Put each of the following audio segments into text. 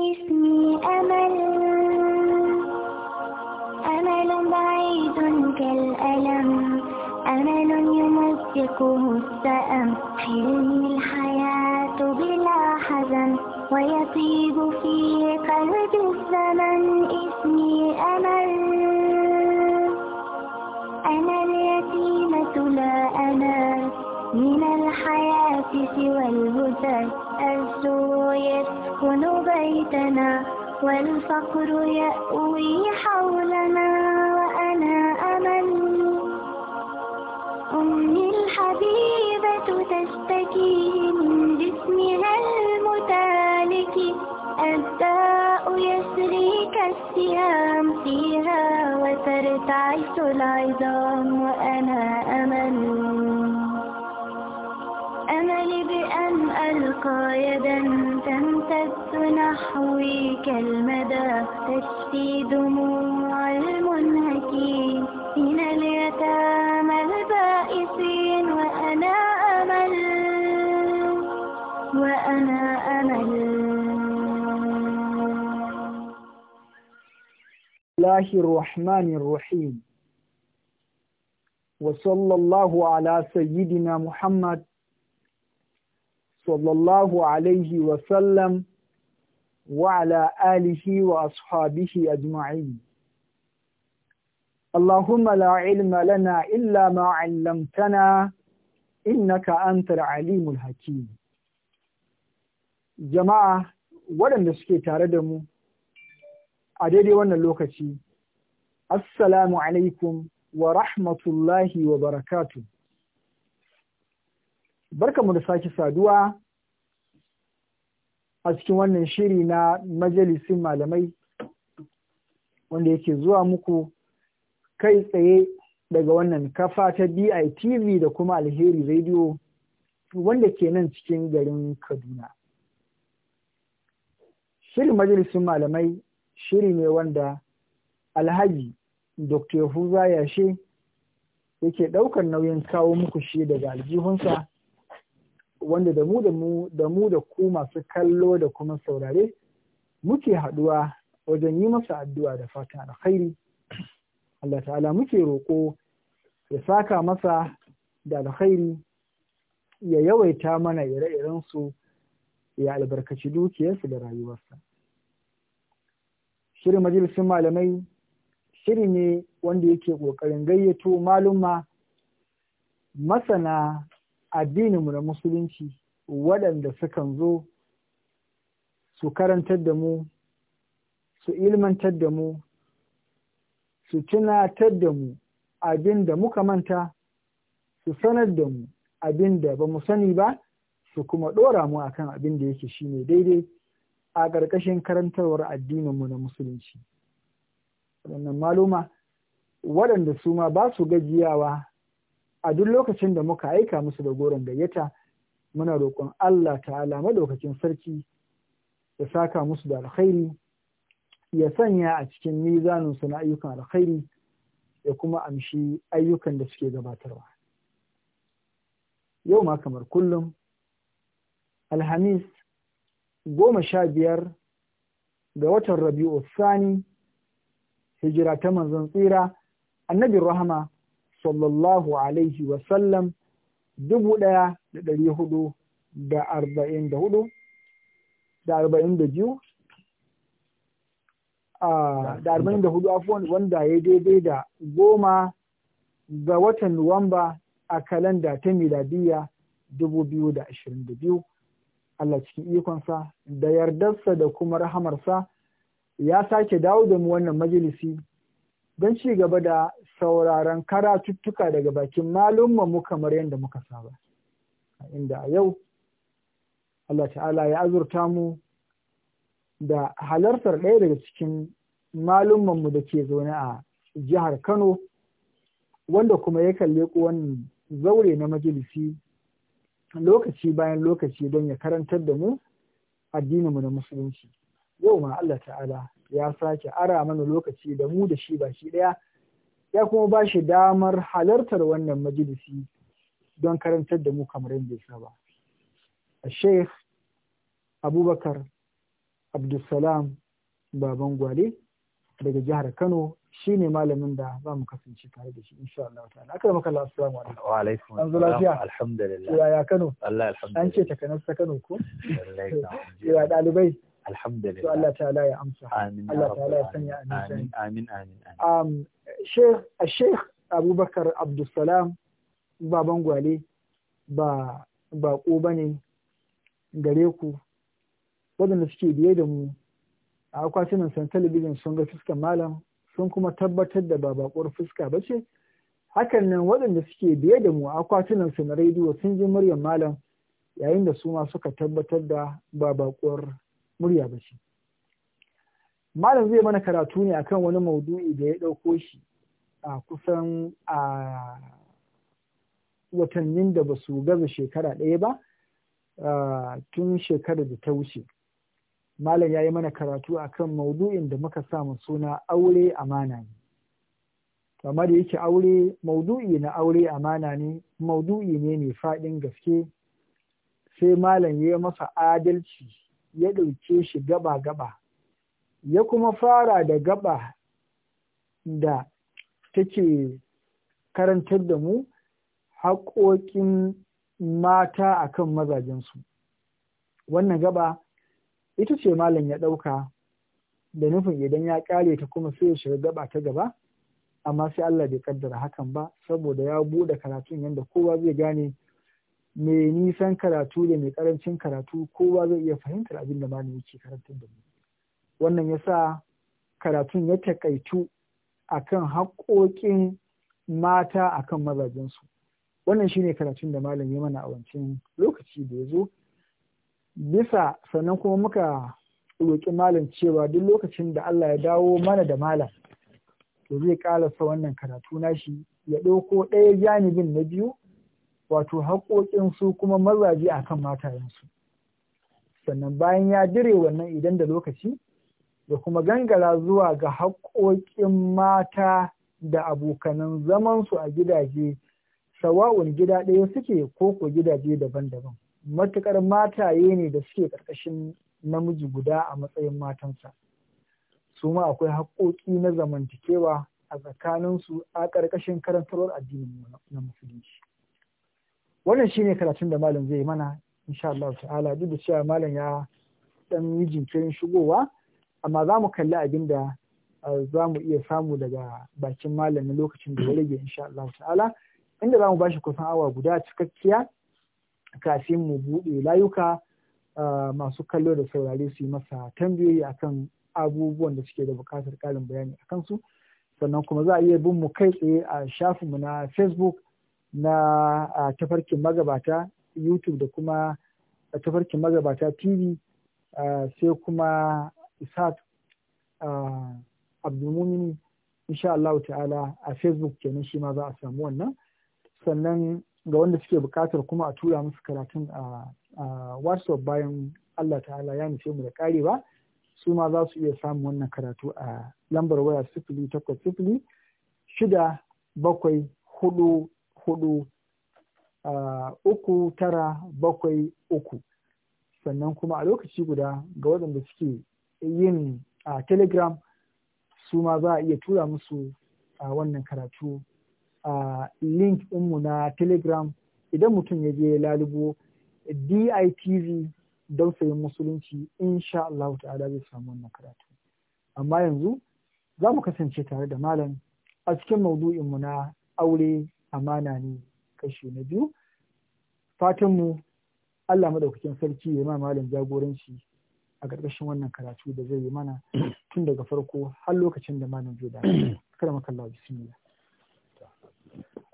اسمي أمل أمل بعيد كالألم أمل يمزقه السأم حلمي الحياة بلا حزن ويطيب في قلب الزمن اسمي أمل أنا اليتيمة لا أنا من الحياة سوى الهدى أرجو يسكن بيتنا والفقر يأوي حولنا وأنا أمل أمي الحبيبة تشتكي من جسمها المتالك الداء يسري كالسهام فيها وترتعش العظام ألقى يدا تمتد نحوي كالمدى تشفي دموع المنهكين من اليتامى البائسين وأنا أمل وأنا أمل الله الرحمن الرحيم وصلى الله على سيدنا محمد صلى الله عليه وسلم وعلى آله وأصحابه أجمعين اللهم لا علم لنا إلا ما علمتنا إنك أنت العليم الحكيم جماعة ولم نسكي tare أدري وانا a السلام عليكم ورحمة الله وبركاته Barka mu da sake saduwa a cikin wannan shiri na majalisin malamai wanda yake zuwa muku kai tsaye daga wannan kafa ta DITV da kuma Alheri Radio wanda ke nan cikin garin Kaduna. Shirin majalisun malamai shiri ne wanda Alhaji Dr. Yahuza Yashe yake ɗaukar nauyin kawo muku shi daga aljihunsa wanda da mu da mu da mu da ku masu kallo da kuma saurare muke haɗuwa wajen yi masa addu'a da fatan alkhairi Allah ta'ala muke roƙo ya saka masa da alkhairi ya yawaita mana ire-iren su ya albarkaci dukiyarsu da rayuwarsa shirin majalisun malamai shiri ne wanda yake ƙoƙarin gayyato maluma masana addininmu na musulunci waɗanda sukan zo su karantar da mu su ilmantar da mu su tunatar da mu abin da muka manta su sanar da mu abin da ba mu sani ba su kuma ɗora mu akan abin da yake shi shine daidai a ƙarƙashin karantarwar addininmu na musulunci waɗannan maluma waɗanda su ma ba su gajiyawa a duk lokacin da muka aika musu da goron gayyata muna roƙon Allah ta'ala madaukakin sarki ya saka musu da alkhairi ya sanya a cikin mizanin su na ayyukan alkhairi ya kuma amshi ayyukan da suke gabatarwa yau ma kamar kullum alhamis goma sha biyar ga watan rabi'u sani hijira ta manzon tsira annabi rahama sallallahu alaihi wasallam dubu ɗaya da ɗari hudu da arba'in da hudu da arba'in da biyu da arba'in da hudu afuwan wanda ya daidai da goma ga watan Nuwamba a kalanda ta miladiyya dubu biyu da ashirin da biyu Allah cikin ikonsa da yardarsa da kuma rahamarsa ya sake dawo da mu wannan majalisi don ci gaba da sauraron karatuttuka daga bakin mu kamar yadda muka saba. Inda a yau, Allah ta'ala ya azurta mu da halartar ɗaya daga cikin mu da ke zaune a jihar Kano, wanda kuma ya kalle wannan zaure na majalisi lokaci bayan lokaci don ya karantar da mu addininmu na musulunci. Yau ma Allah ta'ala ya sake ara mana lokaci da mu da shi ba shi ɗaya ya kuma ba shi damar halartar wannan majalisi don karantar da mu kamar yadda ya saba. a Sheikh Abubakar Abdulsalam Baban Gwale daga jihar Kano shi ne malamin da za mu kasance tare da shi insha Allah ta'ala aka maka Allah assalamu alaikum wa alaikum assalam. zula lafiya alhamdulillah ya Kano Allah alhamdulillah an ce ta Kano ko ya dalibai alhamdulillah to Allah ta'ala ya amsa amin Allah ta'ala ya sanya amin amin amin um sheikh sheikh Abubakar Abdulsalam baban gwale ba bako bane gare ku waɗanda suke biye da mu a akwatunan san talabijin sun ga fuskar malam sun kuma tabbatar da ba bakuwar fuska ba ce hakan nan waɗanda suke biye da mu a akwatunan su na rediyo sun ji muryar malam yayin da su ma suka tabbatar da ba bakuwar murya ba ce malam zai mana karatu ne akan wani maudu'i da ya ɗauko shi a kusan a watannin da ba su gaza shekara ɗaya ba tun shekara da ta wuce malam ya yi mana karatu akan maudu'in da muka samu suna aure amana ne kamar da yake aure maudu'i na aure amana ne maudu'i ne mai faɗin gaske sai malam ya yi masa adalci ya ɗauke shi gaba-gaba, ya kuma fara da gaba da take karantar da mu haƙoƙin mata a kan mazajensu. Wannan gaba ita ce malam ya ɗauka da nufin idan ya ƙare ta kuma sai ya shiga gaba ta gaba, amma sai Allah bai ƙaddara hakan ba saboda ya buɗe karatun yadda kowa zai gane mai nisan karatu da mai karancin karatu kowa zai iya fahimtar abin da malami yake karantar da mu wannan yasa karatun ya takaitu akan haƙoƙin mata akan mazajensu wannan shine karatun da malam ya mana a wancan lokaci da ya zo bisa sannan kuma muka roƙi malam cewa duk lokacin da Allah ya dawo mana da malam to zai ƙalasa wannan karatu shi ya ɗauko ɗaya janibin na biyu wato haƙoƙin su kuma mazaje a kan matayensu sannan bayan ya dire wannan idan da lokaci da kuma gangara zuwa ga haƙoƙin mata da abokanan zamansu a gidaje sawa'un gida ɗaya suke ko ko gidaje daban-daban matuƙar mataye ne da suke ƙarƙashin namiji guda a matsayin matansa su ma akwai haƙoƙi na zamantakewa a tsakaninsu a ƙarƙashin karantarwar addinin na musulunci wannan shi ne karatun da malam zai mana insha Allah ta'ala duk da cewa malam ya dan yi jinkirin shigowa amma za mu kalli abin da eh, za mu iya samu daga bakin malam na lokacin da ya rage insha Allah ta'ala inda za mu ba shi kusan awa guda cikakkiya kafin mu buɗe layuka eh, masu kallo da saurare su yi masa tambayoyi akan abubuwan da suke da buƙatar ƙarin bayani a kansu sannan kuma za a iya bin mu kai tsaye a shafinmu na facebook na tafarkin magabata youtube da kuma tafarkin magabata tv sai kuma isaac Abdulmumin insha Allah ta'ala a facebook kenan shi ma za a samu wannan sannan ga wanda suke bukatar kuma a tura musu karatun a whatsapp bayan Allah ta'ala ya nufe mu da kare ba su ma za su iya samun wannan karatu a lambar waya sifili takwas sifili shida bakwai hudu hudu uku tara bakwai uku sannan kuma a lokaci guda ga waɗanda suke yin a telegram su ma za a iya tura musu a wannan karatu a link ɗinmu na telegram idan mutum ya je lalubo ditv don sayin musulunci insha Allah ta'ala zai samu wannan karatu amma yanzu za mu kasance tare da malam a cikin maudu'inmu na aure amana ne kashi na biyu fatan mu Allah madaukakin sarki ya ma malam jagoranci a ƙarƙashin wannan karatu da zai yi mana tun daga farko har lokacin da malam zai da kada makalla bismillah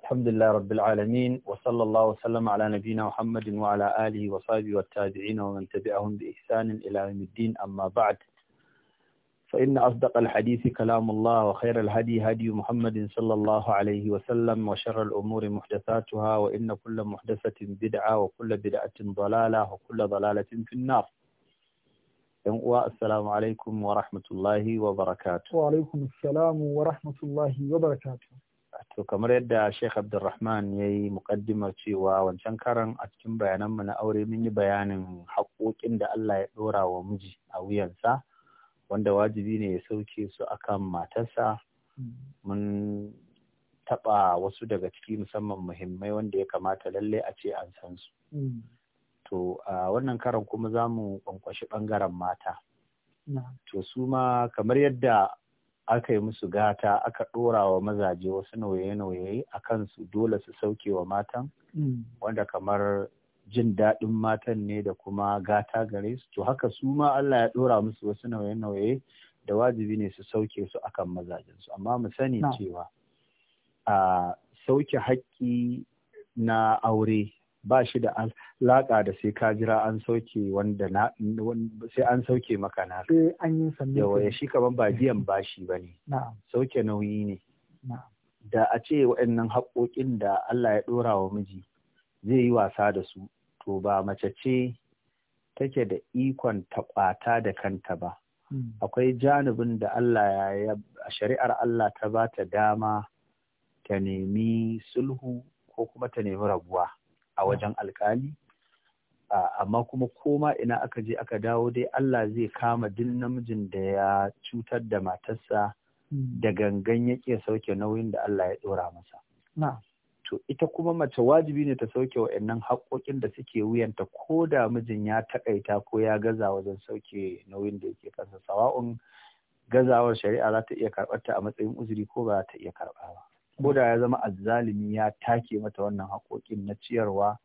الحمد لله رب العالمين وصلى الله وسلم على نبينا محمد وعلى آله وصحبه والتابعين ومن تبعهم بإحسان إلى يوم الدين أما بعد فإن أصدق الحديث كلام الله وخير الهدي هدي محمد صلى الله عليه وسلم وشر الأمور محدثاتها وإن كل محدثة بدعة وكل بدعة ضلالة وكل ضلالة في النار السلام عليكم ورحمة الله وبركاته وعليكم السلام ورحمة الله وبركاته to kamar yadda Sheikh Abdulrahman ya yi mukaddimar cewa wancan karan a cikin bayananmu na aure mun yi bayanin haƙoƙin da Allah ya ɗora wa miji a wuyansa wanda wajibi ne ya sauke su akan matarsa mun taɓa wasu daga ciki musamman muhimmai wanda ya kamata lalle a ce an san su to a wannan karan kuma za mu kwankwashi ɓangaren mata to su ma kamar yadda aka yi musu gata aka ɗora wa mazaje wasu nauye-nauye a kansu dole su sauke wa matan mm. wanda kamar jin daɗin matan ne da kuma gata gare su to haka su ma Allah ya ɗora musu wasu nauye-nauye da wajibi ne su sauke su akan mazajensu amma mu sani cewa a sauke haƙƙi na aure ba shi da alaƙa da sai ka jira an sauke wanda na sai an sauke maka na yawa ya shi kaman ba biyan bashi ba ne sauke nauyi ne da a ce waɗannan haƙoƙin da Allah ya ɗora wa miji zai yi wasa da su to ba mace ce take da ikon ta da kanta ba hmm. akwai janibin da Allah ya a shari'ar Allah ta ba ta dama ta nemi sulhu ko kuma ta nemi rabuwa a hmm. wajen alkali amma kuma koma ina aka je aka dawo dai Allah zai kama duk namijin da ya cutar da matarsa hmm. da gangan yake sauke nauyin da Allah ya ɗora masa. to ita kuma mace wajibi ne ta sauke wa wa'annan haƙoƙin da suke wuyanta ko da mijin ya taƙaita ko ya gaza wajen sauke nauyin da yake kansa sawa'un gazawar shari'a za ta iya karɓar ta a matsayin uzuri ko ba za ta iya karɓa ba ko da ya zama azzalimi ya take mata wannan haƙoƙin na ciyarwa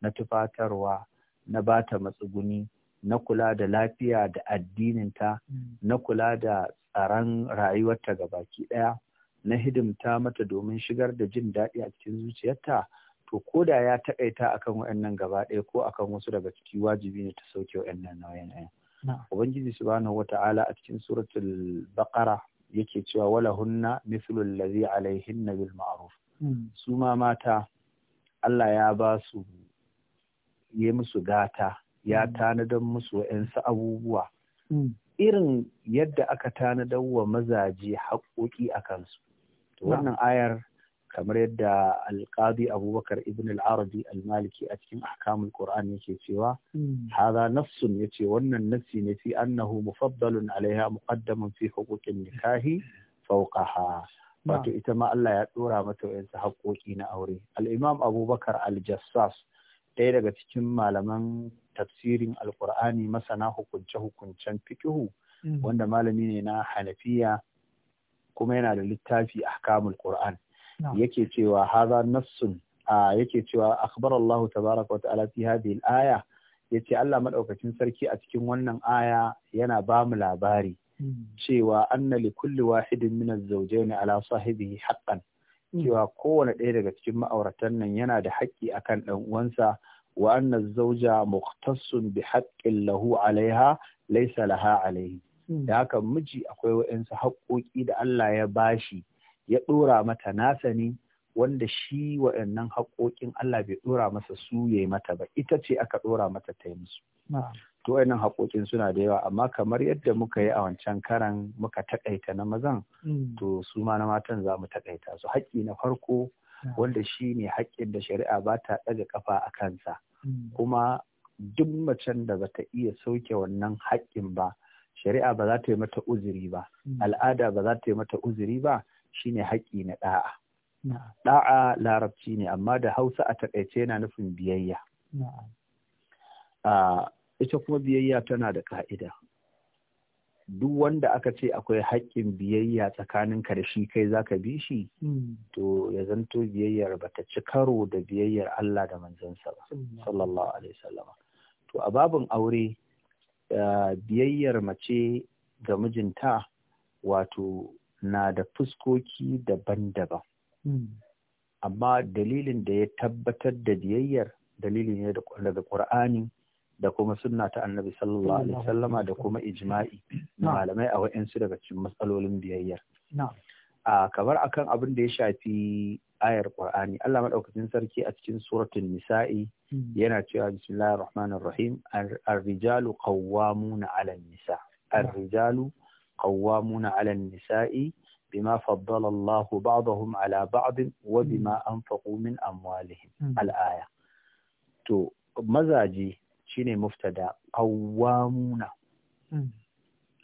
na tufatarwa na bata matsuguni na kula da lafiya da addininta hmm. na kula da tsaron rayuwarta ga baki ɗaya na hidimta mata domin shigar da jin daɗi a cikin zuciyarta to ko da ya taƙaita akan waɗannan gaba ɗaya ko akan wasu daga ciki wajibi ne ta sauke waɗannan nauyin ɗaya. Ubangiji subhanahu wa ta'ala a cikin suratul baqara yake cewa wala hunna mithlu allazi alaihinna bil ma'ruf. Hmm. Su ma mata Allah ya ba su yi musu gata ya hmm. tanadar musu waɗansu abubuwa. Hmm. Irin yadda aka tanadar wa mazaje haƙoƙi a kansu. to wannan ayar kamar yadda alqadi abubakar ibn al-arabi al-maliki a cikin ahkamul qur'an yake cewa hmm. hadha nafsun yace wannan nafsi ne fi annahu mufaddalun alaiha muqaddamun fi huquqin nikahi fawqaha wato ita ma Allah ya dora mata wayansu haƙoƙi na aure al-imam abubakar al-jassas ɗaya daga cikin malaman tafsirin Al-Qur'ani masana hukunce hukuncen fiqhu hmm. wanda malami ne na hanafiya kuma yana da littafi ahkamul ƙur'an yake cewa nassun yake cewa akhbar Allah tabaraka wa ta'ala fi hadhihi al-aya yace Allah madaukakin sarki a cikin wannan aya yana ba mu labari hmm. cewa anna li kulli wahidin min az-zawjayn ala sahibihi haqqan hmm. cewa kowane ɗaya daga cikin ma'auratan nan yana da haƙƙi akan ɗan uwansa wa anna az-zawja mukhtassun bi haqqin lahu alaiha laysa laha alaihi Hmm. da haka miji akwai wa'insu haƙoƙi da Allah ya bashi ya ɗora mata nasa ne wanda shi wa'annan haƙoƙin Allah bai ɗora masa su yayi mata ba ita ce aka ɗora mata ta yi musu to wa'annan haƙoƙin suna da yawa amma kamar yadda muka yi a wancan karan muka taƙaita na mazan hmm. to su ma na matan za mu taƙaita su haƙƙi na farko wanda shi ne haƙƙin da shari'a ba ta ɗaga ƙafa a kansa hmm. kuma duk macen da bata iya sauke wannan haƙƙin ba shari'a ba za ta yi mata uzuri ba hmm. al'ada ba za ta yi mata uzuri ba shine haƙƙi na da'a da'a larabci ne amma da hausa a taƙaice yana nufin biyayya ita kuma biyayya tana da ka'ida duk wanda aka ce akwai haƙƙin biyayya tsakaninka da shi kai za ka bi shi hmm. to ya zanto biyayyar ba ta ci karo da biyayyar Allah da manzansa ba sallallahu alaihi wasallama to a babin aure biyayyar mace ga mijinta wato na da fuskoki daban-daban hmm. amma dalilin da ya tabbatar da biyayyar dalili ne daga ƙur'ani da kuma sunna ta annabi sallallahu alaihi wasallama da kuma ijma'i malamai a wa'insu daga cikin matsalolin biyayyar a kamar akan abin da ya shafi ayar Qur'ani Allah madaukakin sarki a cikin suratul nisa'i hmm. yana cewa bismillahir rahmanir rahim ar-rijalu qawwamuna 'ala nisa ar-rijalu qawwamuna 'ala nisai bima faddala Allahu ba'dahum 'ala ba'd wa hmm. bima anfaqu min amwalihim hmm. al-aya to mazaji shine muftada qawwamuna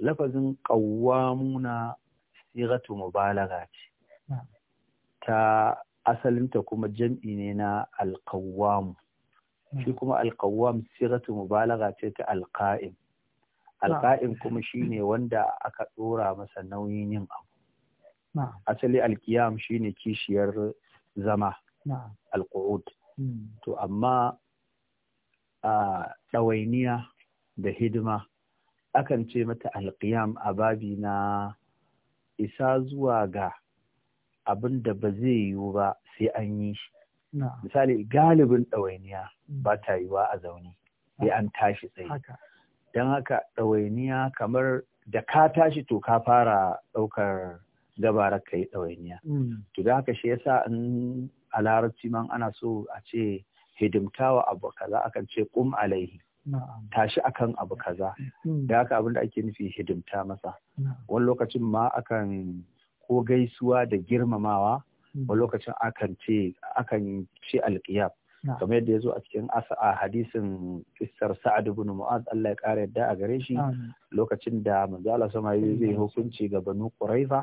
lafazin qawwamuna sigatu mubalaga ce ta asalinta kuma jam'i ne na alkawwamu hmm. shi kuma alkawwam sigatu mubalaga ce ta alka'in alka'in kuma shi ne wanda aka dora masa nauyin yin abu asali shi ne kishiyar zama alku'ud hmm. to amma a ɗawainiya da hidima akan ce mata alkiyam a babi na isa zuwa ga abin da ba zai yiwu ba sai an yi shi misali galibin ɗawainiya mm. ba ta yiwa a zaune sai an tashi tsaye don haka ɗawainiya kamar da ka tashi to ka fara ɗaukar gabara ka yi ɗawainiya mm. to da haka shi yasa in a larabci man ana so a ce hidimtawa abu kaza akan ce kum alaihi tashi akan abu kaza hmm. da haka abin da ake nufi hidimta masa wani lokacin ma akan ko gaisuwa da girmamawa hmm. wani lokacin akan ce akan ce alqiyab kamar yadda ya zo a cikin asa a hadisin kissar sa'ad ibn mu'az Allah ya kara yadda a gare shi lokacin da manzo Allah sama zai hukunci ga banu quraiza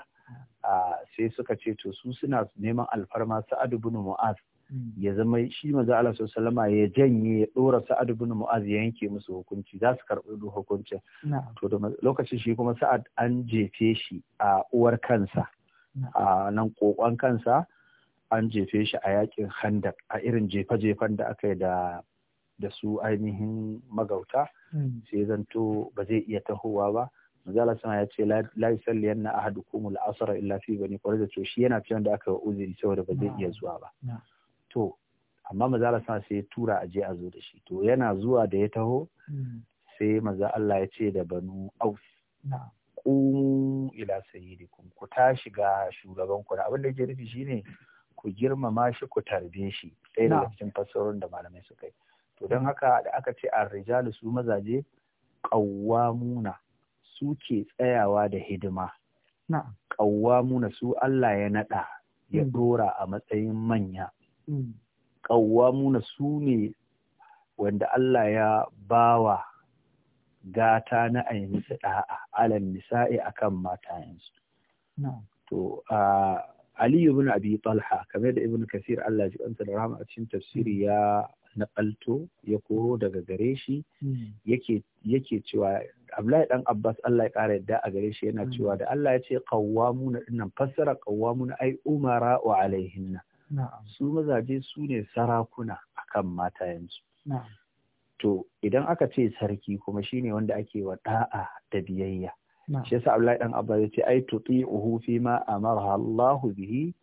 sai suka ce to su suna neman alfarma sa'ad ibn mu'az ya zama shi maza Allah sallama ya janye ya dora Sa'ad ibn Mu'az ya yanke musu hukunci za su karɓi hukuncin to da lokacin shi kuma Sa'ad an jefe shi a uwar kansa a nan kokon kansa an jefe shi a yakin handak a irin jefa jefan da aka yi da da su ainihin magauta hmm. sai zanto ba zai iya tahowa ba Mazala sama ya ce la yusalli yanna ahadukum al-asr illa fi bani qurayza to shi yana cewa da aka wa uzuri saboda ba zai iya zuwa ba to amma maza Allah sa sai ya tura a je a zo da shi to yana zuwa da ya taho hmm. sai maza Allah ya ce da banu aus ku ila sayyidikum ku ta shiga shugaban ku abin da ke nufi shine ku girmama shi ku tarbe shi sai daga cikin fassarorin da malamai suka yi to don haka da aka ce ar-rijalu su mazaje qawwamuna suke tsayawa da hidima qawwamuna su Allah ya naɗa ya dora hmm. a matsayin manya ƙawwamuna su ne wanda Allah ya bawa gata na a yi ɗa'a alal nisa'i akan matayensu. To, Ali ibn Abi Talha, kame da Ibn Kasir Allah ji ƙansa da rahama a cikin tafsiri ya naƙalto ya koro daga gare shi hmm. yake cewa Abdullahi ɗan Abbas Allah ya ƙara yadda a gare shi yana hmm. cewa da Allah ya ce na ɗinnan fassara na ai umara wa alaihinna su mazaje su ne sarakuna akan matayensu to idan aka ce sarki kuma shine wanda ake wa da'a da biyayya shi yasa Abdullahi ɗan Abba ya ce ai uhu fi ma amara Allahu bihi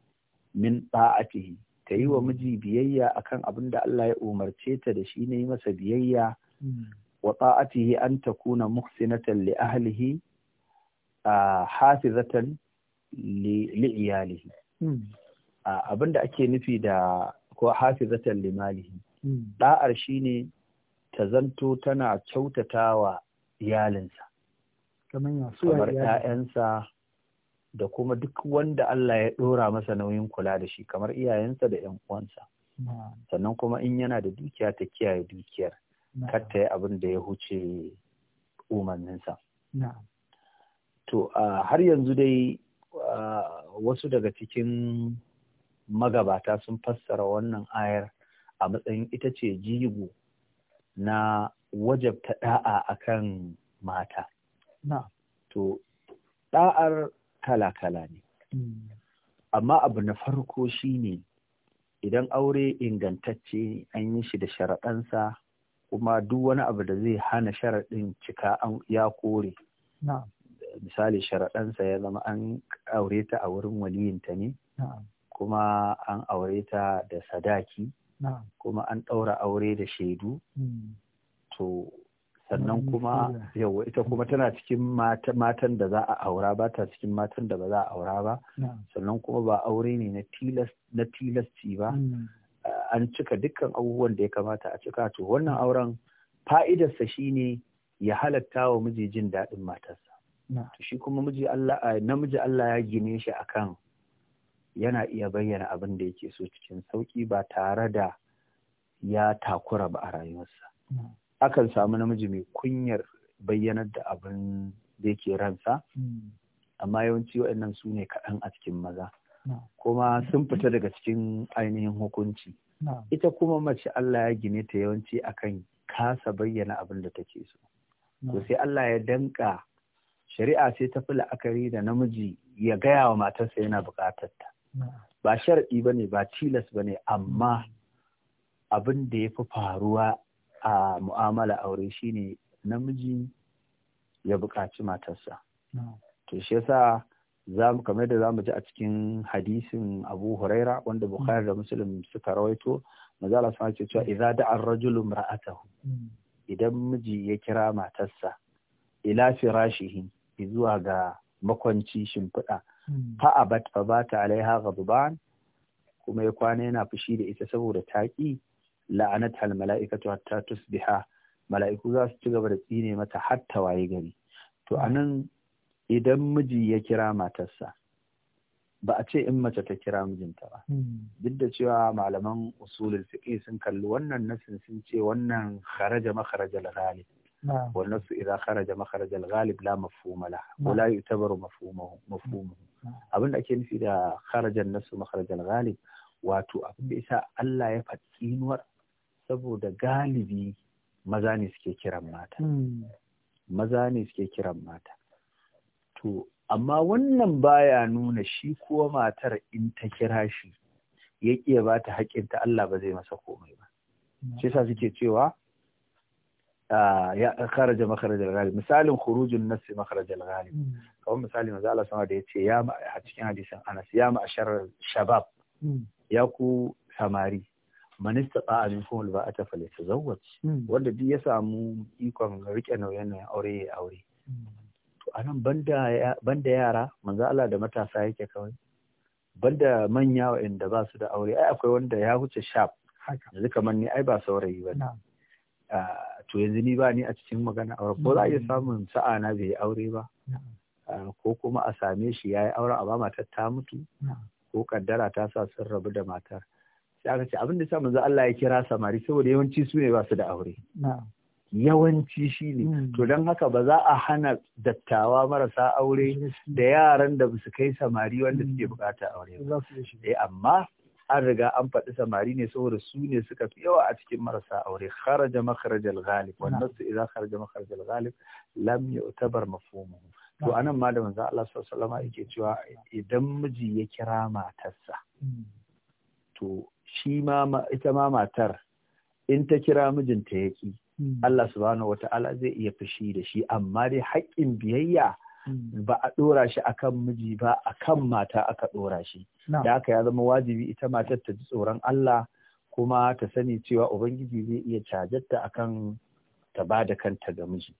min da'atihi ta yi wa mm. miji biyayya akan abin da Allah ya umarce ta da shi ne masa biyayya mm. wa ta'atihi an kuna muhsinatan li ahlihi hafizatan li iyalihi mm. abin da ake nufi da ko hafizatan limalihi hmm. shi ne ta zanto tana kyautata wa iyalinsa kamar ‘ya'yansa da kuma duk wanda Allah ya ɗora masa nauyin kula da shi kamar iyayensa da ‘yan uwansa sannan kuma in yana da dukiya ta kiyaye dukiyar kar ta abin da ya huce umarninsa to har yanzu dai wasu daga cikin magabata sun fassara wannan ayar a matsayin ita ce jigo na wajabta da'a kan mata. To, da'ar kala-kala ne. Hmm. Amma abu na farko shi ne. idan aure ingantacce an yi shi da sharaɗansa kuma duk wani abu da zai hana sharaɗin cika ya kore. Misali sharaɗansa ya zama an aure ta a wurin waliyinta ne. kuma an aure ta da sadaki kuma an ɗaura aure da shaidu hmm. to sannan kuma yawa ita kuma tana cikin matan da za a aura ba ta cikin matan da ba za a aura ba sannan kuma ba aure ne na tilasti ba hmm. an cika dukkan abubuwan da ya kamata a cika to wannan auren fa'idarsa shine ya halatta wa miji jin daɗin matarsa shi kuma namiji Allah ya gine shi akan yana iya bayyana abin da yake so cikin sauƙi ba tare da ya takura ba a rayuwarsa akan samu namiji mai kunyar bayyanar da abin da yake ransa amma yawanci waɗannan su ne kaɗan a cikin maza kuma sun fita daga cikin ainihin hukunci ita kuma mace Allah ya gine ta yawanci akan kasa bayyana abin da take so to sai Allah ya danka shari'a sai ta fi la'akari da namiji ya gaya wa matarsa yana buƙatar ta ba shar'i ba ne ba tilas ba ne amma abin da ya fi faruwa a mu'amala aure shine namiji ya buƙaci matarsa to shi yasa mu kamar da za mu ji a cikin hadisin Abu Huraira wanda Bukhari da Muslim suka rawaito manzo Allah ce cewa idza da'a ar-rajulu imra'atahu idan miji ya kira matarsa ila firashihi zuwa ga makwanci shimfiɗa Hmm. fa'abat fa bata alaiha ghadban kuma ya kwana yana fushi da ita saboda taƙi la'anat al mala'ikatu hatta tusbiha mala'iku za su ci gaba da tsine mata har ta waye gari to anan idan miji ya kira matarsa ba a ce in mace ta kira mijinta ba hmm. duk da cewa malaman usulul fiqh sun kalli wannan nasin sun ce wannan kharaja makharajal ghalib والنص إذا خرج مخرج الغالب لا مفهوم له ولا يعتبر مفهومه مفهومه abin da ake nufi da kharajan nasu makharajan ghalib wato abin da isa Allah ya faɗi tsinuwar saboda galibi maza ne suke kiran mata hmm. maza ne suke kiran mata to amma wannan baya nuna shi ko matar in ta kira shi ya ƙiya ba ta haƙƙinta Allah ba zai masa komai ba shi yasa suke cewa ah, ya kharaja makharajal ghalib misalin khurujun nassi makharajal ghalib hmm. kamar misali manzo Allah sama da ya ce ya a cikin hadisin Anas ya ma'ashar shabab hmm. ya ku samari ba ta fale ta falyatazawwaj hmm. wanda duk ya samu ikon rike nauyin nan aure ya aure hmm. to anan banda banda yara manzo Allah da matasa yake kawai banda manya waɗanda ba su da aure ai akwai wanda ya huce shab yanzu kamar ni ai ba saurayi ba ah, to yanzu ni ba ni a cikin magana aure ko za a iya samun sa'a na bai aure ba ko kuma a same shi ya yi auren amma matar ta mutu ko kaddara ta sa sun rabu da matar sai aka ce abin da sa manzo Allah ya kira samari saboda yawanci su ne ba su da aure yawanci shi ne hmm. to don haka ba za a hana dattawa marasa aure da yaran da su kai samari wanda suke hmm. bukata aure ba eh, amma an riga an faɗi samari ne saboda su ne suka fi yawa a cikin marasa aure kharaja makharajal ghalib wannan su idan kharaja makharajal ghalib lam yu'tabar mafhumuhu to anan ma da manzo Allah sallallahu alaihi yake cewa idan miji ya kira matarsa hmm. to shi ma ita ma matar in ta kira mijinta yaki hmm. Allah subhanahu wata'ala zai iya fushi da shi amma dai haƙƙin biyayya hmm. ba a ɗora shi akan miji ba akan mata aka ɗora shi da haka ya zama wajibi ita matar ta ji tsoron Allah kuma ta sani cewa ubangiji zai iya cajarta akan ta bada kanta ga miji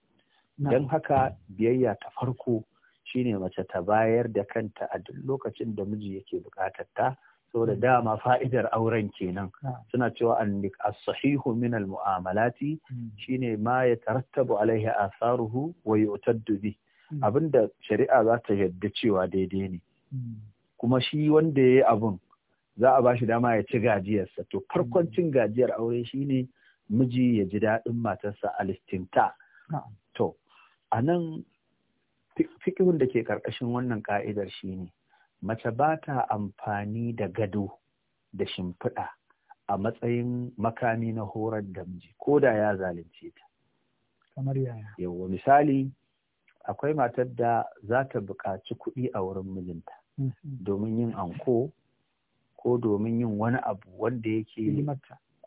don haka biyayya ta farko shine mace ta bayar da kanta a duk lokacin da miji yake bukatar ta saboda mm. dama fa'idar auren kenan suna cewa annik as-sahihu min al-mu'amalati mm. shine ma ya tarattabu alaihi asaruhu wa yu'taddu bi mm. abinda shari'a za ta yadda cewa daidai ne kuma shi wanda yayi abun za a bashi dama ya ci gajiyarsa to farkon cin gajiyar aure shine miji ya ji daɗin matarsa alistinta a nan fikihun da ke karkashin wannan ka'idar ne mace ba ta amfani da gado da shimfiɗa a matsayin makami na horar da miji ko da ya zalunce ta kamar misali akwai matar da za ta buƙaci kuɗi a wurin mijinta mm-hmm. domin yin anko ko domin yin wani abu wanda yake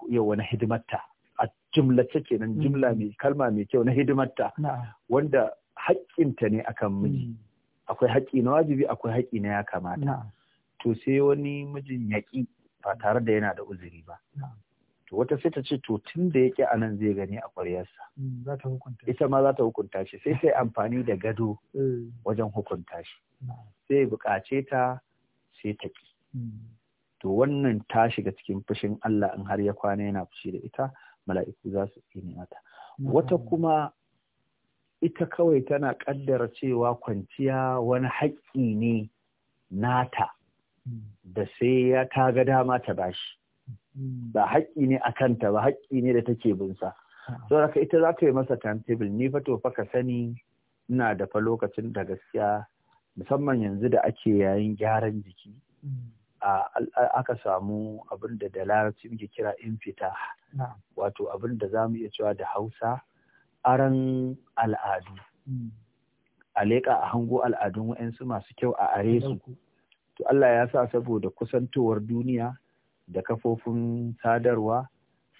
yawa na hidimarta a jimlace kenan mm. jimla mai kalma mai kyau na hidimarta wanda haƙƙinta ne akan miji mm. akwai haƙƙi na wajibi akwai haƙƙi na ya kamata to sai wani mijin yaƙi ba tare da yana da uzuri ba to wata sai ta ce to tun da yake a nan zai gani a ƙwaryarsa mm, ita ma za ta hukunta shi sai sai amfani da gado eh. wajen hukunta shi sai buƙace ta sai ta ki to wannan ta shiga cikin fushin Allah in har ya kwana yana fushi da ita mala'iku za su tsine mata wata kuma ita kawai tana ƙaddara cewa kwanciya wani haƙƙi ne nata hmm. da sai ya ta ga dama ta bashi hmm. ba haƙƙi ne a kanta ba haƙƙi ne da take binsa saboda ita za ta yi masa timetable ni fa to fa ka sani ina da fa lokacin da gaskiya musamman yanzu da ake yayin gyaran jiki aka samu abin da da larabci muke kira infita wato abin da za mu iya cewa da hausa aran al'adu mm. a leƙa a hango al'adun wa'yansu masu kyau a are su to Allah ya sa saboda kusantowar duniya da kafofin sadarwa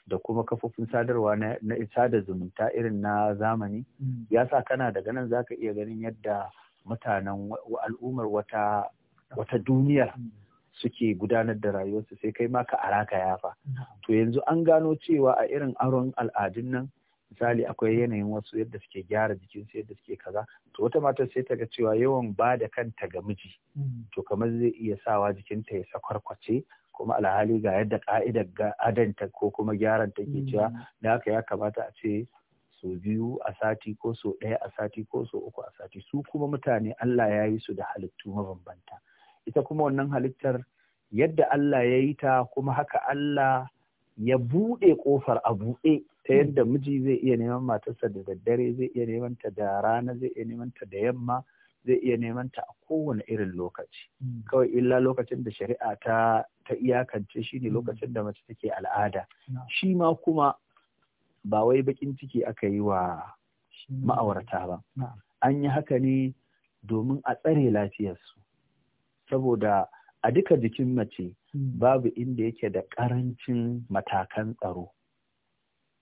da kuma kafofin sadarwa na isa da zumunta irin na zamani mm. ya sa kana daga nan zaka iya ganin yadda mutanen al'ummar wata duniyar mm. suke gudanar da rayuwarsu sai kai ma ka araka yafa to yanzu an gano cewa a irin aron al'adun nan misali akwai yanayin wasu yadda suke gyara jikin su yadda suke kaza to wata matar sai ta ga cewa yawan ba da kanta ga miji mm. to kamar zai iya sawa jikinta ya sakwarkwace kuma alhali ga yadda ka'idar adanta ko kuma gyaran ta ke mm. cewa da haka ya kamata a ce so biyu a sati ko so ɗaya a sati ko so uku a sati su kuma mutane Allah ya yi su da halittu mabambanta ita kuma wannan halittar yadda Allah ya yi ta kuma haka Allah ya buɗe ƙofar a buɗe ta hmm. yadda miji zai iya neman matarsa da daddare zai iya neman ta da rana zai iya neman ta da yamma zai iya neman ta a kowane irin lokaci hmm. kawai illa lokacin da shari'a ta ta iyakance shi ne hmm. lokacin da mace take al'ada shi ma kuma ba wai bakin ciki aka yi wa ma'aurata ba an yi haka ne domin a tsare lafiyarsu saboda a duka jikin mace hmm. babu inda yake da ƙarancin matakan tsaro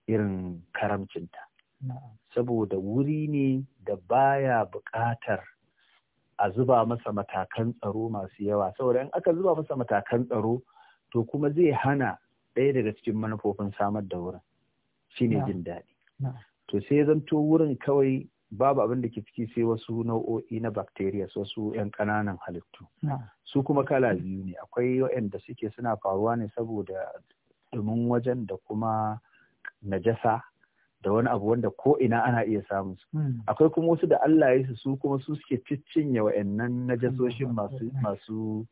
irin karamcinta saboda wuri ne da baya bukatar a zuba masa matakan tsaro masu yawa saboda in aka zuba masa matakan tsaro to kuma zai hana ɗaya daga cikin manufofin samar da wurin shine jin daɗi to sai zanto wurin kawai babu abin da ke ciki sai wasu nau'o'i na bacteria wasu 'yan kananan halittu su kuma kala biyu ne akwai waɗanda suke suna faruwa ne saboda dumin wajen da kuma najasa da wani abu wanda ko ina ana iya samun su hmm. akwai kuma wasu da Allah ya su su kuma su suke ciccinye wa'annan najasoshin masu hmm. masu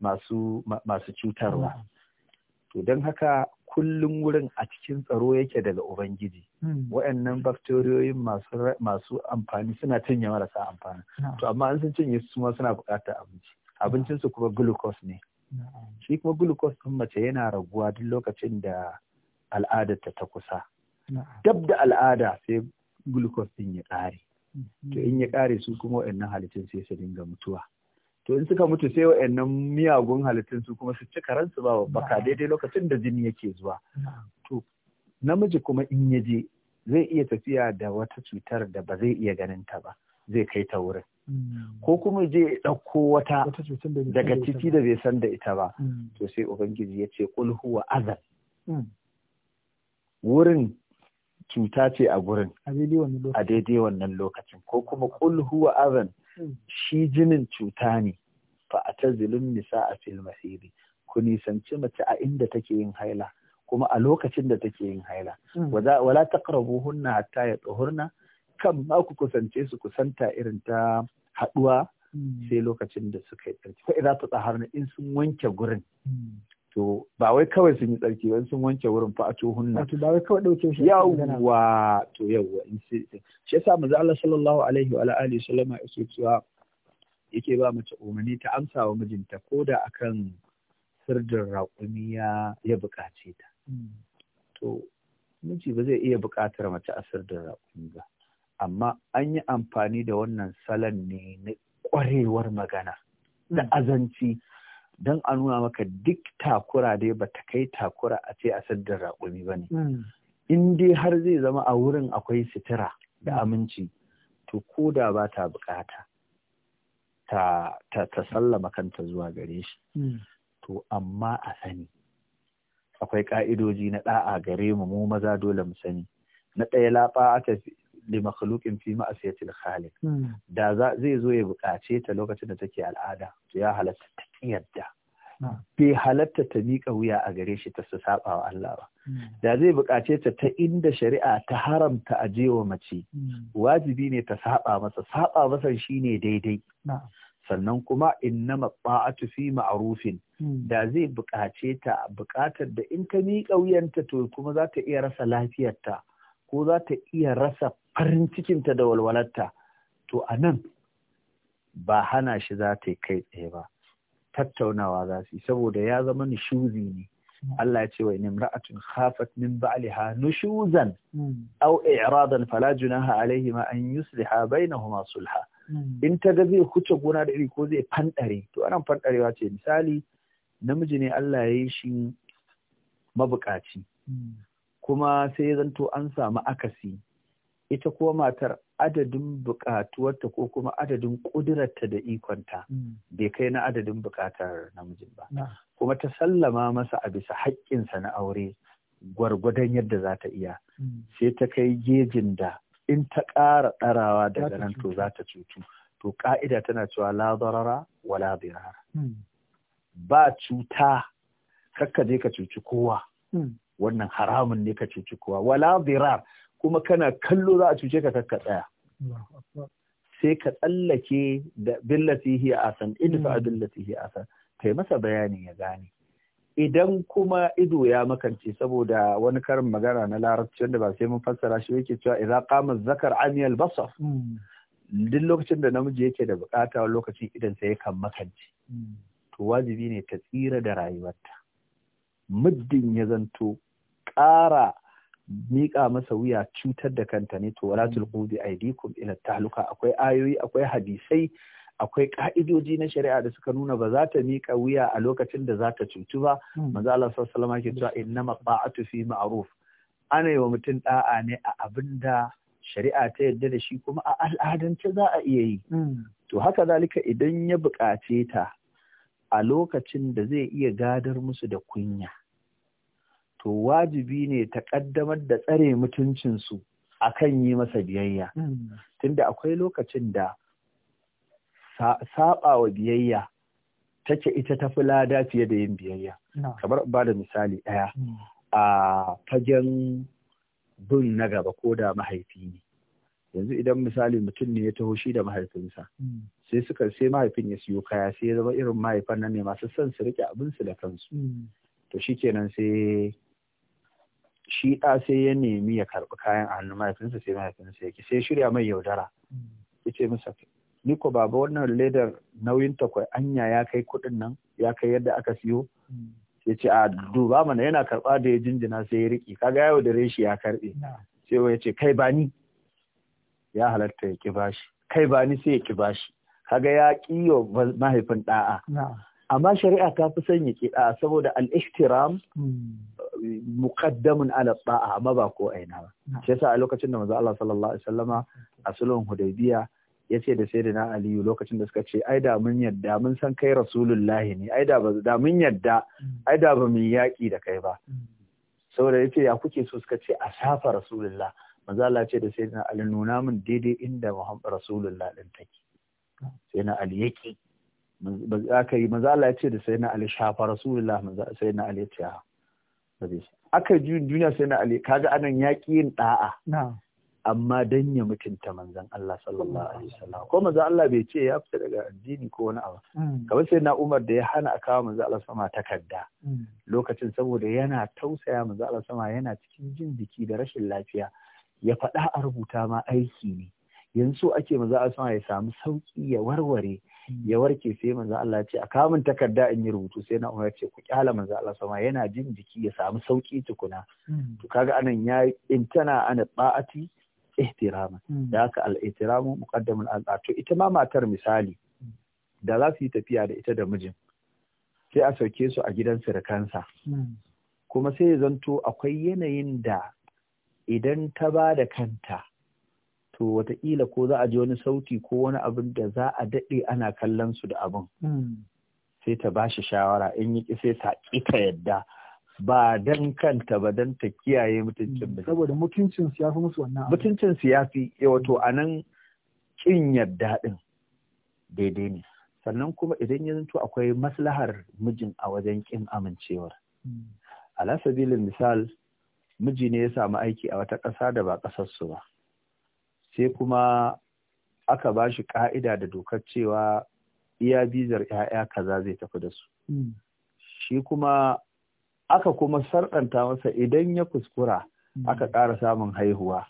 masu masu cutarwa hmm. to don haka kullum wurin a cikin tsaro yake daga ubangiji hmm. waɗannan bakteriyoyin masu amfani suna cinye marasa amfani to amma an sun cinye su ma suna buƙatar abinci abincinsu kuma glucose ne shi kuma glucose ɗin mace yana raguwa duk lokacin da al'ada ta kusa dab da al'ada sai glucose ɗin ya ƙare hmm. to in ya ƙare su kuma waɗannan halittun sai su dinga mutuwa to in suka mutu sai wa'annan miyagun halittun su kuma su ci karansu ba baka daidai lokacin da jini yake zuwa to namiji kuma in ya je zai iya tafiya da wata cutar da ba zai iya ganin ta ba zai kai ta wurin hmm. ko kuma je ya ɗauko wata daga ciki da bai san da ita ba hmm. to sai ubangiji ya ce kul huwa azal hmm. wurin cuta ce a gurin a daidai wannan lokacin ko kuma kul huwa azal. shi jinin cuta ne fa a ta zilin nisa a fil ku nisanci mace a inda take yin haila kuma a lokacin da take yin haila hmm. wala hunna hatta ya tsohurna kan ma ku kusance su kusanta irin ta haɗuwa hmm. sai lokacin da suka yi tsarki ko idan ta tsaharna in sun wanke gurin hmm. to ba wai kawai sun yi tsarki ba sun wanke wurin fa a tohun nan ba wai kawai dauke shi yawwa to yawwa in sai shi yasa manzo Allah sallallahu alaihi wa alihi sallama yake cewa yake ba mace umarni ta amsa wa mijinta ko da akan sirdin raƙumi ya ya buƙace ta hmm. to miji ba zai iya buƙatar mace a sirdin raƙumi ba amma an yi amfani da wannan salon ne na ƙwarewar magana da hmm. azanci don a nuna maka duk takura dai ba ta kai takura a ce a sadda raƙumi ba ne. Hmm. In dai har zai zama a wurin akwai sitira da aminci, to ko da ba ta bukata ta, sallama kanta zuwa gare shi. Hmm. To amma a sani, akwai ƙa'idoji na ɗa'a gare mu mu maza dole mu sani. Na ɗaya laɓa aka fi li makhluqin fi ma'asiyatil khaliq hmm. da zai zo ya buƙace ta lokacin da take al'ada to ya halatta ta yadda hmm. bai halatta ta miƙa wuya a gare shi ta saba wa Allah ba hmm. da zai buƙace ta ta inda shari'a ta haramta a jewa mace wajibi ne ta saba masa saba masa shine daidai sannan kuma innama ta'atu fi ma'rufin da zai buƙace ta buƙatar da in ka miƙa wuyanta to kuma za ta iya rasa lafiyarta ko za ta iya rasa farin cikinta da walwalarta to a nan ba hana shi za ta yi kai tsaye ba tattaunawa za su yi saboda ya zama nishuzi ne Allah ya ce wa in imra'atun khafat min ba'liha nushuzan aw i'radan fala junaha alaihima an yusliha bainahuma sulha in ta ga zai huce gona da iri ko zai fandare to anan fandarewa ce misali namiji ne Allah ya yi shi mabukaci kuma sai ya zanto an samu akasi ita kuwa matar adadin bukatuwarta ko kuma adadin ƙudurarta da ikonta hmm. bai kai na adadin buƙatar namijin ba kuma ta sallama masa a bisa haƙƙinsa na aure gwargwadon yadda za ta iya hmm. sai ta kai gejin da in ta ƙara ɗarawa daga nan to za ta cutu to ƙa'ida tana cewa la wa la hmm. ba cuta kakka je ka cuci kowa wannan haramun ne ka cuci kowa wala birar kuma kana kallo za a cuce ka kakka tsaya sai ka tsallake da billati hiya asan fa hmm. billati hiya asan kai masa bayanin ya gane idan kuma ido ya makance saboda wani karin magana na larabci wanda ba sai mun fassara shi yake cewa idza qama zakar amiyal basar hmm. duk lokacin da namiji yake da bukata lokacin idan sai yakan makance hmm. to wajibi ne ta tsira da rayuwarta muddin ya zanto ƙara miƙa masa wuya cutar da kanta ne to wala mm. tulqu bi ila tahluka akwai ayoyi akwai hadisai akwai ka'idoji na shari'a da suka nuna ba za ta mika wuya a lokacin da za ta cutu ba mm. manzo Allah sallallahu alaihi wasallam ke cewa innama ta'atu fi ma'ruf ana yi wa mutum da'a ne a abin da shari'a ta yarda da shi kuma a al'adance za a iya yi mm. to haka zalika idan ya buƙace ta a lokacin da zai iya gadar musu da kunya to wajibi ne ta ƙaddamar da tsare mutuncinsu a kan yi masa biyayya. Tunda akwai lokacin da saɓa wa biyayya take ita ta fi lada fiye da yin biyayya. Kamar ba da misali ɗaya mm. a fagen bin na gaba ko da mahaifi ne. Yanzu idan misali mutum ne ya taho shi da mahaifinsa, mm. sai suka sai mahaifin ya siyo kaya sai ya zama irin mahaifan nan ne masu son su rike abinsu da kansu. Mm. To shikenan sai shi ɗa sai ya nemi ya karɓi kayan a hannun mahaifinsa sai mahaifinsa ya ki sai shirya mai yaudara ya ce masa ni ko baba wannan ledar nauyin takwai anya ya kai kuɗin nan ya kai yadda aka siyo ya ce a duba mana yana karɓa da ya jinjina sai ya riƙe kaga ya da reshi ya karɓe sai ya ce kai bani ya halatta ya ki bashi kai bani sai ya ki bashi kaga ya ƙi yo mahaifin ɗa'a amma shari'a ta fi son ya ki ɗa'a saboda al-ihtiram hmm. muqaddamun ala ta'a amma ba ko aina ba shi yasa a lokacin da manzo Allah sallallahu alaihi wasallama a sulhun hudaybiya yace da sayyidina aliyu lokacin da suka ce ai da mun yadda mun san kai rasulullahi ne ai da ba da mun yadda mm. ai da ba mun yaki da kai ba mm. saboda yace ya kuke so suka ce a safa rasulullah manzo Allah ce da sayyidina ali nuna min daidai inda muhammad rasulullah din take sayyidina ali yake aka yi manzo Allah ya ce da sayyidina ali shafa rasulullah manzo sayyidina ali ya ce aka ji duniya sai na ali kaga anan ya yin ɗa'a. amma dan ya mutunta manzan, Allah sallallahu alaihi wasallam ko manzan Allah bai ce ya fita daga addini ko wani abu mm. kamar sai na Umar da ya hana a kawo manzan Allah sama takarda mm. lokacin saboda yana tausaya manzan Allah sama yana cikin jin jiki da rashin lafiya ya faɗa a rubuta ma aiki ne yanzu ake manzan Allah sama ya samu sauƙi ya warware ya warke sai manzo Allah ya ce a kamun takarda in yi rubutu sai na Umar ce ku kyala manzo Allah sama yana jin jiki ya samu sauki tukuna hmm. to kaga anan ya in tana ana ba'ati ihtirama hmm. da haka al-ihtiramu muqaddamun ala to ita ma matar misali da za su yi tafiya da ita da mijin sai a sauke su a gidan kansa hmm. kuma sai ya zanto akwai yanayin da idan ta ba da kanta to wataƙila ko za a ji wani sauti ko wani abin da za a daɗe ana kallon su da abin hmm. sai ta ba shi shawara in yi sai ta ƙi ta yadda ba dan kanta ba dan ta kiyaye mutuncin ba hmm. saboda mutuncin su musu wannan mutuncin su yafi eh, wato nan ƙin yadda ɗin daidai ne sannan kuma idan ya zanto akwai maslahar mijin a wajen ƙin amincewar hmm. ala sabilin misal miji ne ya samu aiki a wata ƙasa da ba ƙasar su ba sai kuma aka ba shi ka'ida da dokar cewa iya bizar 'ya'ya kaza zai tafi da su hmm. shi kuma aka kuma sarɗanta masa idan ya kuskura hmm. aka ƙara samun haihuwa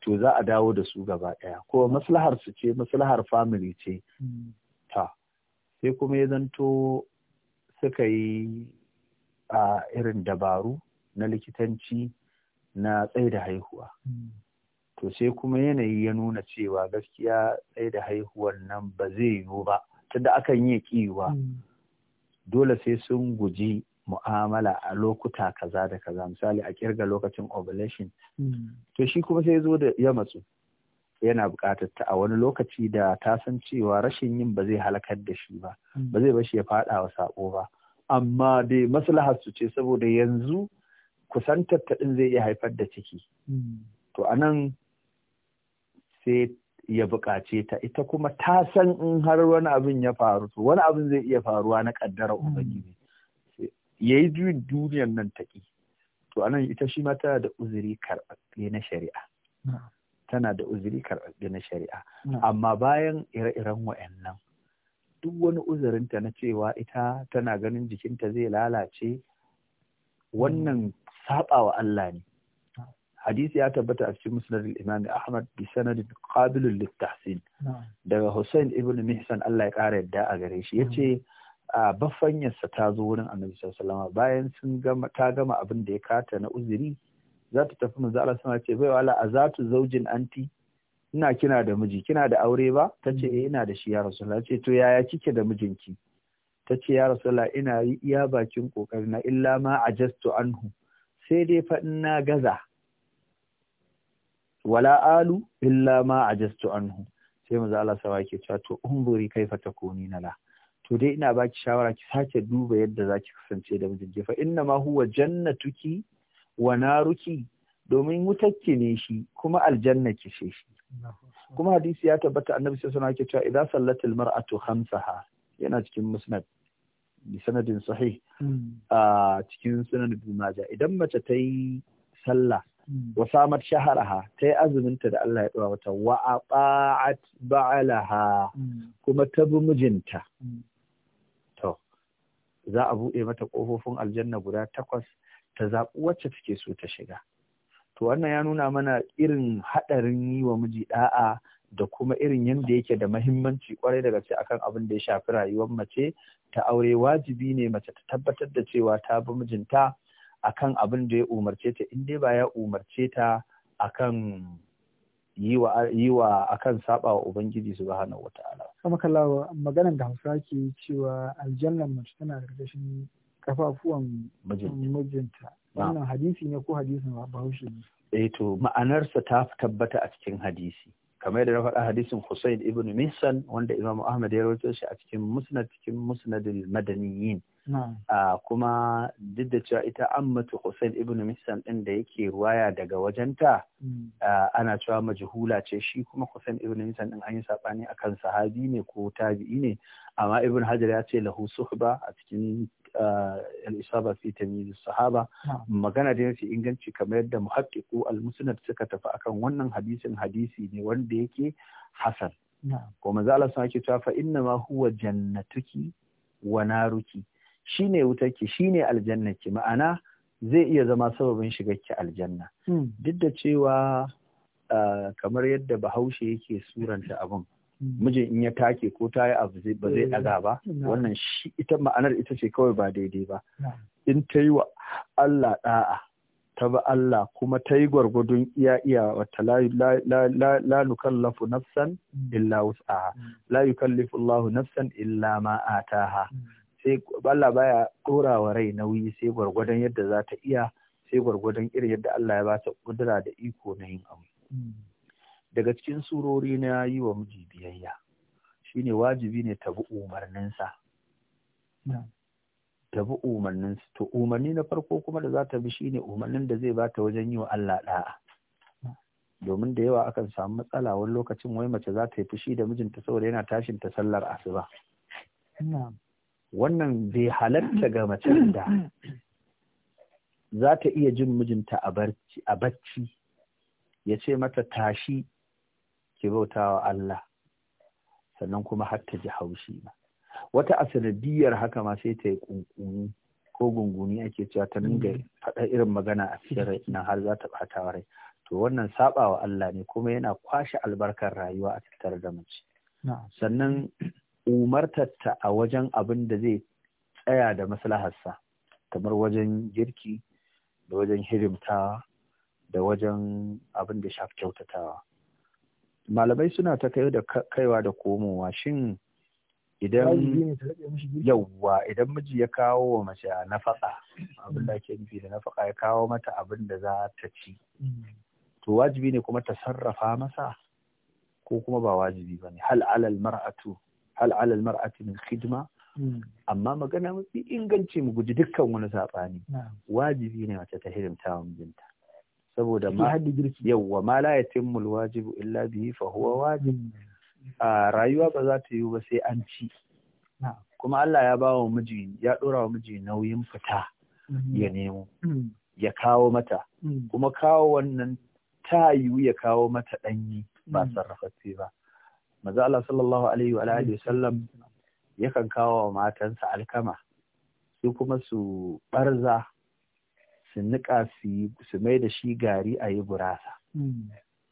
to za a dawo da su gaba ɗaya ko maslahar su ce maslahar family ce hmm. ta sai kuma ya zanto suka yi a irin dabaru na likitanci na tsaye da haihuwa to sai kuma yanayi ya nuna cewa gaskiya tsaye da haihuwar nan ba zai yiwu ba tunda akan yi kiwa hmm. dole sai sun guji mu'amala a lokuta kaza da kaza misali a kirga lokacin ovulation hmm. to shi kuma sai zo da ya matsu yana buƙatar ta a wani lokaci da ta san cewa rashin yin ba zai halakar da shi ba hmm. ba zai bashi ya faɗa wa sako ba amma dai maslahar su ce saboda yanzu kusantar ta zai iya haifar da ciki to anan sai ya buƙace ta ita kuma ta san in har wani abin ya faru to wani abin zai iya faruwa na ƙaddara hmm. ubangiji ya yi juyin duniyar nan taƙi to anan ita shi ma tana da uzuri karɓaɓɓe na shari'a hmm. tana da uzuri karɓaɓɓe na shari'a hmm. amma bayan ire-iren wa'annan duk wani uzurinta na cewa ita tana ganin jikinta zai lalace wannan saɓawa Allah ne hadisi ya tabbata a cikin musnad al-imam ahmad bi sanadin qabilun littahsin daga hussein ibn mihsan Allah ya kara yadda a gare shi yace mm-hmm. a bafanyarsa ta zo wurin annabi sallallahu alaihi bayan sun gama ta gama abin da ya kata na uzuri za tafi manzo ce bai wala azatu zaujin anti ina kina da miji kina da aure ba tace mm-hmm. eh ina da shi ya rasulullah ce to yaya kike da mijinki tace ya rasulullah ina yi iya bakin kokari na illa ma ajastu anhu sai dai fa na gaza wala alu illa ma a ajastu anhu sai mu Allah sawa ke cewa to umburi kaifa na nala to dai ina baki shawara ki sake duba yadda zaki kasance da mijinki fa inna ma huwa jannatuki wa naruki domin wutakki ne shi kuma aljanna ki ce shi kuma hadisi ya tabbata annabi sai sana ke cewa idza sallatil mar'atu khamsaha yana cikin musnad bi sanadin sahih hmm. a cikin sunan ibn majah idan mace ta yi sallah Hmm. wa samat shaharaha ta yi azuminta da Allah ya ɗora mata wa a ba'at ba'alaha hmm. kuma ta bi mijinta hmm. to za a buɗe mata ƙofofin aljanna guda takwas ta zaɓi wacce take so ta shiga to wannan ya nuna mana irin haɗarin yi wa miji ɗa'a da kuma irin yadda yake da mahimmanci ƙwarai daga ce akan abin da ya shafi rayuwar mace ta aure wajibi ne mace ta tabbatar da cewa ta bi mijinta akan abin da ya umarce ta in dai ba ya umarce ta akan yi wa wa akan saba wa ubangiji wata ala. Kama kallawa maganan da Hausa ke cewa aljannan mace tana karkashin kafafuwan mijinta wannan hadisi ne ko hadisi ba Bahaushe ne eh to ma'anarsa ta tabbata a cikin hadisi kamar yadda na faɗa hadisin Hussein ibn Misan, wanda Imam Ahmad ya rawaito shi a cikin musnad cikin musnadul madaniyin kuma duk da cewa ita ammatu Hussein ibn Mihsan din da yake waya daga wajenta mm. ana cewa majhula ce shi kuma Hussein ibn Mihsan din an yi sabani akan sahabi ne ko tabi'i ne amma ibn Hajar ya ce lahu suhba a cikin al-isaba fi tamyiz sahaba magana da yake inganci kamar yadda muhaddiqu al-musnad suka tafi akan wannan hadisin hadisi ne wanda yake hasan kuma manzo sun ake cewa fa inna ma huwa jannatuki wa naruki Shi Shi wutarki shine aljannaki ma'ana zai iya zama sababin shigarki aljanna hmm. duk da cewa kamar yadda bahaushe yake suranta abin hmm. mijin in ya take ko ta yi abu ba zai eh, ɗaga ba wannan shi ita ma'anar ita ce kawai ba daidai ba in ta yi wa Allah ɗa'a ta ba Allah kuma ta yi gwargwadon iya iya wata la nukallafu nafsan hmm. illa wus'aha la yukallifu Allah nafsan illa ma'ataha ha. sai Allah baya dora wa rai nauyi sai gwargwadon yadda za ta iya sai gwargwadon irin yadda Allah ya ba ta kudura da iko na yin abu daga cikin surori na yi wa miji biyayya shine wajibi ne ta bi umarninsa ta bi umarninsa. to umarni na farko kuma da za ta bi shine umarnin da zai ba ta wajen yi wa Allah da'a domin da yawa akan samu matsala wani lokacin wai mace za ta yi fushi da mijinta saboda yana tashin ta sallar asuba wannan bai halatta ga macen da za ta iya jin mijinta a bacci ya ce mata tashi ki bautawa Allah sannan kuma har ta ji haushi ba wata asanadiyar haka ma sai ta yi kunkuni ko gunguni ake cewa ta ninga mm. faɗa irin magana a cikin rai nan har za ta ɓata wa rai to wannan saɓawa Allah ne kuma yana kwashe albarkar rayuwa a tattare da mace sannan umartarta a wajen abin da zai tsaya da maslaharsa kamar wajen girki da wajen hirimta, da wajen abin da shafi kyautatawa malamai suna ta kai da kaiwa da komowa shin idan yawwa idan miji ya kawo wa mace nafaka abin da ake nufi da nafaka ya kawo mata abin da za ta ci to wajibi ne kuma ta sarrafa masa ko kuma ba wajibi ba ne hal alal mar'atu hal ala hidima hmm. amma magana mafi inganci mu guji dukkan wani saɓani wajibi ne mace ta hidimta wa mijinta saboda ma yawwa ma la yatimmu alwajibu illa bihi fa huwa hmm. wajib hmm. a rayuwa ba za ta yiwu ba sai an ci kuma Allah ya bawa miji ya dora wa miji nauyin fita ya nemo ya kawo mata kuma kawo wannan ta yiwu ya kawo mata danyi ba sarrafaffe ba maza Allah sallallahu alaihi wa Alaihi wasallam yakan kawo wa matansa alkama su kuma su barza su niƙa su mai da shi gari a yi burasa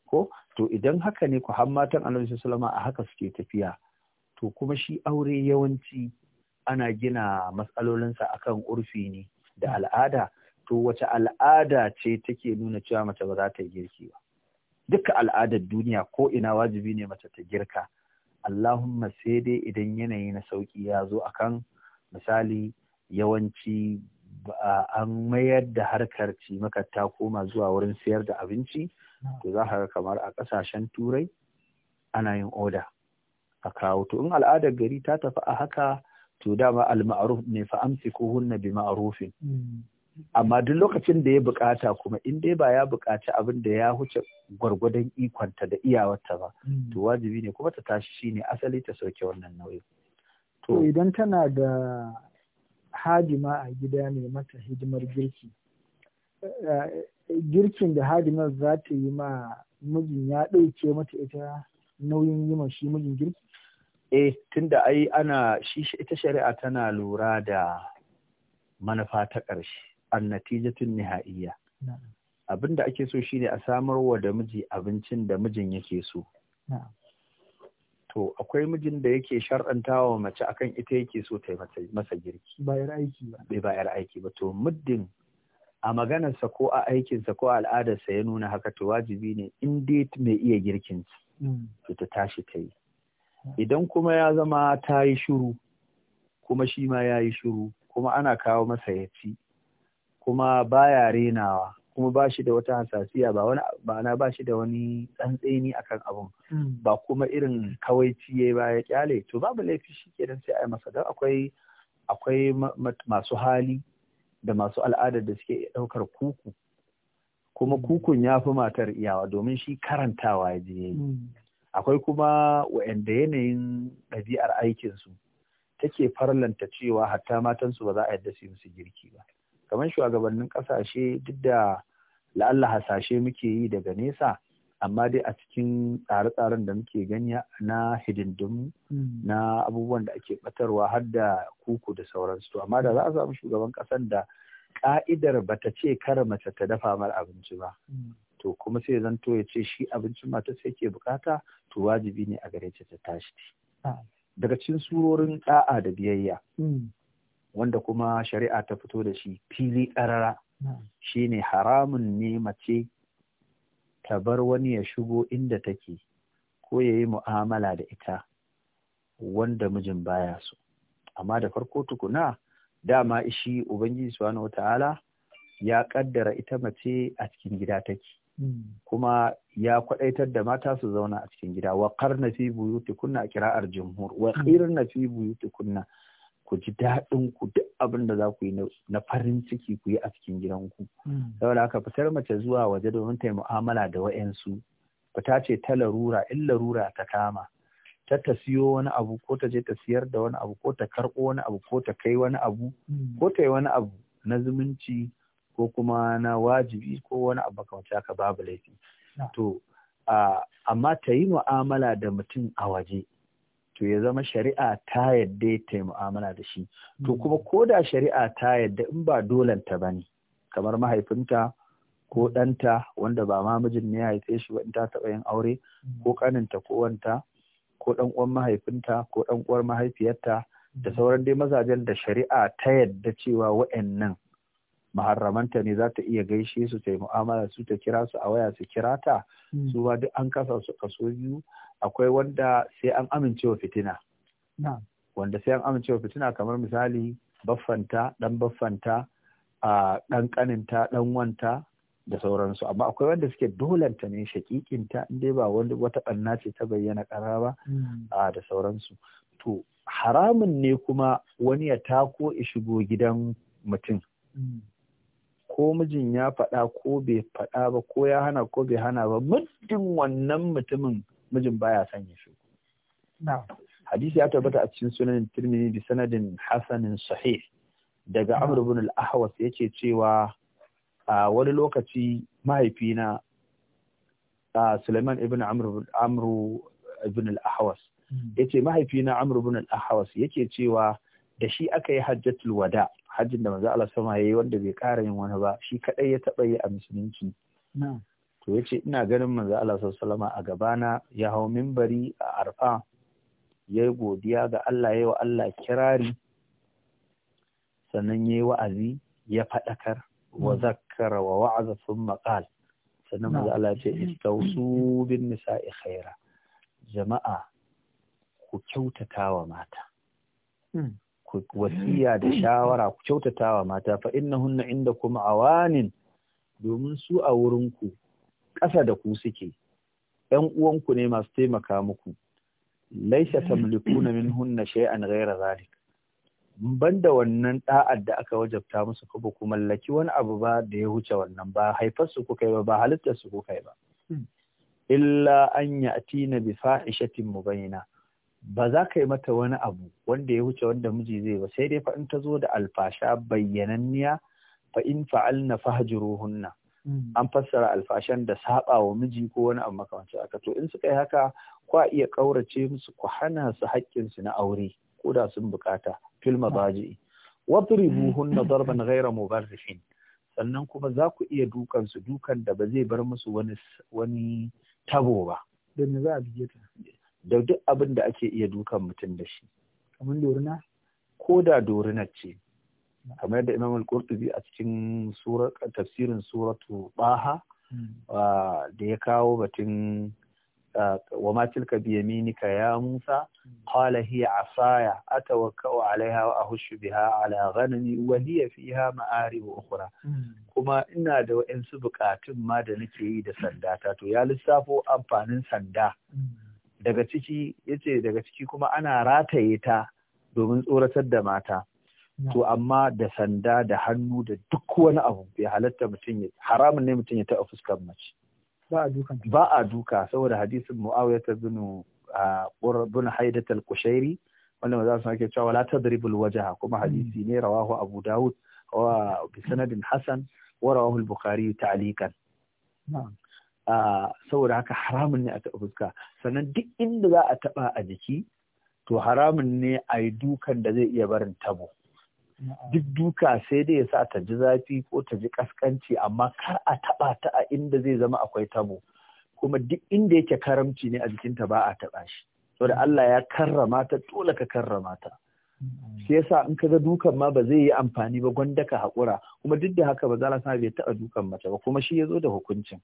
ko to idan haka ne ku har matan annabi sallallahu a haka suke tafiya to kuma shi aure yawanci ana gina matsalolinsa akan urfi ne da al'ada to wace al'ada ce take nuna cewa mace ba za ta yi girki ba duka al'adar duniya ko ina wajibi ne mace ta girka Allahumma sai dai idan yanayi na sauki ya zo akan misali yawanci an mayar da harkar cimakata ta koma zuwa wurin sayar da abinci to za ka kamar a ƙasashen turai ana yin oda a kawo to in al'adar gari ta tafi a haka to dama al-ma'ruf ne fa amsikuhunna bi ma'rufin hmm. amma duk lokacin da ya bukata kuma in dai ba ya bukaci abin da ya huce gwargwadon ikonta da iyawarta ba hmm. to wajibi ne kuma ta tashi shine asali ta sauke wannan nauyi to idan tana da hadima a gida ne mata hidimar girki girkin da hadimar za ta yi ma mijin ya ɗauke mata ita nauyin yi ma shi mijin girki eh tunda ai ana shi ita shari'a tana lura da manufa ta ƙarshe annatijatun nihaiya abin da ake so shine a samar wa da miji abincin da mijin yake so to akwai mijin da yake shar'anta wa mace akan ita yake so ta masa girki bayar aiki ba bai bayar aiki ba to muddin a maganarsa ko a aikinsa ko a al'adarsa ya nuna haka to wajibi ne in dai mai iya girkin mm. to ta tashi ta yi idan kuma ya zama ta yi shuru kuma shi ma ya yi shuru kuma ana kawo masa yaci. kuma ba ya renawa kuma ba shi da wata hasasiya ba wani ba shi da wani tsantseni akan abun hmm. ba kuma irin kawai ciye ba ya kyale to babu laifi shi kenan sai a yi masa don akwai akwai masu hali da masu al'adar da suke ɗaukar kuku kuma hmm. kukun ya fi matar iyawa domin shi karantawa ya je hmm. akwai kuma wa'anda yanayin ɗabi'ar aikinsu take farlanta cewa hatta matansu ba za a yadda su yi musu girki ba kamar shugabannin kasashe duk da la'alla hasashe muke yi daga nesa amma dai a cikin tsare-tsaren da muke gani na hidindimu mm. na abubuwan da ake batarwa har da kuku da sauransu amma da za a samu shugaban kasan da ka'idar ta ce kar mace ta dafa mar abinci ba mm. to kuma sai zanto ya ce shi abincin mata sai ke bukata to wajibi ne a gare ta ta tashi daga cikin surorin da'a da biyayya mm. wanda kuma shari'a ta fito da shi fili ƙarara shi ne haramun ne mace ta bar wani ya shigo inda take ko ya yi mu'amala da ita wanda mijin baya so amma da farko tukuna dama ishi ubangiji subhanahu wata'ala ya kaddara ita mace a cikin gida take hmm. kuma ya kwadaitar da mata su zauna a cikin gida wa na fi tukuna a kira'ar jumhur wa hmm. na fi tukuna. ku ji daɗin ku duk abin da za ku yi na farin ciki ku yi a cikin gidanku hmm. saboda haka fitar mace zuwa waje domin ta yi mu'amala da wa'yansu fita ce ta larura in larura ta kama ta ta siyo wani abu ko ta je ta siyar da wani abu ko ta karɓo wani abu ko ta kai wani abu hmm. ko ta yi wani abu na zumunci ko kuma na wajibi ko wani abu makamci haka babu laifi to amma ta yi mu'amala da mutum a waje to ya zama shari'a ta yadda ta yi mu'amala da shi to hmm. kuma ko da shari'a ta yadda in ba dolanta ba ne kamar mahaifinta ko ɗanta wanda ba ma mijin ne ya haife shi ba in ta taɓa yin aure hmm. ko ƙaninta ko wanta ko ɗan uwan mahaifinta ko ɗan uwar mahaifiyarta da hmm. sauran dai mazajen da shari'a ta yadda cewa wa'annan maharramanta ne za ta iya gaishe su ta yi mu'amala su ta kira su a waya su kira ta su ba duk an kasa su kaso biyu akwai wanda sai an amincewa fitina wanda sai an amincewa fitina kamar misali baffanta ɗan baffanta a dan kaninta dan wanta da sauransu amma akwai wanda suke dolanta ne shakikinta in dai ba wanda wata ɓanna ce ta bayyana ƙara ba hmm. a da sauransu to haramun ne kuma wani ya tako ya shigo gidan mutum hmm. ko mijin ya faɗa ko bai faɗa ba ko ya hana ko bai hana ba muddin wannan mutumin mijin baya son ya shigo hadisi ya tabbata a cikin sunanin tirmidhi bi sanadin hasanin sahih daga amr ibn al-ahwas yake cewa a wani lokaci mahaifina Suleiman ibn Amr ibn al-Ahwas hmm. yace mahaifina Amr ibn al-Ahwas yake cewa da shi aka yi hajjatul wada hajjin da manzo Allah ya yayi wanda bai kara yin wani ba shi kadai ya taba yi a musulunci to yace ina ganin manzo Allah sallallahu a gabana ya hau mimbari a arfa yayi godiya ga Allah yayi wa Allah kirari sannan yayi wa'azi ya faɗakar wa hmm. zakkara wa wa'aza thumma qala sannan manzo Allah yace hmm. istausu bin nisa'i khaira jama'a ku kyautata wa mata hmm. ku wasiya da shawara ku kyautata wa mata fa innahunna indakum awanin domin su a wurinku ƙasa da ku suke ‘yan uwanku ne masu taimaka muku laisa tamlikuna min hunna shay'an ghaira zalik banda wannan da'ar da aka wajabta musu ko ku mallaki wani abu ba da ya huce wannan ba haifar su kuka yi ba ba halittar su kuka yi ba hmm. illa an ya'tina bi faishatin mubayyana ba za ka yi mata wani abu wanda ya huce wanda miji zai ba sai dai fa in ta zo da alfasha bayyananniya fa in fa'alna fahjuruhunna Mm. an fassara alfashan da saba wa miji ko wani abu makamancin haka to in suka yi haka a iya kaurace musu ku hana su haƙƙin su na aure ko da sun bukata fil mabaji wadribuhunna mm. darban ghayra mubarrihin sannan kuma za ku iya dukan su dukan da ba zai bar musu wani wani tabo ba da za a bige da duk abin da ake iya dukan mutum da shi kamar dorina ko da dorinar ce kamar yadda imam al-qurtubi a cikin tafsirin suratu baha hmm. ah, da ya kawo batun ah, wa ma tilka bi yaminika ya musa hmm. qala hiya asaya atawakkau alaiha wa ahushu biha ala ghanami wa hiya fiha ma'arib ukhra hmm. kuma ina da wa'ansu bukatun ma da nake yi da sanda ta to ya lissafo amfanin sanda daga ciki yace daga ciki kuma ana rataye ta domin tsoratar da mata to amma da sanda da hannu da duk wani abu bai halatta mutum ya haramun ne mutum ya taɓa fuskar mace ba a duka ba a duka saboda hadisin muawiya ta bin haidat al-kushairi wanda maza su ake cewa wala tadribul wajaha kuma hmm. hadisi ne rawahu abu daud wa bi sanadin hasan wa rawahu al-bukhari ta'liqan saboda haka haramun ne a taɓa fuska sannan duk inda za a taɓa a jiki to haramun ne a yi dukan da zai iya barin tabo duk duka sai dai ya sa ta ji zafi ko ta ji kaskanci amma kar a taba ta a inda zai zama akwai tabo kuma duk inda yake karamci ne a jikinta ba a taba shi saboda Allah ya karrama ta dole ka karrama ta shi yasa in ka ga dukan ma ba zai yi amfani ba gwanda ka hakura kuma duk da haka ba za sa bai taba dukan mace ba kuma shi ya zo da hukuncin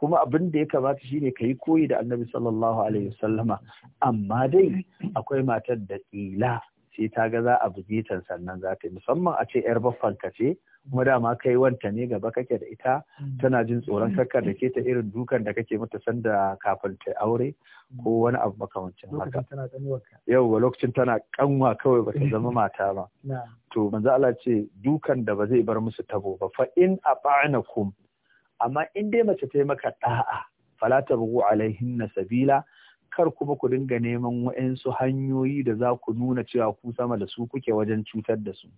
kuma abin da ya kamata shine ka yi koyi da annabi sallallahu alaihi wasallama amma dai akwai matar da tsila. sai ta ga za a buge ta sannan za ta yi musamman a ce yar baffanka ce kuma dama kai wanta ne gaba kake da ita mm. tana jin tsoron kakka da ke ta irin dukan da kake mata sanda kafin ta aure ko mm. wani abu makamancin haka yauwa lokacin tana kanwa kawai ba ta zama mata ba to manzo Allah ce dukan da ba zai bar musu tabo ba fa in aba'nakum amma in dai mace ta yi maka da'a fala tabghu alaihinna sabila kar kuma ku dinga neman wa'insu hanyoyi da za ku nuna cewa ku sama da su kuke wajen cutar da su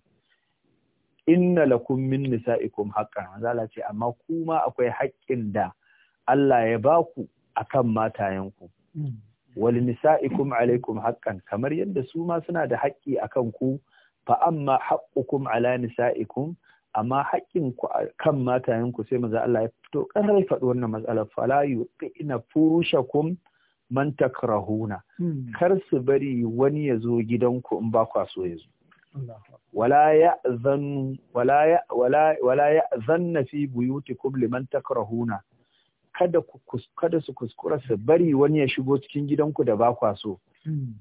inna lakum min nisa'ikum haqqan zala ce amma kuma akwai haƙƙin da Allah ya baku akan matayenku hmm. wal nisa'ikum alaikum haƙƙan kamar yadda su ma suna da haƙƙi kan ku fa amma haƙƙukum ala nisa'ikum amma haƙƙin ku kan matayenku sai maza Allah ya fito ƙarar faɗo wannan matsalar fala yuqina furushakum man takrahuna hmm. kar su bari wani ya zo gidanku in ba kwa so ya zo wala ya zanna fi buyutikum liman takrahuna kada ku kada su kuskura su bari wani ya shigo cikin gidanku da ba kwa so hmm.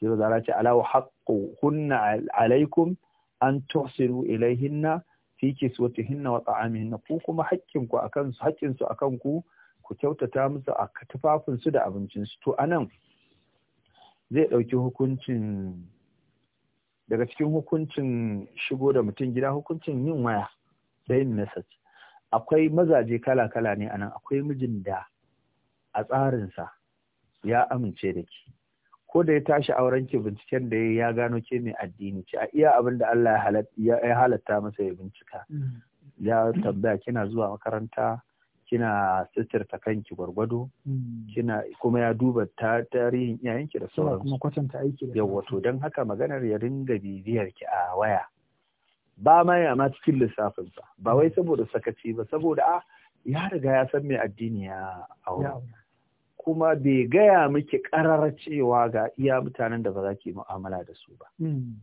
sai zara ce ala hunna alaikum an tuhsiru ilaihinna fi kiswatihinna wa ta'amihinna ku kuma haƙƙinku akan su haƙƙinsu akan ku ku kyautata musu a tufafinsu da abincinsu to anan zai ɗauki hukuncin daga cikin hukuncin shigo da mutum gida hukuncin yin waya da yin message akwai mazaje kala-kala ne anan akwai mijin da a tsarinsa ya amince da ki ko da ya tashi auren ki binciken da ya gano ke mai addini ce a iya abin da Allah ya halatta masa ya bincika mm. ya tambaya kina zuwa makaranta kina suturta kanki gwargwado hmm. kina kuma ya duba tarihin iyayenki da sauran kuma kwatanta aiki da wato don haka maganar ya ringa bibiyar ki a waya ba ma ya ma cikin lissafin sa ba wai hmm. saboda sakaci ba saboda a ah, ya riga ya san mai addini ya aure kuma bai gaya miki karar cewa ga iya mutanen da ba za ki mu'amala da su ba hmm.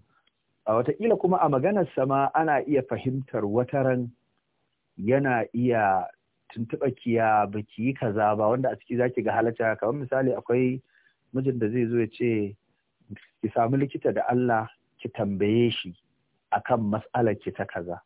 a watakila kuma a maganar sama ana iya fahimtar wataran yana iya tuntuɓa kiya ba ki yi kaza ba wanda a ciki zaki ga halatta kamar misali akwai mijin da zai zo ya ce ki samu likita da Allah ki tambaye shi akan mas'alar ki ta kaza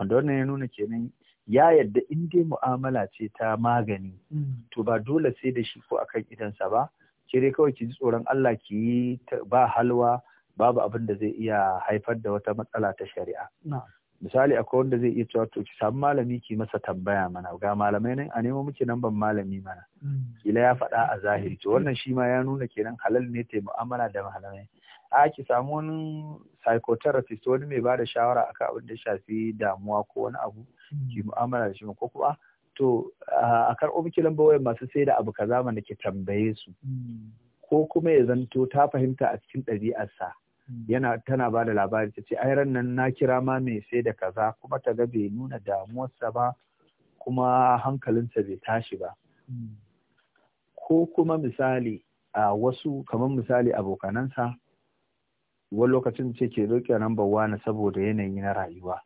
wanda wannan ya nuna kenan ya yadda in dai mu'amala ce ta magani mm. to ba dole sai da shi ko akan idansa ba ke dai kawai ki ji tsoron Allah ki ba halwa babu abin da zai iya haifar da wata matsala ta shari'a misali akwai wanda zai iya cewa to ki samu malami ki masa tambaya mana ga malamai ne a nemo muke nan ban malami mana mm. kila ya faɗa a zahiri to wannan shi ma ya nuna kenan halal ne ta mu'amala da malamai a ki samu wani psychotherapist wani mai bada shawara akan abin da shafi damuwa ko wani abu mm. ki mu'amala da shi ko kuma to a karɓo miki lamba wayan masu sai da abu kaza mana ki tambaye su mm. ko kuma ya zanto ta fahimta a cikin ɗabi'arsa yana tana ba da labari ta ce ayaran nan na kira ma mai sai da kaza kuma ta ga bai nuna damuwarsa ba kuma hankalinsa bai tashi ba ko kuma misali a wasu kamar misali abokanansa wani lokacin ce ke roƙe namba wani saboda yanayi na rayuwa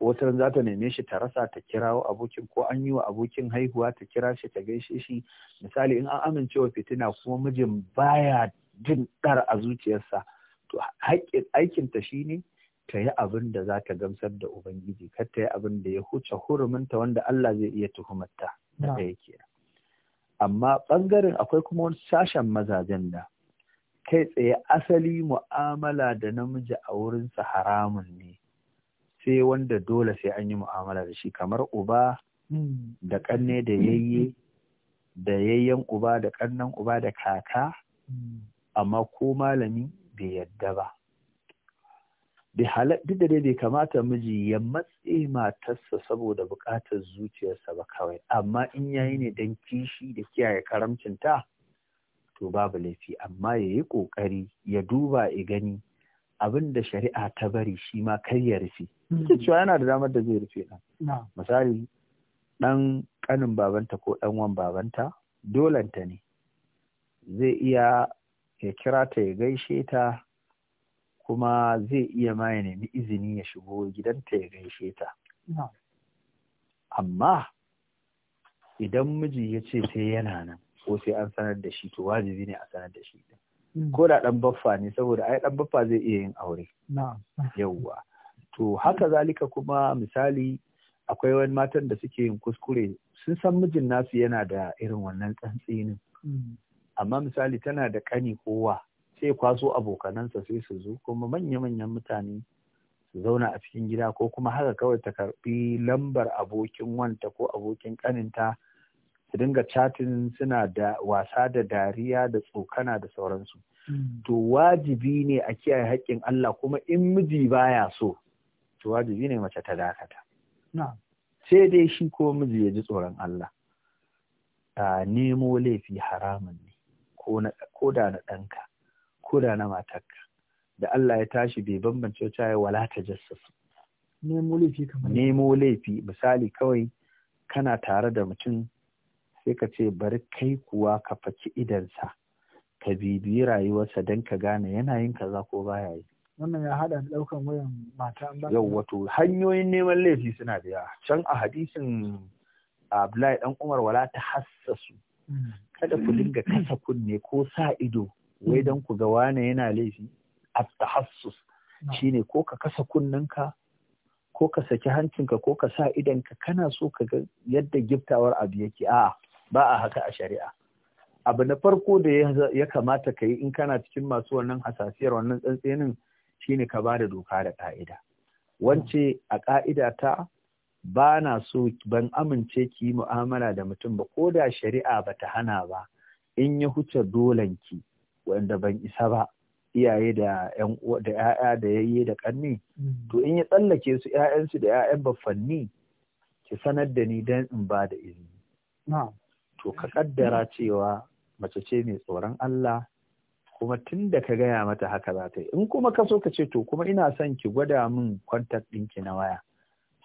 wata za ta neme shi ta rasa ta kirawo abokin ko an yi wa abokin haihuwa ta kira shi ta gaishe shi misali in an amince wa fitina kuma mijin baya jin ɗar a zuciyarsa to haƙƙin aikinta ne ta yi abin da za ta gamsar da ubangiji kar ta yi abin da ya huce huruminta wanda Allah zai iya tuhumarta da ta yake. amma ɓangaren akwai kuma wani sashen mazajen da kai tsaye asali mu'amala da namiji a wurinsa haramun ne sai wanda dole sai an yi mu'amala da shi kamar uba da ƙanne da yayye da yayyen uba da ƙannen uba da kaka hmm. amma ko malami bai yadda ba duk da dai bai kamata miji ya matse matarsa saboda buƙatar zuciyarsa ba kawai amma in yayi ne don kishi da kiyaye karamcinta to babu laifi amma ya yi ƙoƙari ya duba ya gani abin da shari'a ta bari shi ma kai ya rufe Ita hmm. cewa yana da damar da zai rufe ɗan misali ɗan ƙanin babanta ko ɗan wan babanta dolanta ne zai iya ya kira ta ya gaishe ta kuma zai iya ma ya nemi izini ya shigo gidan ta ya gaishe ta amma idan miji ya ce sai yana nan ko sai an sanar da shi to wajibi ne a sanar da shi mm. ko da dan baffa ne saboda ai dan baffa zai iya yin aure yawwa to haka zalika kuma misali akwai wani matan da suke yin kuskure sun san mijin nasu yana da irin wannan tsantsinin mm. amma misali tana da ƙani kowa sai kwaso abokanansa sai su zo kuma manya-manyan mutane su zauna a cikin gida ko kuma haka kawai ta karbi lambar abokin wanta ko abokin ƙaninta su dinga chatin suna da wasa da dariya da tsokana da sauransu hmm. to wajibi ne a kiyaye haƙƙin Allah kuma in miji baya so to wajibi ne mace ta dakata sai dai shi ko miji ya ji tsoron Allah a nemo laifi haramun ko da na ɗanka da na matarka da Allah ya tashi bai bambance ta ya wala ta jassasu nemo laifi kamar nemo laifi misali kawai kana tare da mutum sai ka ce bari kai kuwa ka faci idansa ka bibiyi rayuwarsa don ka gane yana yin kaza ko baya yi wannan ya hada da daukan wayan mata an ba yau wato hanyoyin neman laifi suna da yawa can a hadisin Abdullahi dan Umar wala ta hassasu kada ku mm. dinga kasa kunne ko sa ido wai mm. don ku ga wane yana laifi astahassus tahassus shine ko ka kasa kunnenka ko ka saki hancinka ko ka sa idonka kana so ka ga yadda giftawar abu yake a'a ba a haka a shari'a abu na farko da ya kamata ka yi in kana cikin masu wannan hasasiyar wannan tsantsenin shine ka ba da doka da ka'ida wance mm. a ka'ida ta ba na so ban amince ki yi mu'amala da mutum ba ko da shari'a ba ta hana ba in ya huce dolanki wanda ban isa ba iyaye da yan da ya'ya da yayye da kanni to in ya tsallake su 'ya'yansu da 'ya'yan baffanni ki sanar da ni dan in ba da izini to ka kaddara cewa mace ce mai tsoron Allah kuma tun da ka gaya mata haka za ta yi in kuma ka so ka ce to kuma ina son ki gwada min kwantar ɗinki na waya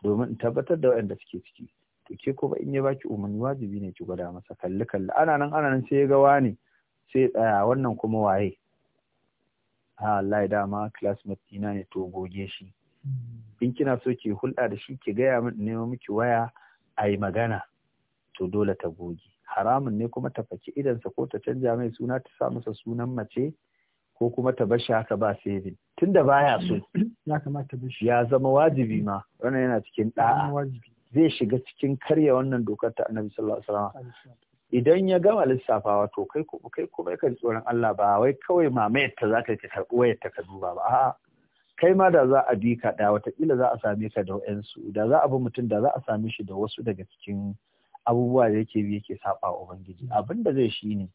domin in tabbatar da waɗanda suke ciki to ke kuma in ya baki umarni wajibi ne ki gwada masa kalli kalli ana nan ana nan sai ya ga wani sai tsaya wannan kuma waye a wallahi dama classmate ina ne to goge shi in kina so ki hulɗa da shi ki gaya min nemo miki waya ayi magana to dole ta goge haramun ne kuma ta faki idansa ko ta canja mai suna ta sa masa sunan mace ko kuma ta bar shi haka ba saving da baya so ya kamata shi ya zama wajibi ma wannan yana cikin da'a zai shiga cikin karya wannan dokar ta Annabi sallallahu alaihi wasallam idan ya gama lissafawa to kai ko kai ko kai tsoron Allah ba wai kawai mamayar ta zaka ta karbi wayar ta ka duba ba a'a kai ma da za a bi ka da watakila za a same ka da wayansu da za a bi mutum da za a same shi da wasu daga cikin abubuwa da yake bi yake saba ubangiji abin da zai shine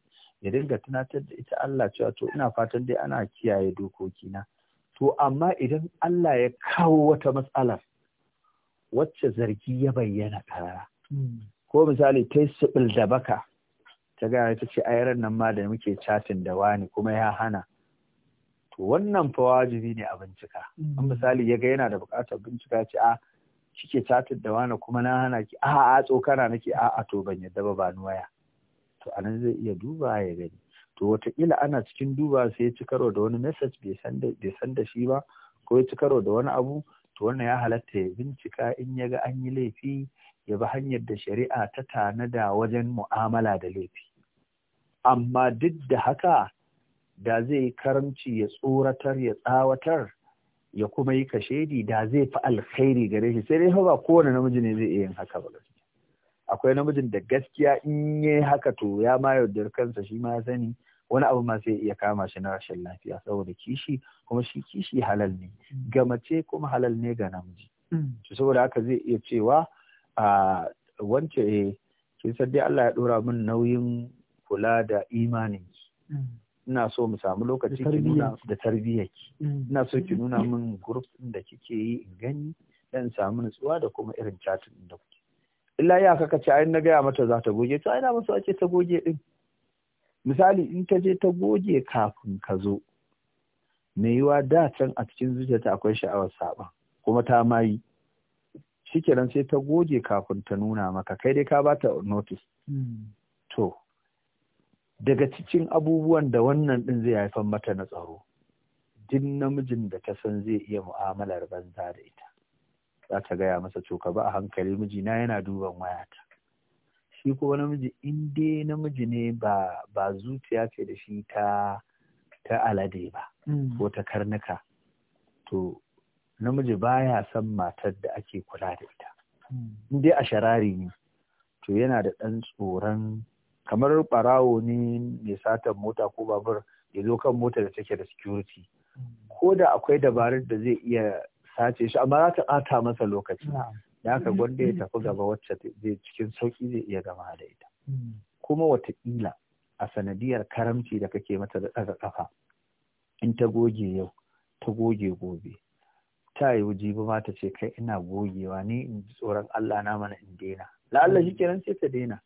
ya dinga tunatar da ita Allah cewa to ina fatan dai ana kiyaye dokokina to amma idan Allah ya kawo wata matsalar wacce zargi ya bayyana karara. Hmm. ko misali ta yi da baka ta gaya ta ce ayaran nan ma da muke chatin da wani kuma ya hana to wannan fa wajibi ne a bincika an hmm. misali ya ga yana da buƙatar bincika ce a ah, kike chatin da wani kuma na hana ki a a tsokana nake a a to ban yadda ba ba ni waya to anan zai iya duba ya gani to wataƙila ana cikin duba sai ya ci karo da wani message bai san da shi ba ko ya ci karo da wani abu to wannan ya halatta ya bincika in ya ga an yi laifi ya bi hanyar da shari'a ta tanada wajen mu'amala da laifi amma duk da haka da zai yi karamci ya tsoratar ya tsawatar ya kuma yi kashedi da zai fi alkhairi gare shi sai dai ba kowane namiji ne zai iya yin haka ba akwai namijin da gaskiya in ya haka to ya ma yarda kansa shi ma sani wani abu ma sai iya kama shi na rashin lafiya saboda kishi kuma shi kishi halal ne ga mace kuma halal ne ga namiji mm. to saboda haka zai iya cewa a wance eh kin san dai Allah ya dora min nauyin kula da imanin ki mm. ina so mu samu lokaci ki nuna da tarbiyyaki mm. ina so ki nuna min group din da kike yi in gani dan samu nutsuwa da kuma irin chatin da kuke illa ya kaka ce ayin na gaya mata za ta goge to ai na masu ake ta goge din misali in ta je ta goge kafin ka zo me yiwa da can a cikin zuciyarta akwai sha'awar saba kuma ta mayi shikenan sai ta goge kafin ta nuna maka kai dai ka ba ta notice to daga cikin abubuwan da wannan din zai haifar mata na tsaro din namijin da ta san zai iya mu'amalar banza da ita za ta gaya masa to ka ba a hankali mijina yana duban wayata shi ko namiji in dai namiji ne ba ba zuciya ce da shi ta ta alade ba mm. ko ta karnuka to namiji baya son matar da ake kula da ita mm. in dai a sharari ne to yana da ɗan tsoron kamar ɓarawo ne mai satan mota ko babur ya zo kan mota da take da security mm. ko da akwai dabarun da zai iya ta ce shi amma za ta ɓata masa lokaci da aka gwanda ya mm-hmm. tafi gaba wacce zai cikin sauƙi zai iya gama da ita mm-hmm. kuma watakila a sanadiyar karamci da kake mata da ɗaga ƙafa in ta goge yau ta goge gobe ta yi wuji, ma ta ce kai ina gogewa ni in tsoron Allah na mana in daina la'alla shi kenan sai ta daina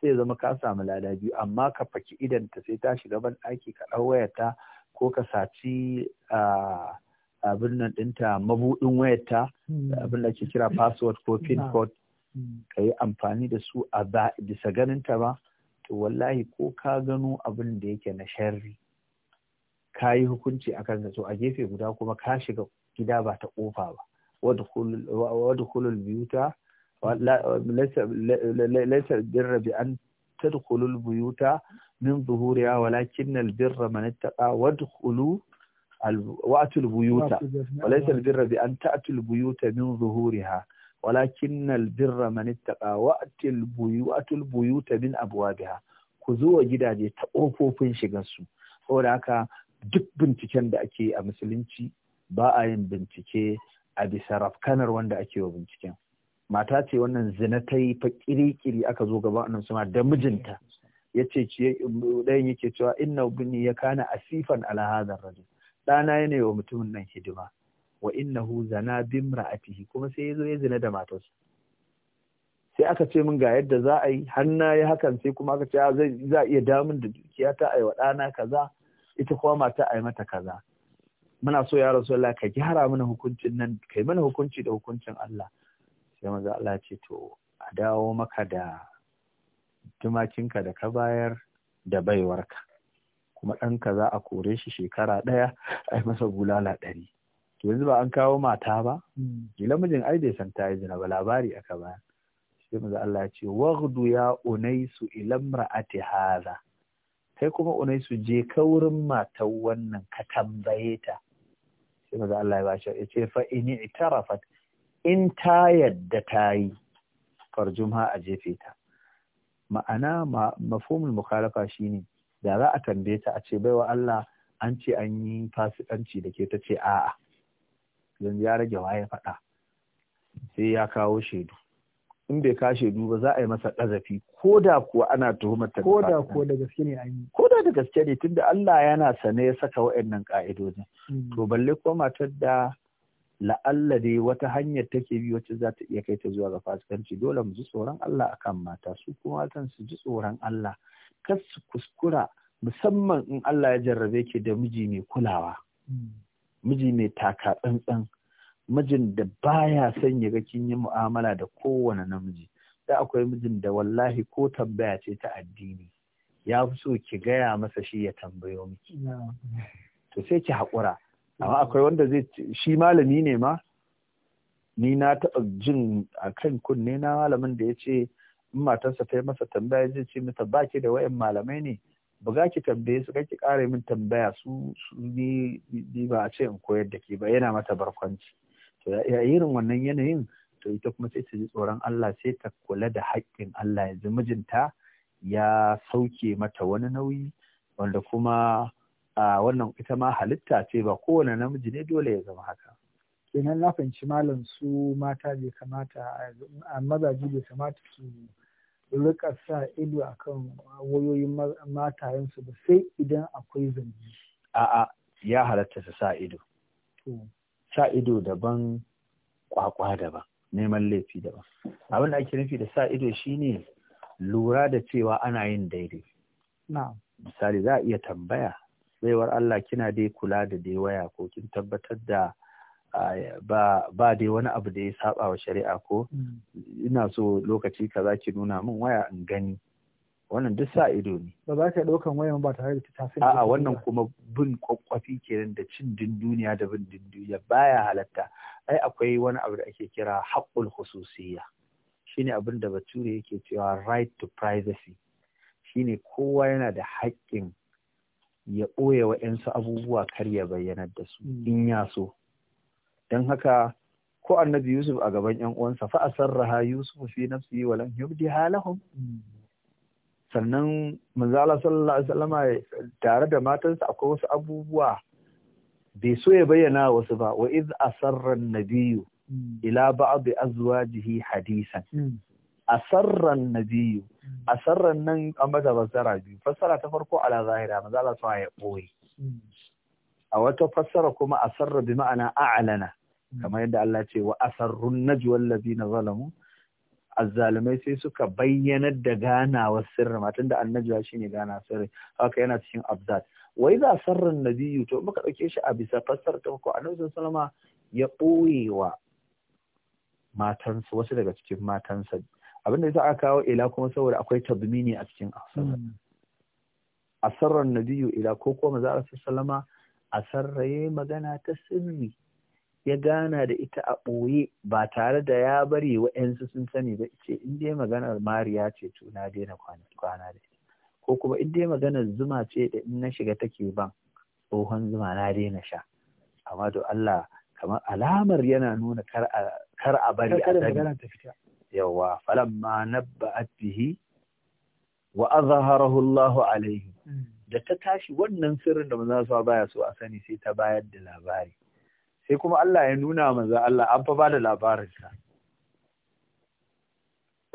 sai zama ka samu lada biyu amma ka faki idan ta sai ta shiga ban ɗaki ka ɗau wayarta ko ka saci ah, abin nan ɗinta mabuɗin wayarta ta hmm. abin da ake kira password ko pin code hmm. ka yi amfani da su a bisa ta ba to wallahi ko ka gano abin da yake na sharri ka yi hukunci a kan to a gefe guda kuma ka shiga gida ba ta kofa ba wadda kulul biyuta laisar birra bi an tadkhulul buyuta min zuhuriya walakin albirra man ittaqa wadkhulu وأتوا البيوت وليس البر بأن تأتوا البيوت من ظهورها ولكن البر من اتقى وأتوا البيوت, البيوت من أبوابها كذو جداجي تقوفوا فين شغسو هناك duk binciken da ake a musulunci ba a yin bincike a bisa rafkanar wanda ake a binciken mata ce wannan zina ta yi fa aka zo gaban annabi sama da mijinta yace ce ɗayan yake cewa inna bini ya kana asifan ala hadar ɗana yana wa mutumin nan hidima wa hu zana bimra'atihi kuma sai ya zo ya zina da matarsa sai aka ce min ga yadda za a yi har na yi hakan sai kuma aka ce ah, za a iya damun da dukiya ta aiwa ɗana kaza ita kuma mata a yi mata kaza muna so ya rasu Allah ka gyara mana hukuncin nan kai mana hukunci da hukuncin Allah sai maza Allah ce to a dawo maka da tumakinka da ka bayar da baiwarka kuma ɗanka za a kore shi shekara ɗaya a masa bulala ɗari to yanzu ba an kawo mata ba kila hmm. mijin ai bai san ta yi ba labari aka ba sai manzo Allah ya ce waghdu ya unaisu ila imra'ati hadha kai kuma unaisu je ka wurin matar wannan ka tambaye ta sai manzo Allah ya bashi ya ce fa in i'tarafat in ta yadda ta yi farjumha a jefe ta ma'ana mafhumul mukhalafa shine da za a tambaye ta a ce baiwa Allah an ce an yi fasikanci da ke ta ce a'a yanzu ya rage waye faɗa sai ya kawo shaidu in bai ka shaidu ba za a yi masa ƙazafi ko da kuwa ana tuhumar ta ko da kuwa da gaske ne an ko da da gaske ne tunda Allah yana sane ya saka wa'annan ka'idojin mm. to balle ko matar da la'alla dai wata hanyar take bi wacce za ta iya kai ta zuwa ga fasikanci dole mu ji tsoron Allah akan mata su kuma matan su ji tsoron Allah kar su kuskura musamman in Allah ya jarrabe ke da miji mai kulawa miji mai taka tsantsan mijin da baya son ya ga kin yi mu'amala da kowane namiji da akwai mijin da wallahi ko tambaya ce ta addini ya fi so ki gaya masa shi ya tambayo miki to sai ki haƙura amma akwai wanda zai shi malami ne ma ni na taɓa jin a kan kunne na malamin da ya ce in matarsa ta yi masa tambaya zai ce mata ba ki da wayan malamai ne ba buga ki tambaye su ki ƙara min tambaya su ni ni ba a ce in koyar da ke ba yana mata barkwanci to ya irin wannan yanayin to ita kuma sai ta ji tsoron Allah sai ta kula da haƙƙin Allah yanzu mijinta ya sauke mata wani nauyi wanda kuma a wannan ita ma halitta ce ba kowane namiji ne dole ya zama haka kenan na fahimci malam su mata bai kamata a mazaji bai kamata su rika sa ido a kan wayoyin matayensu ba sai idan akwai zanji. A'a ya halatta su sa ido. Sa ido daban kwakwa daban neman laifi daban. Abin da ake nufi da sa ido shine lura da cewa ana yin daidai. Misali za a iya tambaya Saiwar Allah kina dai kula da dai waya ko kin tabbatar da ba dai wani abu da ya saba wa shari'a ko mm. ina so lokaci kaza ki nuna min waya in gani wannan duk sa ido ne ba za ka ɗaukan wayan ba tare da ta tafi a'a wannan kuma bin kwakwafi kenan da cin dunduniya da bin dunduniya baya halatta ai akwai wani abu da ake kira haƙƙul hususiyya shine abin da bature yake cewa right to privacy shine kowa yana da haƙƙin ya ɓoye wa'yansu abubuwa kar ya bayyana da su mm. in ya so don haka ko annabi yusuf a gaban yan uwansa fa asarraha yusuf fi nafsi wa lam yubdi halahum sannan manzo Allah sallallahu alaihi wasallam tare da matansa akwai wasu abubuwa bai so ya bayyana wasu ba wa iz asarra nabiyyu ila ba'd azwajihi hadisan asarran nabiyu asarran nan an bata fassara biyu fassara ta farko ala zahira manzo Allah ya boye a wata fassara kuma asarra bi ma'ana a'lana hmm. kamar yadda Allah ce wa asarrun najwa allazina zalamu azzalimai sai suka bayyanar da ganawar sirri matan da annajwa shine gana sirri haka yana cikin abzat wai za sarra nabiyu to muka dauke shi a bisa fassara ta ko annabi sallama ya ɓoyewa su wasu daga cikin matan sa abinda yasa aka kawo ila kuma saboda akwai tabmini a cikin asarrin hmm. asarrin nabiyu ila ko kuma manzo sallama a sarraye magana ta sirri ya gana da ita a ɓoye ba tare da ya bari wa'yansu sun sani ba ce in dai maganar mariya ce to na daina kwana da ita ko kuma in dai maganar zuma ce da in na shiga take ban tsohon zuma na daina sha amma to Allah kamar alamar yana nuna kar a bari a sani yawa falamma nabba'at bihi wa azharahu Allahu alaihi hmm. da ta tashi wannan sirrin da manzon sa baya so a sani sai ta bayar da labari sai kuma Allah ya nuna manzon Allah an fa ba da labarin sa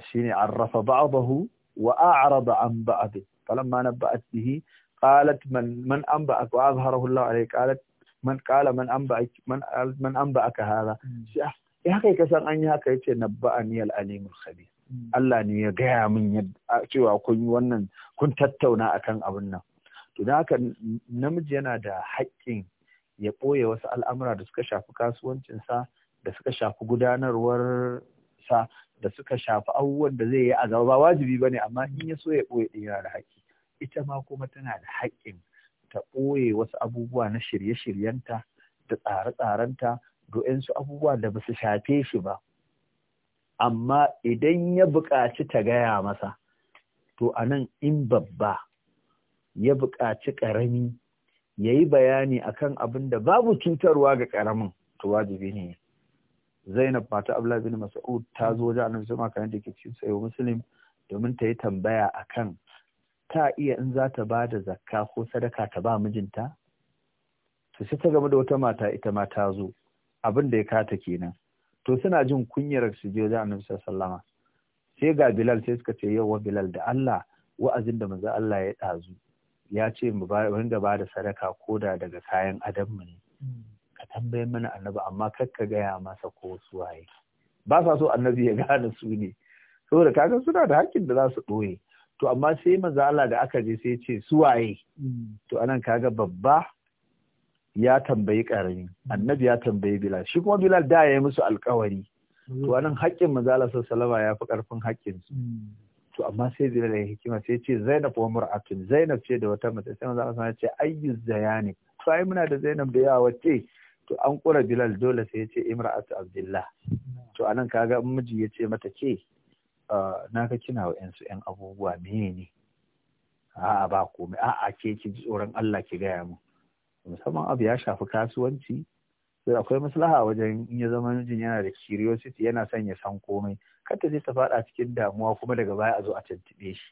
shine arrafa ba'dahu wa a'rada an ba'd falamma nabba'at bihi qalat man man anba'ak wa azharahu Allah alayhi qalat man qala man anba'ak man man anba'aka hadha hmm. ah, ya haka ka san an yi haka yace nabba'ani al-alimul khabir hmm. Allah ne ya gaya min yadda cewa kun yi wannan kun tattauna akan abin nan idan namiji yana da haƙƙin ya ɓoye wasu al'amura da suka shafi kasuwancinsa da suka shafi gudanarwar sa da suka shafi abubuwan da zai yi a ba wajibi ba ne amma in ya so ya ɓoye ɗin yana da haƙƙi ita ma kuma tana da haƙƙin ta ɓoye wasu abubuwa na shirye-shiryenta da tsare-tsarenta su abubuwa da ba su shafe shi ba amma idan ya buƙaci ta gaya masa to a nan in babba ya buƙaci ƙarami ya yi bayani akan abin da babu cutarwa ga ƙaramin to wajibi ne zainab mata abdullahi bin mas'ud ta zo wajen annabi maka da ke cikin sayo muslim domin ta yi tambaya akan ta iya in za ta ba da zakka ko sadaka ta ba mijinta to sai ta gama da wata mata ita ma ta zo abin da ya kata kenan to suna jin kunyar su je wajen annabi sallama sai ga bilal sai suka ce yawa bilal da Allah wa'azin da manzo Allah ya ɗazu. ya ce mu wanda ba da sadaka ko da daga kayan adam ne hmm. ka tambaye mana annabi amma kar ka gaya masa ko su waye ba sa so annabi ya gane su ne saboda kaga suna da hakkin da za su ɗoye. to amma sai manzo Allah da aka je sai ce su waye hmm. to anan kaga babba ya tambayi karami hmm. annabi ya tambayi bilal shi kuma bilal da ya yi musu alkawari to anan haƙƙin manzo Allah sallallahu alaihi ya fi ƙarfin haƙƙin su to amma sai bilal ya hikima sai ce zainab wa mur'atun zainab ce da wata mace sai manzo Allah ce ayyu zayani to ai muna da zainab da yawa wacce to an kura bilal dole sai ya ce imra'atu abdullah to anan kaga miji ya ce mata ke ah, na ka kina wa yansu yan abubuwa ne. a'a ba komai a'a ke ki ji tsoron Allah ki gaya mu musamman abu ya shafi kasuwanci akwai maslaha wajen in ya zama mijin yana da curiosity yana son ya san komai kanta ta je ta faɗa cikin damuwa kuma daga baya a zo a tantube shi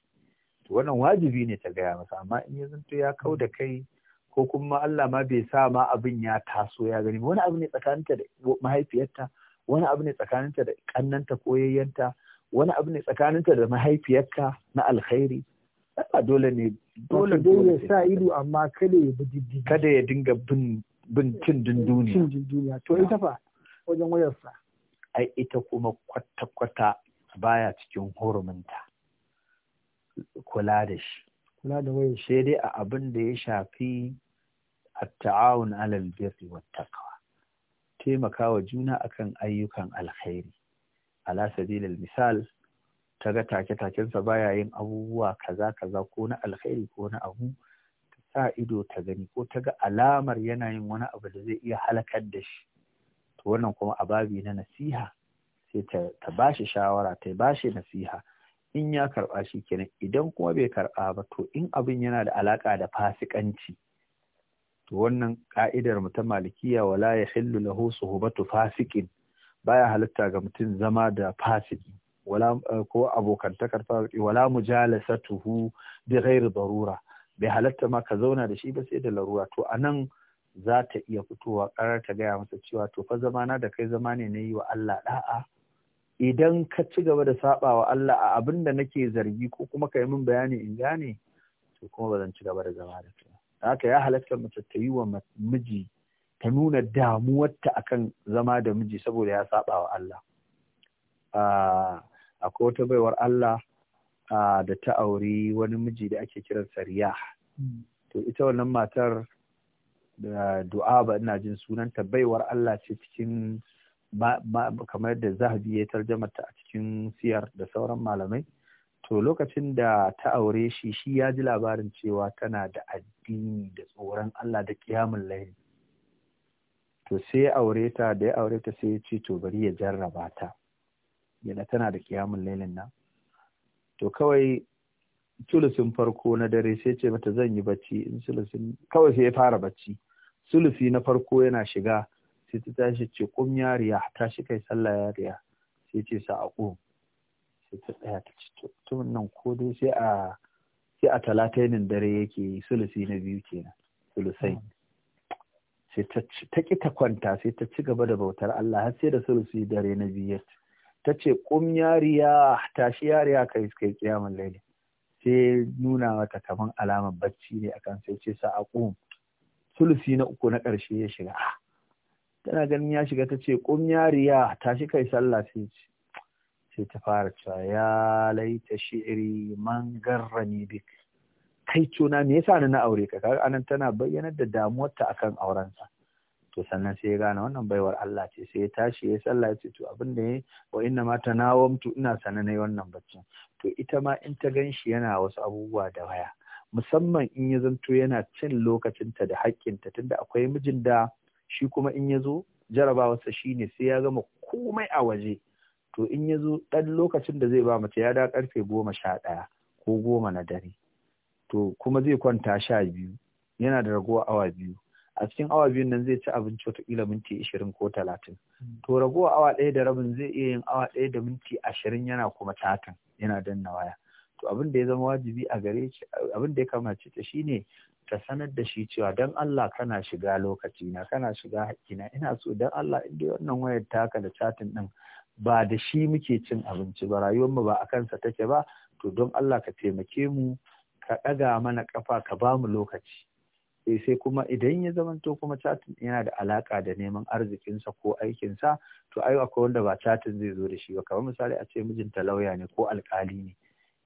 to wannan wajibi ne ta gaya masa amma in ya zanto ya kau da kai ko kuma Allah ma bai sa ma abin ya taso ya gani wani abu ne tsakaninta da mahaifiyarta wani abu ne tsakaninta da kannanta ko yayyanta wani abu ne tsakaninta da mahaifiyarka na alkhairi ba dole ne dole dole ya sa ido amma kada ya bi kada ya dinga bin bin cin dunduniya cin dunduniya to ita fa wajen wayarsa ai ita kuma kwata-kwata baya cikin huruminta kula da shi kula da wayar sai dai a abin da ya shafi a taawun alal birri wat taqwa taimakawa juna akan ayyukan alkhairi ala sabilil misal ta ga take-takensa baya yin abubuwa kaza kaza ko na alkhairi ko na abu ta sa ido ta gani ko ta ga alamar yana yin wani abu da zai iya halakar da shi wannan kuma a babi na nasiha sai ta bashi shawara ta bashi nasiha in ya karɓa shi kenan idan kuma bai karɓa ba to in abin yana da alaƙa da fasikanci to wannan ka'idar mu ta malikiya wala ya hillu lahu suhubatu fasikin baya halitta ga mutum zama da fasiki wala eh, ko abokantakar fasiki wala mujalasatuhu bi ghairi darura bai halatta ma ka zauna da shi ba sai da larura to anan za ta iya fitowa ƙarar ta gaya masa cewa to fa zamana da kai zama ne na yi wa Allah da'a idan ka ci gaba da saba wa Allah a abin da nake zargi ko kuma ka yi min bayani in gane to kuma ba zan ci gaba da zama da kai haka ya halatta mace ta yi wa miji ta nuna damuwarta akan zama da miji saboda ya saba wa Allah akwai wata baiwar Allah da ta aure wani miji da ake kiran sariya. Hmm. to ita wannan matar da du'a ba ina jin sunanta baiwar Allah ce cikin kamar da zahabi ya tarjama ta a cikin siyar da sauran malamai to lokacin da ta aure shi shi ya ji labarin cewa tana da addini da tsoron Allah da kiyamun layi to sai ya aure ta da ya aure ta sai ya ce to bari ya jarraba ta yana tana da kiyamun lailin nan to kawai sulusin farko na dare sai ce mata zan yi bacci in sulusin kawai sai ya fara bacci sulusi na farko yana shiga sai ta tashi ce kum yariya ta shi kai sallah yariya sai ce sa aku sai ta tsaya ta ci tun nan ko dai sai a sai a talatainin dare yake sulusi na biyu kenan sulusai hmm. sai ta ta ki ta kwanta sai ta ci gaba da bautar Allah har sai da sulusi dare na biyu ta ce kum yariya ta shi yariya kai kai kiyamul laili sai nuna mata kaman alamar bacci ne akan sai ce sa aqum sulusi na uku na ƙarshe ya shiga ah, tana ganin ya shiga ta ce ƙum yariya tashi kai sallah sai ce sai ta fara cewa ya laita shi'iri man garrani kai cuna me yasa ni na aure ka kaga anan tana bayyanar da damuwarta akan aurensa to sannan sai ya gane wannan baiwar Allah ce sai ya tashi ya sallah ya ce to abin da ya wa inna ma mutu ina sana nayi wannan baccin to ita ma in ta gan shi yana wasu abubuwa da waya musamman in ya zanto yana cin lokacinta da haƙƙinta tunda akwai mijin da shi kuma in ya zo jarabawarsa shine sai ya gama komai a waje to in ya zo ɗan lokacin da zai ba mace ya da ƙarfe goma sha ɗaya ko goma na dare to kuma zai kwanta sha biyu yana da ragowa awa biyu a cikin awa biyun nan zai ci abinci watakila minti ishirin ko talatin hmm. to ragowa awa ɗaya da rabin zai iya yin awa ɗaya da minti ashirin yana kuma tatan yana danna waya to abin da ya zama wajibi a gare shi abin da ya kamace ta shine ta sanar da shi cewa dan Allah kana shiga lokaci na kana shiga hakkina ina so dan Allah in dai wannan wayar taka da chatin ɗin ba da shi muke cin abinci ba rayuwar mu ba a kansa take ba to don Allah ka taimake mu ka ɗaga mana kafa ka ba mu lokaci eh sai kuma idan ya zamanto kuma chatin yana da alaka da neman arzikinsa ko aikinsa to ai akwai wanda ba chatin zai zo da shi ba kamar misali a ce mijinta lauya ne ko alkali ne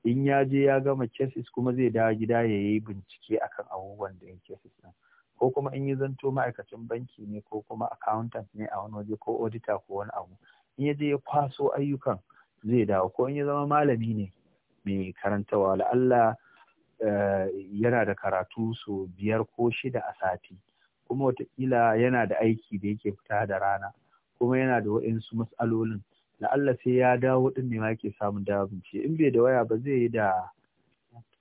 in ya je ya gama cases kuma zai dawo gida ya yi bincike akan abubuwan da yake cases din ko kuma in yi zanto ma'aikacin banki ne ko kuma accountant ne a wani waje ko auditor ko wani abu in ya je ya kwaso ayyukan zai dawo ko in ya zama malami ne mai karantawa Allah Eh, yana da karatu so biyar ko shida a sati kuma watakila yana da aiki da yake fita da rana kuma yana da waɗansu matsalolin Allah sai ya dawo ɗin ne ma yake samun dawo binci in bai da waya ba zai yi da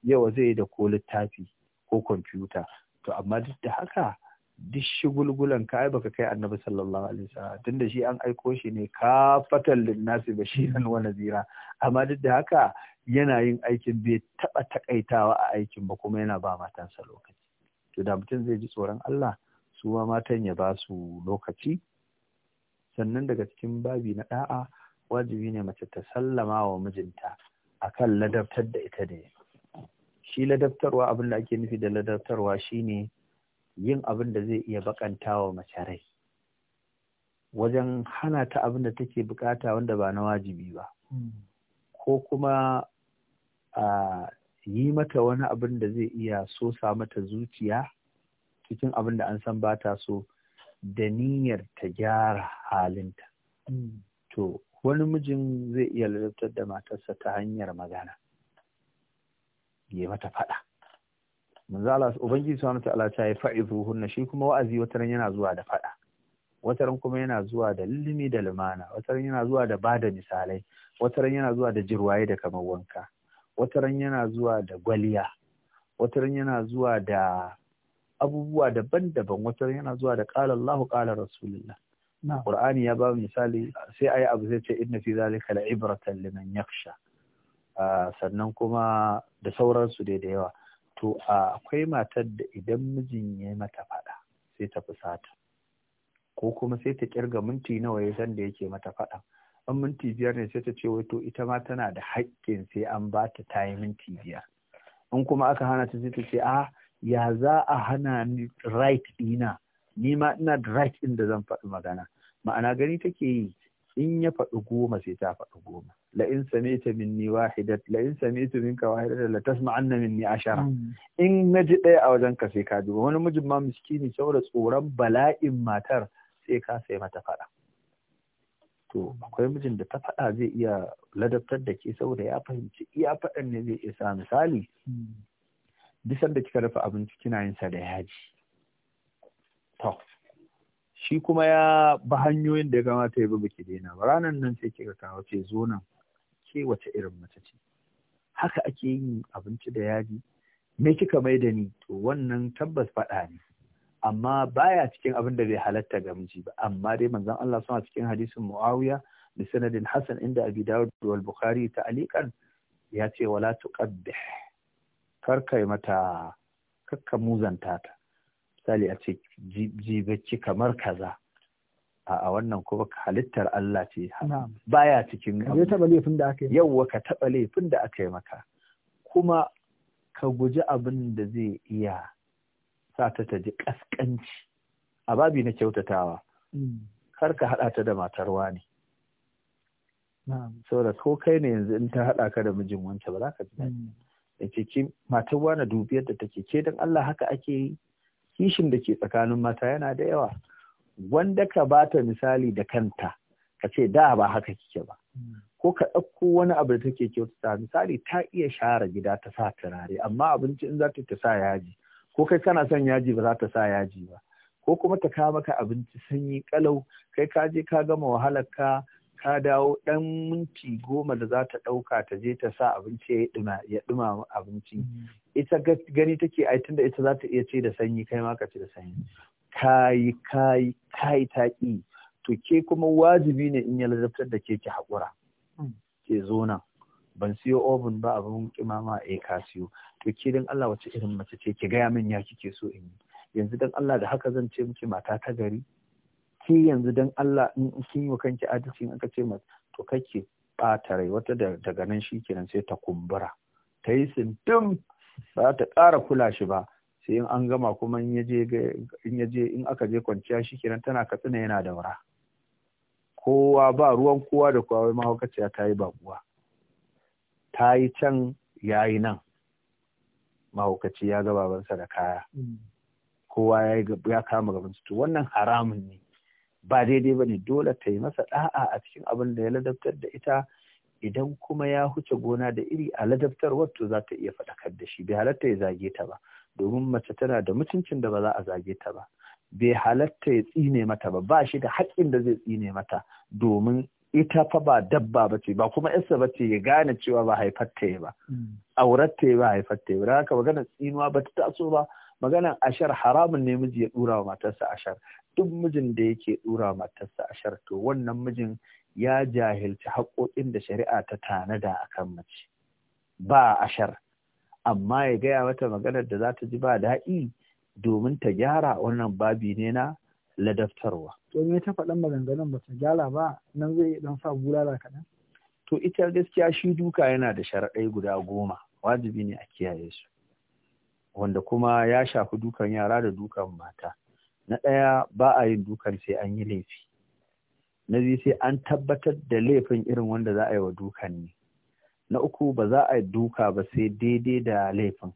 yawa zai yi da ko littafi ko kwamfuta to amma duk da haka duk shigulgulan ka baka kai annabi sallallahu alaihi wasallam tunda shi an aiko shi ne kafatan linnasi bashiran wa nazira amma duk da haka yana yin aikin bai taba takaitawa a aikin ba kuma yana ba matansa lokaci to da mutum zai ji tsoron Allah su ma matan ya ba su lokaci sannan daga cikin babi na da'a wajibi ne mace ta sallama wa mijinta akan ladabtar da ita ne shi ladabtarwa abin da ake nufi da ladabtarwa shine yin abin da zai iya bakanta wa mace rai wajen hana ta abin da take bukata wanda ba na wajibi ba ko kuma a yi mata wani abin da zai iya sosa mata zuciya cikin abin da an san ba ta so da niyyar ta gyara halinta to wani mijin zai iya lalabtar da matarsa ta hanyar magana ya mata faɗa manzo Allah ubangiji subhanahu ta'ala ta yi hunna shi kuma wa'azi wataran yana zuwa da fada wataran kuma yana zuwa da lilimi da lumana wataran yana zuwa da bada misalai wataran yana zuwa da jirwaye da kamar wanka wataran yana zuwa da gwaliya wataran yana zuwa da abubuwa daban-daban wataran yana zuwa da qala Allahu qala rasulullah Qur'ani ya ba misali sai ayi abu zai ce inna fi zalika la'ibratan liman yakhsha ah, sannan kuma da sauransu dai da yawa to akwai matar da idan mijin ya mata faɗa sai ta sata, ko kuma sai ta kirga minti nawa ya san da yake mata faɗa an minti biyar ne sai ta ce wato ita ma tana da haƙƙin sai an ba ta tayi minti biyar in kuma aka hana ta sai ta ce a ya za a hana ni right ɗina ni ma ina da right din da zan faɗi magana ma'ana gani take yi in ya faɗi goma sai ta faɗi goma la in samita minni wahidat la in minka wahidat la tasma'anna minni ashara in naji ɗaya a wajen ka sai ka duba wani mijin ma miskini saboda tsoron bala'in matar sai ka sai mata faɗa to akwai mijin da ta faɗa zai iya ladabtar da ke saboda ya fahimci iya faɗan ne zai isa misali bisan da kika dafa abinci kina yin sa da yaji to shi kuma ya ba hanyoyin da ya kamata ya bi baki daina ba Ranar nan sai kika kawo ce zo nan ke wace irin mace ce haka ake yin abinci da yaji me kika mai da ni to wannan tabbas faɗa ne amma baya cikin abin da bai halatta ga miji ba amma dai manzon Allah sama cikin hadisin Muawiya da sanadin Hassan inda Abi Dawud wal Bukhari ta'aliqan ya ce wala tuqabbih karkai mata kakka muzanta ta misali a ce jibe kamar kaza a wannan kuma halittar Allah ce baya cikin abu taɓa laifin da ka taɓa laifin da aka yi maka kuma ka guji abin da zai iya sata ta ji ƙasƙanci a babi na kyautatawa mm. kar ka haɗa ta da matarwa ne saboda ko kai ne yanzu in ta haɗa ka da mijin wancan ba za ka ji mm. matar wani dubiyar da take ke don Allah haka ake yi kishin da ke tsakanin mata yana da yawa wanda ka bata misali da kanta ka ce da ba haka kike ba ko ka ɗauko wani abu da take kyautata misali ta iya share gida ta sa turare amma abinci in za ta ta sa yaji ko kai kana son yaji ba za ta sa yaji ba ko kuma ta kawo maka abinci sanyi kalau kai ka je ka gama wahalar ka ka dawo ɗan minti goma da za ta ɗauka ta je ta sa abinci ya ɗuma abinci mm. ita gani take ai tunda ita za ta iya ce da sanyi kai ma ka ci da sanyi kayi kayi kayi taƙi to ke kuma wajibi ne in ya ladabtar da ke ki haƙura hmm. ke zo nan ban siyo oven ba abin kimama a eh, ka siyo to ke dan Allah wace irin mace ce ki gaya min ya kike so in yi yanzu dan Allah da haka zan ce miki mata ta gari ke yanzu dan Allah in kin yi kanki adalci in aka ce mata to kake ɓata rai wata daga nan shi kenan sai ta kumbura ta yi sintim ba ta ƙara kula shi ba sai in an gama kuma in yaje in in aka je kwanciya shi kenan tana katsina yana daura kowa ba ruwan kowa da kowa wai mahaukaciya ta yi babuwa ta yi can ya yi nan mahaukaci ya ga babansa da kaya hmm. kowa ya kama gaban su wannan haramun ne ba daidai ba ne dole ta yi masa ɗa'a a cikin abin da ya ladabtar da ita idan kuma ya huce gona da iri a ladabtar wato za ta iya faɗakar da shi bai halatta ya zage ta ba domin mace tana da mutuncin da ba za a zage ta ba bai halatta ya tsine mata ba ba shi da haƙƙin da zai tsine mata domin ita fa ba dabba ba ce ba kuma yarsa ba ce ya gane cewa ba haifar ta ba aurar ta ba haifar ta ba haka maganar tsinuwa ba ta taso ba maganar ashar haramun ne miji ya dura wa matarsa ashar duk mijin da yake dura wa matarsa ashar to wannan mijin ya jahilci haƙƙoƙin da shari'a ta tanada a kan mace ba ashar amma ya gaya mata maganar da za ta ji ba daɗi domin ta gyara wannan babi ne na ladaftarwa. To me ta faɗan maganganun ba ta gyara ba nan zai dan sa bulala kaɗan? To ita gaskiya shi duka yana da sharaɗai guda goma wajibi ne a kiyaye su. Wanda kuma ya shafi dukan yara da dukan mata. Na ɗaya ba a yin dukan sai an yi laifi. Na biyu sai an tabbatar da laifin irin wanda za a yi wa dukan ne. na uku ba za a duka ba sai daidai da laifin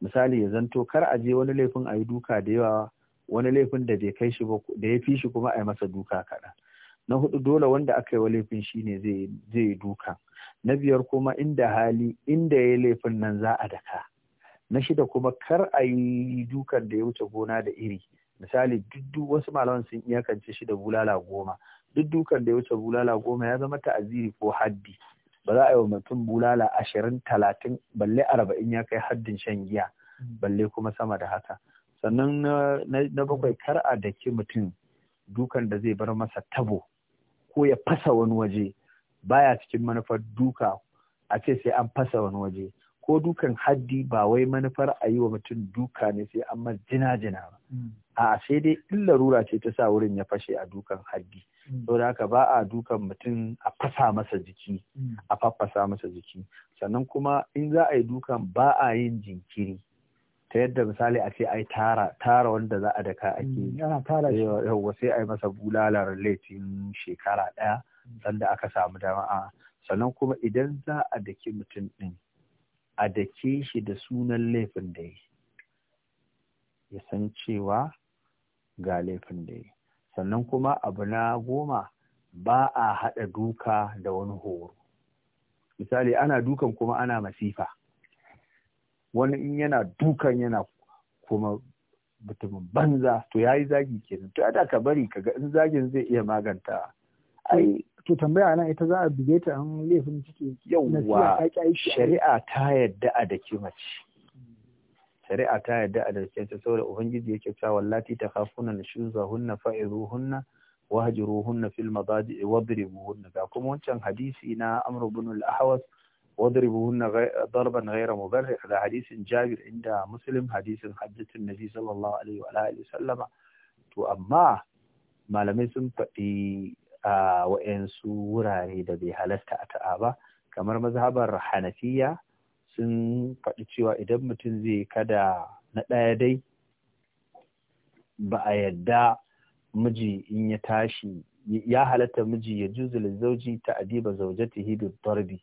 misali ya zanto kar a je wani laifin a yi duka da yawa wani laifin da bai kai shi ba da ya fi shi kuma a yi masa duka kaɗan na hudu dole wanda aka yi wa laifin shi ne zai yi duka na biyar kuma inda hali inda ya yi laifin nan za a daka na shida kuma kar a yi dukan da ya wuce gona da iri misali duk wasu malaman sun iyakance shi da bulala goma duk dukan da ya wuce bulala goma ya zama ta'aziri ko haddi ba za a yi wa mutum bulala ashirin talatin balle arba'in ya kai haddin shan giya mm. balle kuma sama da haka sannan na bakwai kar a daki mutum dukan da zai bar masa tabo ko ya fasa wani waje baya cikin manufar duka a ce sai an fasa wani waje ko dukan haddi ba wai manufar a yi wa mutum duka ne sai an jina-jina ba mm. A'a, sai dai illarura rura ce ta sa wurin ya fashe a dukan haddi mm. da haka ba a dukan mutum a fasa masa jiki mm. a faffasa masa jiki sannan kuma in za a yi dukan ba a yin jinkiri ta yadda misali a ce ai tara tara wanda za a daka ake yawa mm, sai a yi masa bulalar laifin shekara ɗaya sanda aka samu dama sannan kuma idan za a daki mutum ɗin a dake shi da sunan laifin da ya san cewa ga laifin da yi sannan kuma abu na goma ba a haɗa duka da wani horo misali ana dukan kuma ana masifa wani in yana dukan yana kuma mutumin banza to ya yi zagi kenan to da ka bari ka ga in zagin zai iya maganta ai to tambaya nan ita za a bige ta an laifin ciki yauwa shari'a ta yadda a daki mace shari'a ta yarda a dace ta saboda ubangiji yake cewa wallati takhafuna nushuzahunna fa'iruhunna wahjuruhunna fil madaji wadribuhunna ga kuma wancan hadisi na amr ibn al-ahwas wadribuhunna darban ghayra mubarrih da hadisin jabir inda muslim hadisin hajjatun nabi sallallahu alaihi wa alihi sallama to amma malamai sun faɗi a wa'ansu wurare da bai halasta a ta'a ba kamar mazhabar hanafiya sun faɗi cewa idan mutum zai kada na ɗaya dai ba a yadda miji in ya tashi ya halatta miji ya juzul zauji ta adiba zaujati bi darbi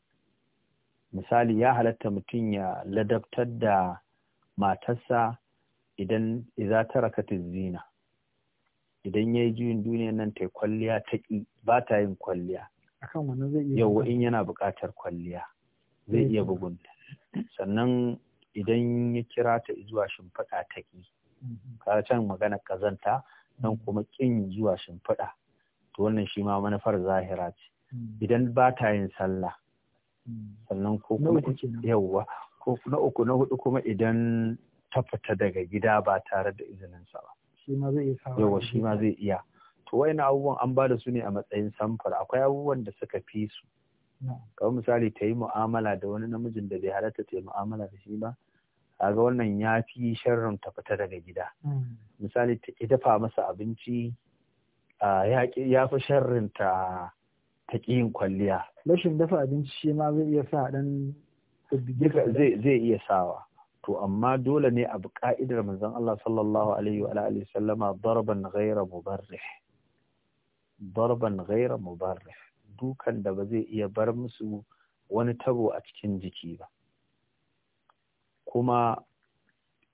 misali ya halatta mutum ya ladabtar da matarsa idan iza ta rakata zina idan ya yi juyin duniya nan ta kwalliya ta ƙi ba ta yin kwalliya yawa in yana buƙatar kwalliya zai iya bugunta sannan idan ya kira ta zuwa shimfiɗa ta ƙi can mm-hmm. magana ƙazanta nan mm-hmm. kuma ƙin zuwa shimfiɗa to wannan shi ma manufar zahira ce mm-hmm. idan ba ta yin sallah sannan ko kuma yawwa ko na uku na hudu kuma idan ta fita daga gida ba tare da izinin sa ba yawa shi ma zai iya to wayan abubuwan an ba da su ne a matsayin samfur akwai abubuwan da suka fi su kamar misali ta yi mu'amala da wani namijin da bai halatta ta yi mu'amala da shi ba kaga wannan ya fi sharrin ta fita daga gida mm. misali ta ki dafa masa abinci ya fi sharrin ta ta ƙi yin kwalliya rashin dafa abinci shi ma zai iya sa dan zai iya sawa to amma dole ne abu ka'idar manzon Allah sallallahu alaihi wa alihi sallama darban ghaira mubarrih darban ghaira mubarrih dukan da ba zai iya bar musu wani tabo a cikin jiki ba kuma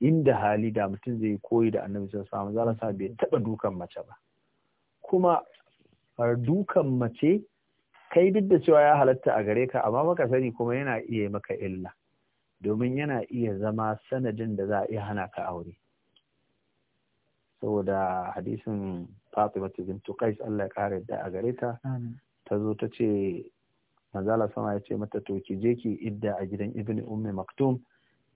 inda hali da mutum zai koyi da annabi sun samu za sa bai taba dukan mace ba kuma dukan mace kai duk da cewa ya halatta a gare ka amma maka sani kuma yana iya maka illa domin yana iya zama sanadin da za a iya hana ka aure saboda hadisin Fatima bint Qais Allah ya kare da a gare ta ta zo ta ce manzala sama ya ce mata to ki je ki idda a gidan ibn ummi maktum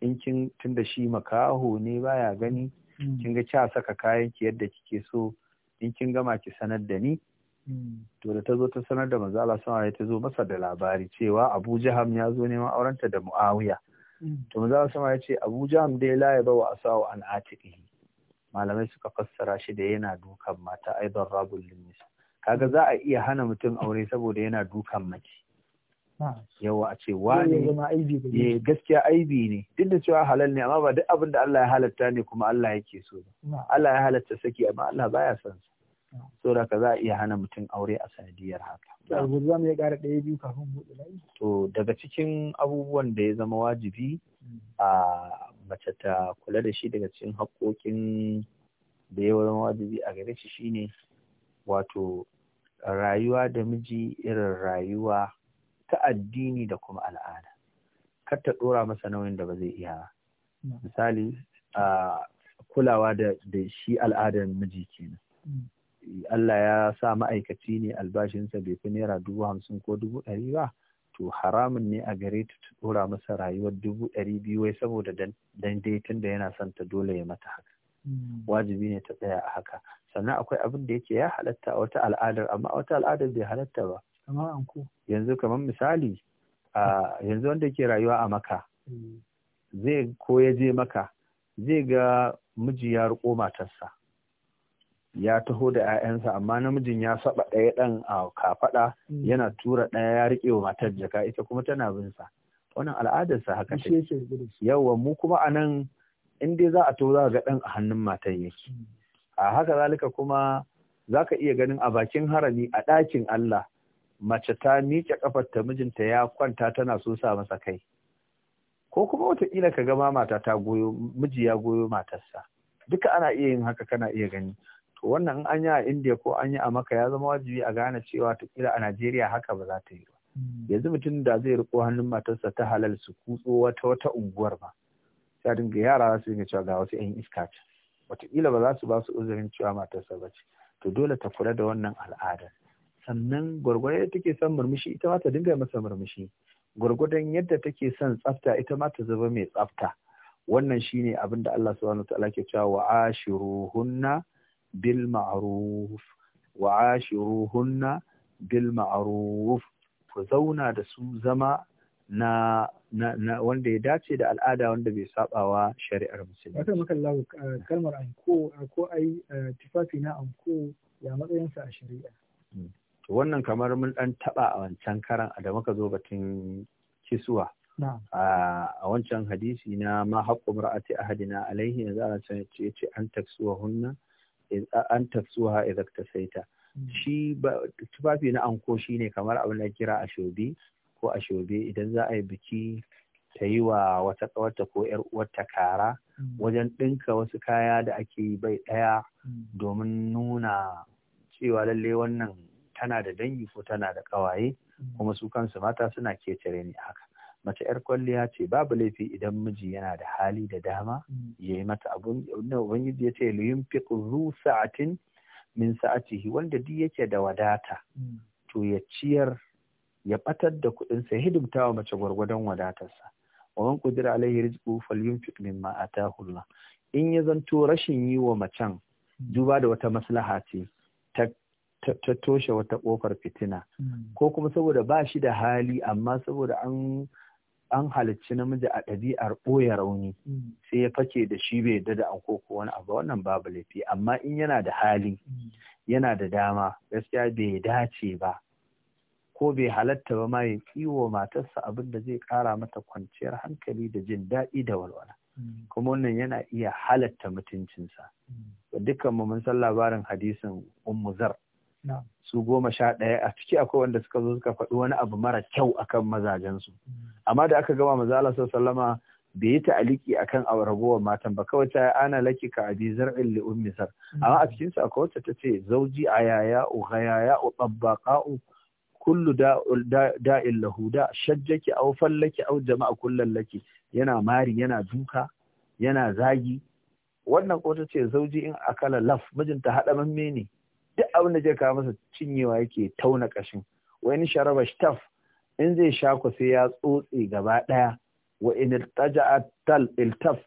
in kin tunda shi makaho ne baya gani mm. kin ga kya saka kayan ki yadda kike so in kin gama ki sanar da ni mm. to da ta zo ta sanar da manzala sama ya ta zo masa da labari cewa abu jaham ya zo neman aurenta da muawiya mm. to manzala sama ya ce abu jaham dai la ya bawa asawa an atiki malamai suka fassara shi da yana dukan mata aidan rabul linnisa kaga za a iya hana mutum aure saboda yana dukan mace yawa a ce ne eh, gaskiya aibi ne duk da cewa halal ne amma ba duk abin da Allah ya halatta ne kuma Allah yake so ba Allah ya halatta saki amma Allah baya son sa saboda ka za a iya hana mutum aure a sanadiyar haka za mu ya ƙara ɗaya biyu kafin buɗe layi to daga cikin abubuwan da ya zama wajibi hmm. a mace ta kula da shi daga cikin haƙƙoƙin da ya zama wajibi a gare shi shine wato rayuwa da miji irin rayuwa ta addini da kuma al'ada kar ta ɗora masa nauyin da ba zai iya mm. misali a kulawa da shi al'adar miji kenan mm. Allah ya sa ma'aikaci ne albashinsa bai fi naira dubu hamsin ko dubu ɗari ba to haramun ne a gare ta ta ɗora masa rayuwar dubu ɗari biyu wai saboda dandaitun da yana son ta dole ya mata haka Hmm. wajibi ne ta tsaya a haka sannan akwai abin da yake ya halatta a wata al'adar amma wata al'adar bai halatta ba yanzu kamar misali yanzu wanda ke rayuwa a maka hmm. zai ko ya je maka zai ga miji ya riko matarsa ya taho da 'ya'yansa amma namijin ya saba ɗaya ɗan a kafaɗa hmm. yana tura ɗaya ya riƙe wa matar jaka ita kuma tana binsa wannan al'adarsa haka ce yawa mu kuma a nan in dai za a to za ga ɗan a hannun matan yake a haka zalika kuma za ka iya ganin a bakin harami a ɗakin Allah mace ta miƙe ta mijinta ya kwanta tana so sa masa kai ko kuma wataƙila ka gama mata ta goyo miji ya goyo matarsa duka ana iya yin haka kana iya gani to wannan in an yi a indiya ko an yi a maka ya zama wajibi a gane cewa ƙila a najeriya haka ba za ta yi ba hmm. yanzu mutum da zai riko hannun matarsa ta halal su kutso wata wata unguwar ba sai dinga yara za su dinga cewa ga wasu yan iska ce wataƙila ba za su ba su uzurin cewa matarsa ba ce to dole ta kula da wannan al'adar sannan gwargwadon yadda take son murmushi ita ma ta dinga masa murmushi gwargwadon yadda take son tsafta ita ma ta zama mai tsafta wannan shine abin da Allah subhanahu wa ta'ala ke cewa wa ashiruhunna bil ma'ruf wa ashiruhunna bil ma'ruf ku zauna da su zama na na na wanda ya dace da al'ada wanda bai sabawa shari'ar musulmi. Wata makallahu uh, kalmar anko uh, ko ai uh, tufafi na anko ya matsayinsa a shari'a. Hmm. Wannan kamar mun dan taba a wancan karan da muka zo batun kisuwa. A wancan hadisi na ma haƙƙo mar'ati ahadina alaihi yanzu ana san ya ce an taksuwa hunna an taksuwa idan ta saita. Hmm. Shi tufafi na anko shine kamar abin da kira a shobi ko ashobe idan za a yi biki ta yi wa wata ƙawarta ko yar uwarta kara mm. wajen ɗinka wasu kaya da ake yi bai ɗaya mm. domin nuna cewa lalle wannan tana da dangi ko tana da ƙawaye mm. kuma su kansu mata suna ketare ni haka mace yar kwalliya ce babu laifi idan miji yana da hali da dama ya yi mata abun da ubangiji ya ce liyun zu sa'atin min sa'atihi wanda duk yake da wadata to ya ciyar ya batar da kuɗin ya hidimta wa mace gwargwadon wadatarsa wa man qudira alaihi rizqu falyunfiq mimma ataahu Allah in ya zanto rashin yi wa macen duba da wata maslaha ce ta toshe wata kofar fitina hmm. ko kuma saboda ba shi da hali amma saboda an an halicci namiji a ɗabi'ar ɓoye rauni hmm. sai ya fake da shi bai yadda da an koko wani abu wannan babu laifi amma in yana da hali hmm. yana da dama gaskiya bai dace ba ko bai halatta ba ma ya kiwo matarsa abin da zai kara mata kwanciyar hankali da jin daɗi da walwala mm. kuma wannan yana iya halatta mutuncinsa mm. dukkan mu mun san labarin hadisin ummu zar su goma sha ɗaya a ciki akwai wanda suka zo suka faɗi wani abu mara kyau akan mazajensu mm. amma da aka gama maza Allah sallama bai yi ta'aliki akan ragowar matan ba kawai ta ana laki ka abi zar'in li zar amma a cikin akwai akwai ta ce zauji ayaya u ghayaya u tabbaqa'u kullu da'in lahu da shajjaki au fallaki au jama'a kullum laki yana mari yana duka yana zagi wannan ko ce zauji in akala laf mijinta haɗa mamme ne duk abin da je kawo masa cinyewa yake tauna kashin wani sharaba shtaf in zai sha ku sai ya tsotse gaba ɗaya. wa in iltaja'a tal iltaf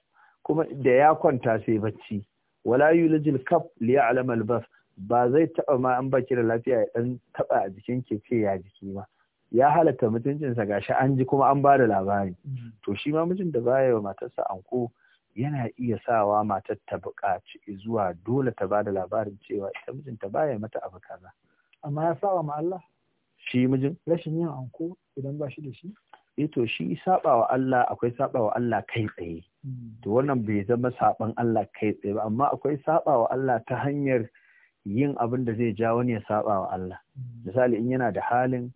kuma da ya kwanta sai bacci wala yulijil kaf li al'amal bas ba zai taɓa ma an baki da lafiya ya ɗan taɓa a jikin ke ce ya jiki ba ya halatta mutuncinsa gashi an ji kuma an ba da labari mm. to shi ma mijin da baya wa matarsa anko yana iya sawa matar ta buƙaci zuwa dole ta ba da labarin cewa ita mijinta baya mata abu kaza amma ya sawa ma Allah shi mijin rashin yin anko idan ba shi da shi eh to shi saba wa Allah akwai saba wa Allah kai tsaye mm. to wannan bai zama saban Allah kai tsaye ba amma akwai saba wa Allah ta hanyar yin abin da zai ja wani ya saba wa Allah mm. misali in yana da halin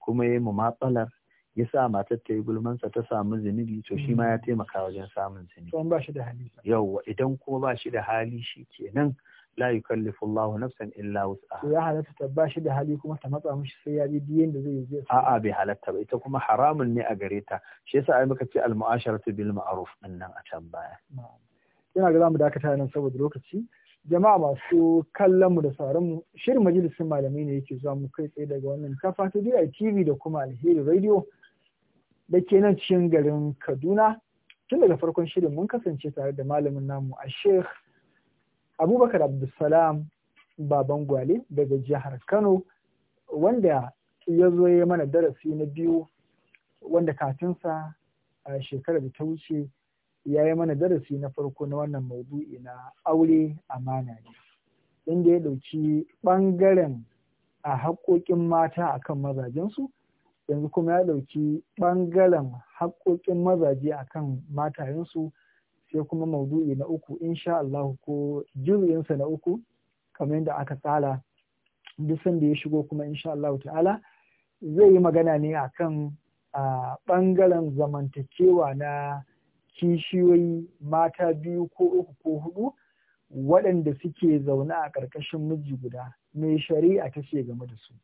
kuma ya yi mu matsalar, ya sa matar ta yi gulmansa ta samu zunubi to shi ma ya mm. taimaka wajen samun zunubi. Tuwon ba shi da hali. Yawwa idan kuma ba shi da hali shi kenan la yukallifu Allahu nafsan illa wus'aha. To ya halatta ta ba shi da hali kuma ta matsa mishi sai ya bi biyan da zai yi zai. A'a bai halatta ba ita kuma haramun ne a gare ta shi yasa ai muka ce al-mu'asharatu bil ma'ruf nan a can baya. Yana ga zamu dakata nan saboda lokaci jama'a masu kallon mu da sauran mu shirin majalisin malamai ne yake zuwa mu kai tsaye daga wannan kafa ta DI TV da kuma Alheri Radio da ke nan cikin garin Kaduna tun daga farkon shirin mun kasance tare da malamin namu a Sheikh Abubakar Abdulsalam Baban Gwale daga jihar Kano wanda ya zo ya mana darasi na biyu wanda kafinsa a shekarar da ta wuce ya yi mana darasi na farko na wannan maudu'i na aure amana ne inda ya ɗauki ɓangaren a haƙoƙin mata a akan mazajensu yanzu kuma ya ɗauki ɓangaren haƙoƙin mazaje a kan matayensu sai kuma maudu'i na uku insha Allah ko jiriyinsa na uku kamar yadda aka tsara duk da ya shigo kuma insha Allah ta'ala zai yi magana ne a kan ɓangaren zamantakewa na kishiyoyi mata biyu ko uku ko hudu waɗanda suke zaune a ƙarƙashin miji guda mai shari'a ta ce game da su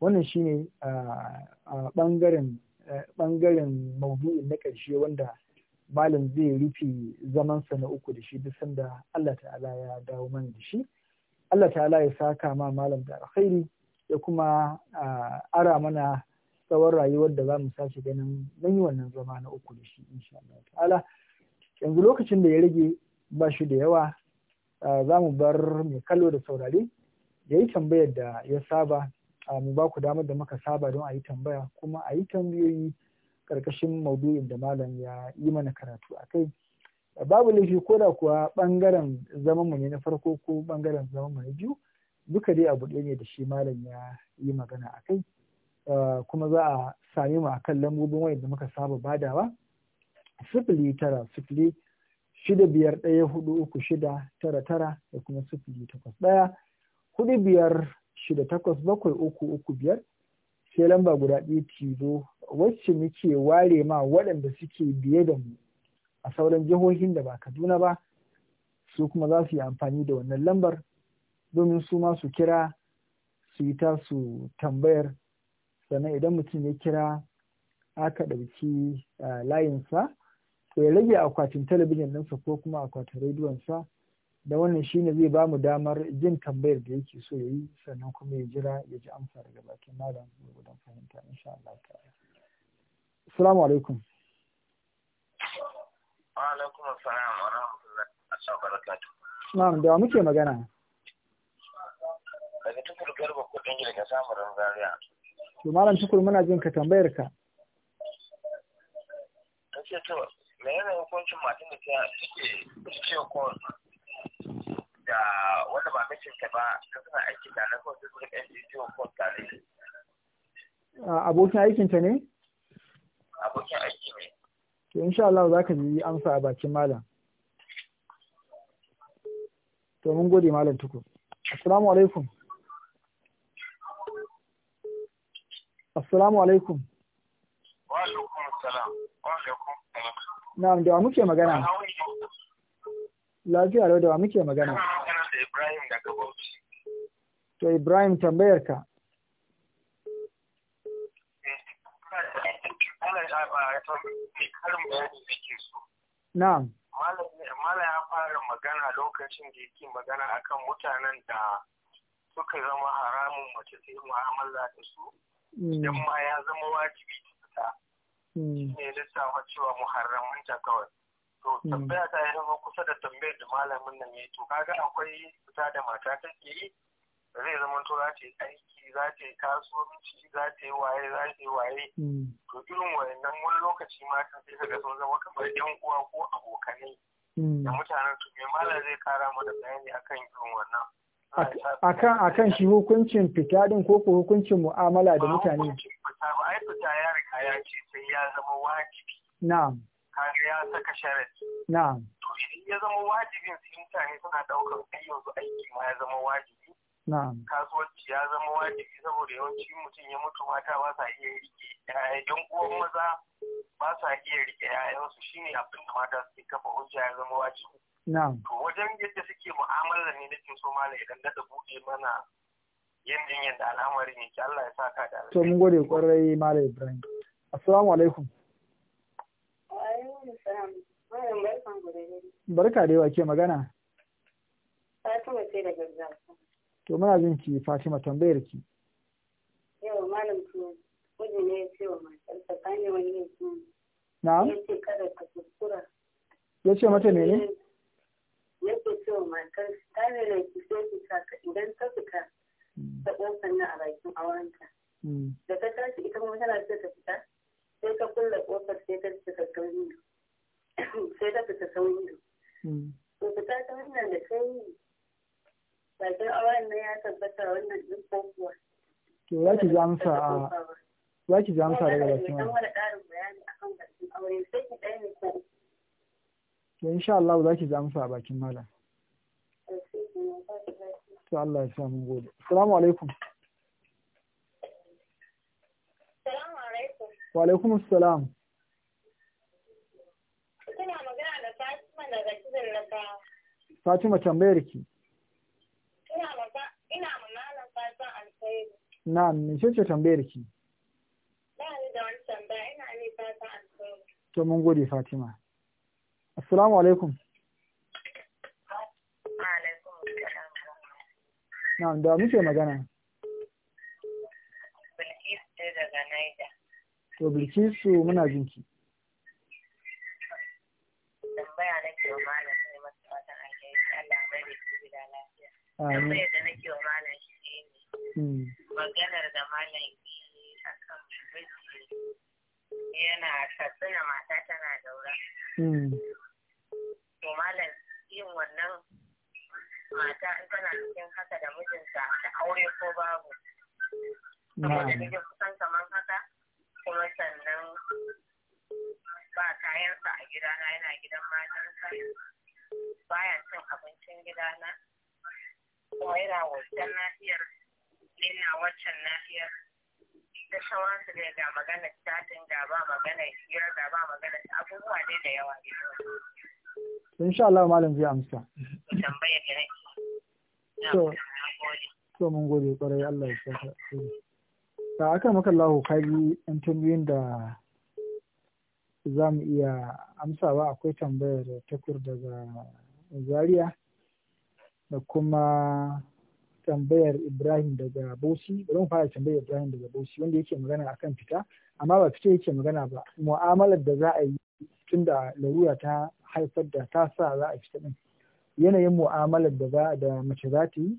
wannan shine a ɓangaren ɓangaren na ƙarshe wanda malam zai rufe zamansa na uku da shi duk sanda Allah ta'ala ya dawo mana da shi Allah ta'ala ya saka ma malam da alkhairi ya kuma ara mana tsawon rayuwar da za mu sashi ganin zan yi wannan zama na uku da shi insha Allah ta'ala yanzu lokacin da ya rage ba shi da yawa za mu bar mai kallo da saurare ya yi tambayar da ya saba mu ba ku damar da muka saba don a yi tambaya kuma a yi tambayoyi karkashin maudu'in da malam ya yi mana karatu a kai babu laifi ko da kuwa bangaren zaman mu ne na farko ko bangaren zaman mu na biyu duka dai abu ɗaya ne da shi malam ya yi magana a kai Eh, kuma za a sami mu akan lambobin wayar da muka saba badawa sifili tara sifili shida biyar ɗaya hudu uku shida tara tara da kuma sifili takwas ɗaya hudu biyar shida takwas bakwai uku uku biyar sai lamba guda ɗaya cizo wacce muke ware ma waɗanda suke biye da mu a sauran jihohin da ba Kaduna ba su kuma za su yi amfani da wannan lambar domin su ma su kira su yi ta su tambayar sannan idan mutum ya kira aka ɗauki layinsa to ya rage akwatin talabijin ɗinsa ko kuma akwatin rediyonsa da wannan shine zai ba mu damar jin tambayar da yake so ya yi sannan kuma ya jira ya ji amsa daga bakin malam da fahimta insha Allah ta'ala assalamu alaikum wa alaikum assalam wa rahmatullahi wa barakatuh na'am da muke magana daga tukur garba kudin daga samun ranzariya to malam shukur muna jin ka tambayar ka kace to me yana hukuncin matan da take cike ko da wanda ba mijinta ba ka suna aiki da na kawai su rika yin ciwo ko tare abokin aikin ta ne abokin aiki ne to insha Allah za ka ji amsa a bakin malam to mun gode malam tukur assalamu alaikum Assalamu alaikum. Wa alaikum salam. Wa alaikum salam. Na'am muke magana. Lafiya lau da muke magana. magana da Ibrahim daga Bauchi. To Ibrahim tambayar ka. Na'am. Mala ya fara magana lokacin da yake magana akan mutanen da suka zama haramun mace sai mu'amala da su. idan mm. ma ya zama wajibi ta fita mm. ne lissafa cewa muharramin ta kawai to mm. tambaya ta yi zama kusa da tambayar da malamin nan ya to kaga akwai fita da mata ke yi zai zama to za ta yi aiki za ta yi kasuwanci za ta yi waye za ta yi waye to irin wayannan wani lokaci mata sai kaga sun zama kamar yan uwa ko abokanai da mutanen to me malam zai kara da bayani akan irin wannan akan akan shi hukuncin fita din ko ko hukuncin mu'amala da mutane fita ba ai fita ya riga ya ce sai ya zama wajibi na'am kaga ya saka sharadi na'am to idan ya zama wajibin sai mutane suna daukar sai yanzu aiki ma ya zama wajibi kasuwanci ya zama wajibi saboda yawanci mutum ya mutu mata ba sa iya rike don uwan maza ba sa iya rike shi shine abin da mata suke kafa hujja ya zama wajibi to wajen yadda suke mu'amala ne nake so mala idan da buɗe mana yanayin yadda al'amarin yake Allah ya saka da to mun gode kwarai mala Ibrahim assalamu alaikum barka da yawa ke magana Fatima ce da Zamfara to muna jin ki Fatima tambayar ki yau malam to miji ne ya ce wa matarsa kane wani ya ce na'am ya ce kada ka kuskura ya ce mata mene ya ce ce wa matar ta ne ki sai ki saka idan ka fita ta kofar na a bakin aurenta hmm. da ta tashi ita kuma tana so ta fita sai ta kulle kofar sai ta fita sauri sai ta fita sauri to fita ta hanyar da ta yi ba sai auren wannan kuwa to za ki ji amsa a za ki ji amsa daga wani sai ki to insha Allah za ki ji amsa a bakin malam to Allah ya samu gode assalamu alaikum assalamu alaikum wa alaikum assalam Fatima tambayar ki. Na na'am me ce tambayar ki ba ni da wani tambaya ina ne a alkhairi to mun gode Fatima assalamu alaikum na'am da muke magana To Bilkisu muna jinki. Tambaya na ke wa malam ne masu fatan alheri Allah mai da gida lafiya. Tambaya da ke wa malam maganar da malam a kan miji yana tattuna mata tana daura. To malam yin wannan mata in tana cikin haka da mijinta da aure ko babu. Saboda mijin kusan kamar haka kuma sannan ba kayansa a gidana yana gidan matansa baya cin abincin gidana kuma yana wajen lafiyar Ina waccan nahiyar da shawararsa da ga magana satin da ba magana hira da ba magana abubuwa dai da yawa insha Allah malam zai amsa tambayar da to to mun gode kwarai Allah ya saka ta aka maka lahu ka yi an da za mu iya amsawa akwai tambayar takur daga zaria da kuma tambayar Ibrahim daga bosi bari mu fara tambayar Ibrahim daga bosi wanda yake magana akan fita amma ba fita yake magana ba mu'amalar da za a yi tun da larura ta haifar da ta sa za a fita din yanayin mu'amalar da za da mace za ta yi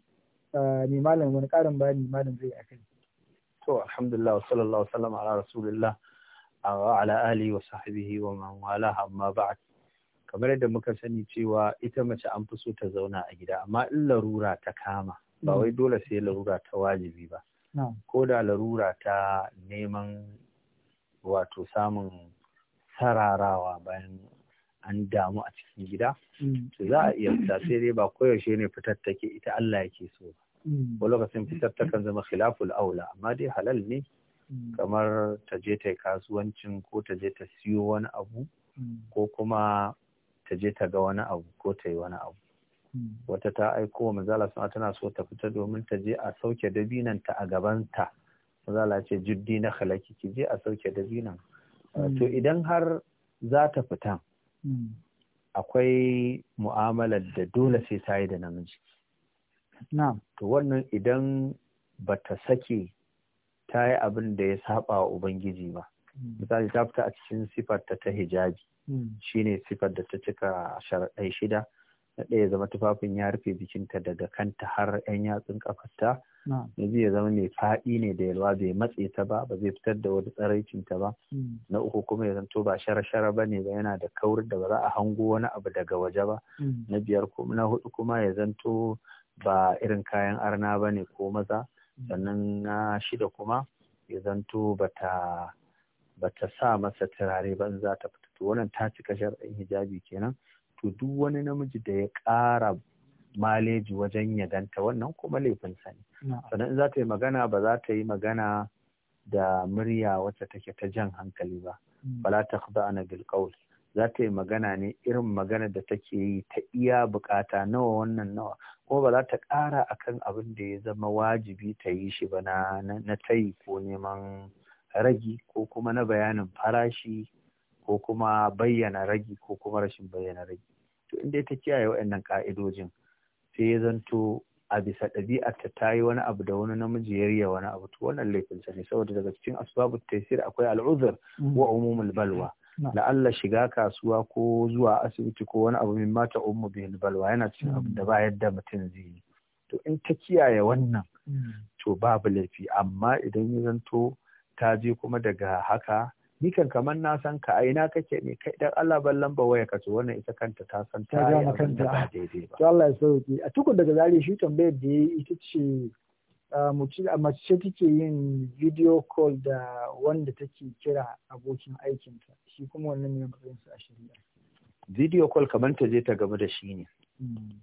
eh, ne malam wani karin bayani malam zai akai to alhamdulillah wa sallallahu alaihi ala rasulillah wa ala alihi wa sahbihi wa man wala amma ba'd kamar yadda muka sani cewa ita mace an fi so ta zauna a gida amma in larura ta kama ba mm. wai dole sai larura ta wajibi ba ko da larura ta neman wato samun sararawa bayan an damu a cikin gida mm. to za a iya fita sai dai ba koyaushe ne fitar take ita Allah yake so ba ko mm. lokacin fitar ta kan zama khilaful aula amma dai halal ne kamar ta je ta kasuwancin ko ta je ta siyo wani abu ko kuma ta je ta ga wani abu ko ta yi wani abu Hmm. wata ta aiko wa manzala suna tana so ta fita domin ta je a sauke dabinanta a gabanta manzala ce jiddi na halaki ki je a sauke dabinan hmm. to idan har za ta fita hmm. akwai mu'amalar da dole sai ta yi da namiji to wannan idan ba ta sake ta yi abin da ya saba wa ubangiji ba misali ta fita a cikin sifar ta ta hijabi shine sifar da ta cika sharaɗai shida na ɗaya zama tufafin ya rufe jikinta daga kanta har 'yan yatsun kafarta na biyu ya zama mai faɗi ne da yalwa bai matse ta ba ba zai fitar da wani tsaraicin ta ba hmm. na uku kuma ya zanto ba shara-shara ba ne ba yana da kaurin da ba za a hango wani abu daga waje ba hmm. na biyar na hudu kuma ya zanto ba irin kayan arna ba ne ko maza hmm. sannan na shida kuma ya zanto bata bata sa masa turare ba in za ta fita to wannan ta cika shar'in hijabi kenan to duk wani namiji da ya ƙara maleji wajen ya danta wannan kuma laifin sani sannan za ta yi magana ba za ta yi magana da murya wacce take ta jan hankali ba bala hmm. ta ana bil za ta yi magana ne irin magana da take yi ta iya bukata nawa wannan nawa kuma ba za ta ƙara akan abin da ya zama wajibi ta yi shi ba na tayi ko neman ragi ko kuma na bayanin farashi ko kuma bayyana ragi ko kuma rashin bayyana ragi to inda ta kiyaye waɗannan ƙa'idojin sai ya zanto a bisa ɗabi'arta ta yi wani abu da wani namiji ya riya wani abu to wannan laifin sa ne saboda daga cikin asbabut taysir akwai al'uzur mm. wa umumul balwa mm. la'alla shiga kasuwa ko zuwa asibiti ko wani abu min mata ummu bil balwa yana cikin abu da mm. ba yadda mutum zai yi to in ta kiyaye wannan to babu laifi amma idan ya zanto ta je kuma daga haka ni kan kamar na san ka a ina kake ne kai dan Allah ban lamba waya ka so wannan ita kanta ta san ta ga makanta ba daidai to Allah ya sauki a tukun daga zari shi tambayar da yayi ita ce mace take yin video call da wanda take kira abokin aikinta shi kuma wannan ne matsayin su a shirya video call kamar ta je ta gaba da shi ne hmm.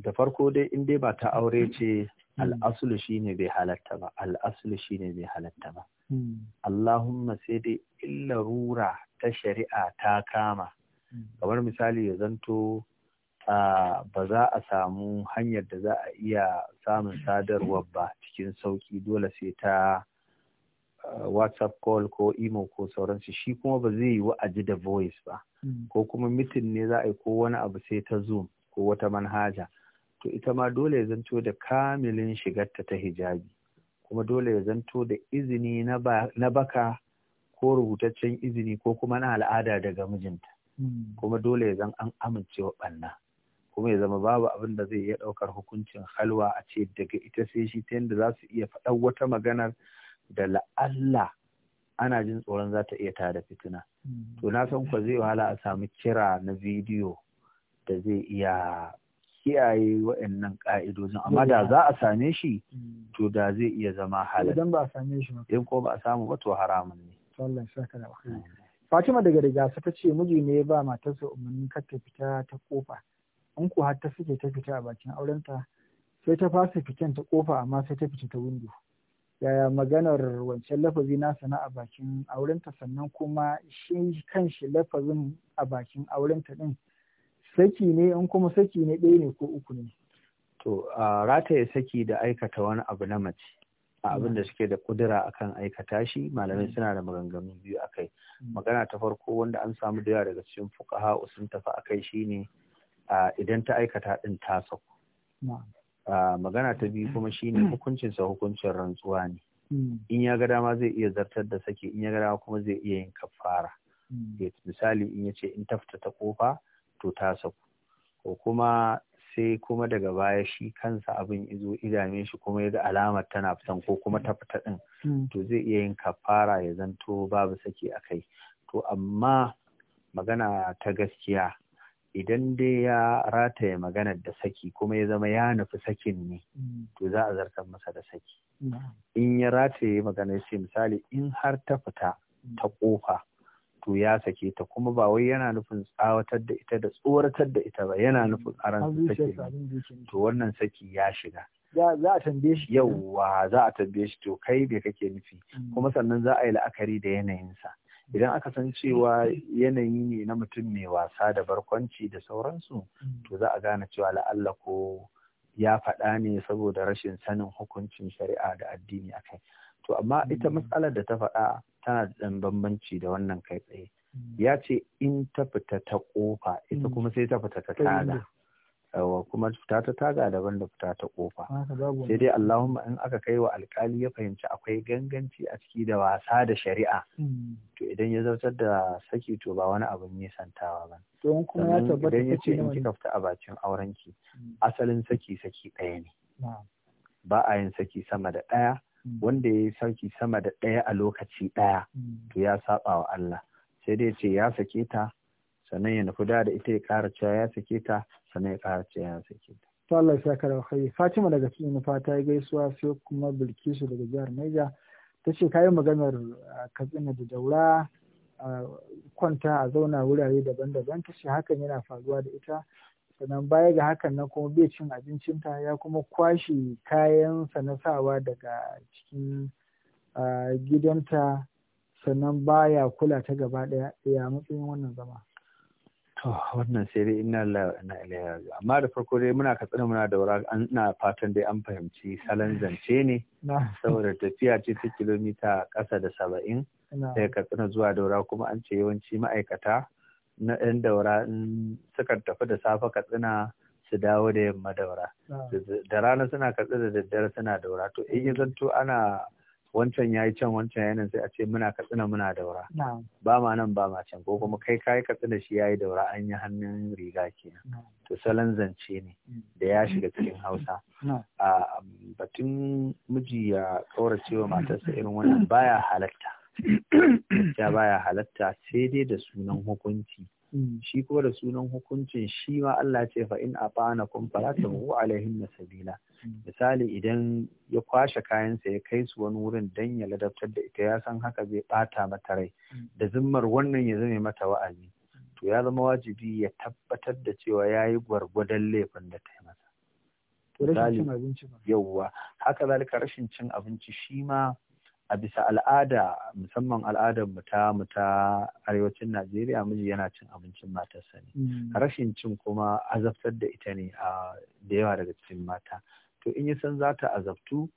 da farko dai in dai ba ta aure ce al'asulu hmm. ne bai halatta ba al'asulu ne bai halatta ba hmm. Allahumma sai dai illa rura ta shari'a ta kama hmm. kamar misali ya zanto ba za a samu hanyar da za a iya samun sadarwar ba cikin sauki dole sai ta whatsapp call ko email ko sauransu shi kuma ba zai yi wa'aji da voice ba ko kuma mitin ne za a yi ko wani abu sai ta zoom ko wata manhaja to ita ma dole ya zanto da kamilin shigarta ta hijabi kuma dole ya zanto da izini na baka ko rubutaccen izini ko kuma na al'ada daga mijinta hmm. kuma dole ya zan an amincewa banna kuma ya zama babu abin da zai iya ɗaukar hukuncin halwa a ce daga ita sai shi ta yadda za su iya faɗan wata maganar da la'alla ana jin tsoron za ta iya da fitina hmm. to na san ku zai wahala a samu kira na bidiyo da zai iya kiyaye waɗannan ƙa'idojin amma da za a same shi mm. to da zai iya zama halal idan ba a same shi ba ko ba a samu ba to haramun ne sallan shaka da Fatima daga rigasa ta ce miji ne ba matarsa umarnin kar ta fita ta kofa in ko har ta fice ta fita a bakin aurenta sai ta fasa fitan ta kofa amma sai ta fice ta windo yaya maganar wancan lafazi na sana a bakin aurenta sannan kuma shi kanshi lafazin a bakin aurenta din saki ne in kuma saki ne ɗaya ne ko uku ne to a rataye saki da aikata wani abu na mace a abin da mm. suke da kudura akan aikata shi malamai mm. suna da maganganu biyu akai mm. magana ta farko wanda an samu da yawa daga cikin fuqaha sun tafi akai shine idan ta aikata din ta sako magana ta biyu kuma shine hukuncin sa hukuncin rantsuwa ne in ya ga dama zai iya zartar da saki. in ya ga dama kuma zai iya yin kafara eh, misali in ya ce in tafta ta kofa to ta saku ko kuma sai kuma daga baya shi kansa abin izo idame shi kuma ya ga alamar tana fitan ko kuma ta fita din hmm. to zai iya yin kafara ya zanto babu sake a kai to amma magana ta gaskiya idan dai ya rataye maganar da saki kuma ya zama ya nufi sakin ne hmm. to za a zartar masa da saki in ya rataye maganar sai misali in har ta fita hmm. ta kofa to ya sake ta kuma ba wai yana nufin tsawatar da ita da tsoratar da ita ba yana nufin aran sake to wannan saki ya shiga za a tambaye shi yauwa za a tambaye shi to kai me kake nufi mm. kuma sannan za a yi la'akari da yanayinsa idan aka san cewa yanayi ne na mutum mai wasa da barkwanci da sauransu mm. to za a gane cewa la'alla ko ya faɗa ne saboda rashin sanin hukuncin shari'a da addini akai to amma ita hmm. matsalar da ta faɗa tana da ɗan bambanci da wannan kai tsaye hmm. ya ce in ta fita ta kofa ita hmm. kuma sai ta fita ta taga yawa kuma fita ta taga daban da fita ta ƙofa. sai dai Allahumma in aka kai wa alkali ya fahimci akwai ganganci a ciki da wasa da shari'a to idan ya zartar da saki to ba wani abun nisantawa ba idan ya ce in kika fita a bakin aurenki asalin saki saki ɗaya ne ba a yin saki sama da ɗaya Hmm. wanda ya yi sarki sama da ɗaya a lokaci ɗaya hmm. to ya saba wa Allah sai dai ce ya sake ta sannan ya nufi da ita ya ƙara cewa ya sake ta sannan ya ƙara cewa ya sake ta. to Allah ya kara kai Fatima daga cikin ta ya gaisuwa sai kuma Bilkisu daga jihar Niger ta ce kayan maganar Katsina da Daura kwanta a zauna wurare daban-daban ta ce hakan yana faruwa da ita sannan baya ga hakan nan kuma bai cin abincinta ya kuma kwashe kayansa na sawa daga cikin gidanta sannan baya kula ta gaba daya ya matsayin wannan zama to wannan sai dai ina na amma da farko dai muna katsina muna da wura ina fatan dai an fahimci salon zance ne saboda tafiya ce ta kilomita ƙasa da saba'in daga katsina zuwa daura kuma an ce yawanci ma'aikata na yan daura in suka tafi da safe katsina su dawo da yamma daura ah. da rana suna katsi da daddare suna daura to in zanto ana wancan yayi can wancan yayi sai a ce muna katsina muna daura ba ma nan ba ma can ko kuma kai kayi katsina shi yayi daura an yi hannun riga kenan to salon zance ne da ya mm. shiga cikin hausa a ah, batun miji ya ƙauracewa matarsa irin wannan baya halatta ya baya halatta sai dai da sunan hukunci mm. shi kuma da sunan hukuncin shi ma Allah ce fa in afana kun falata hu alaihin sabila mm. misali idan ya kwashe kayansa ya kai su wani wurin dan ya ladabtar da ita ya san haka zai bata mata rai mm. da zimmar wannan ya zame mata wa'azi to ya zama wajibi ya tabbatar da cewa yayi yi gwargwadon laifin da ta yi masa yauwa haka zalika rashin cin abinci shi ma a bisa al'ada musamman al'adar mu ta arewacin Najeriya miji yana cin abincin matarsa ne mm. rashin cin kuma azabtar da ita ne a da yawa daga cikin mata to in ya san za ta azabtu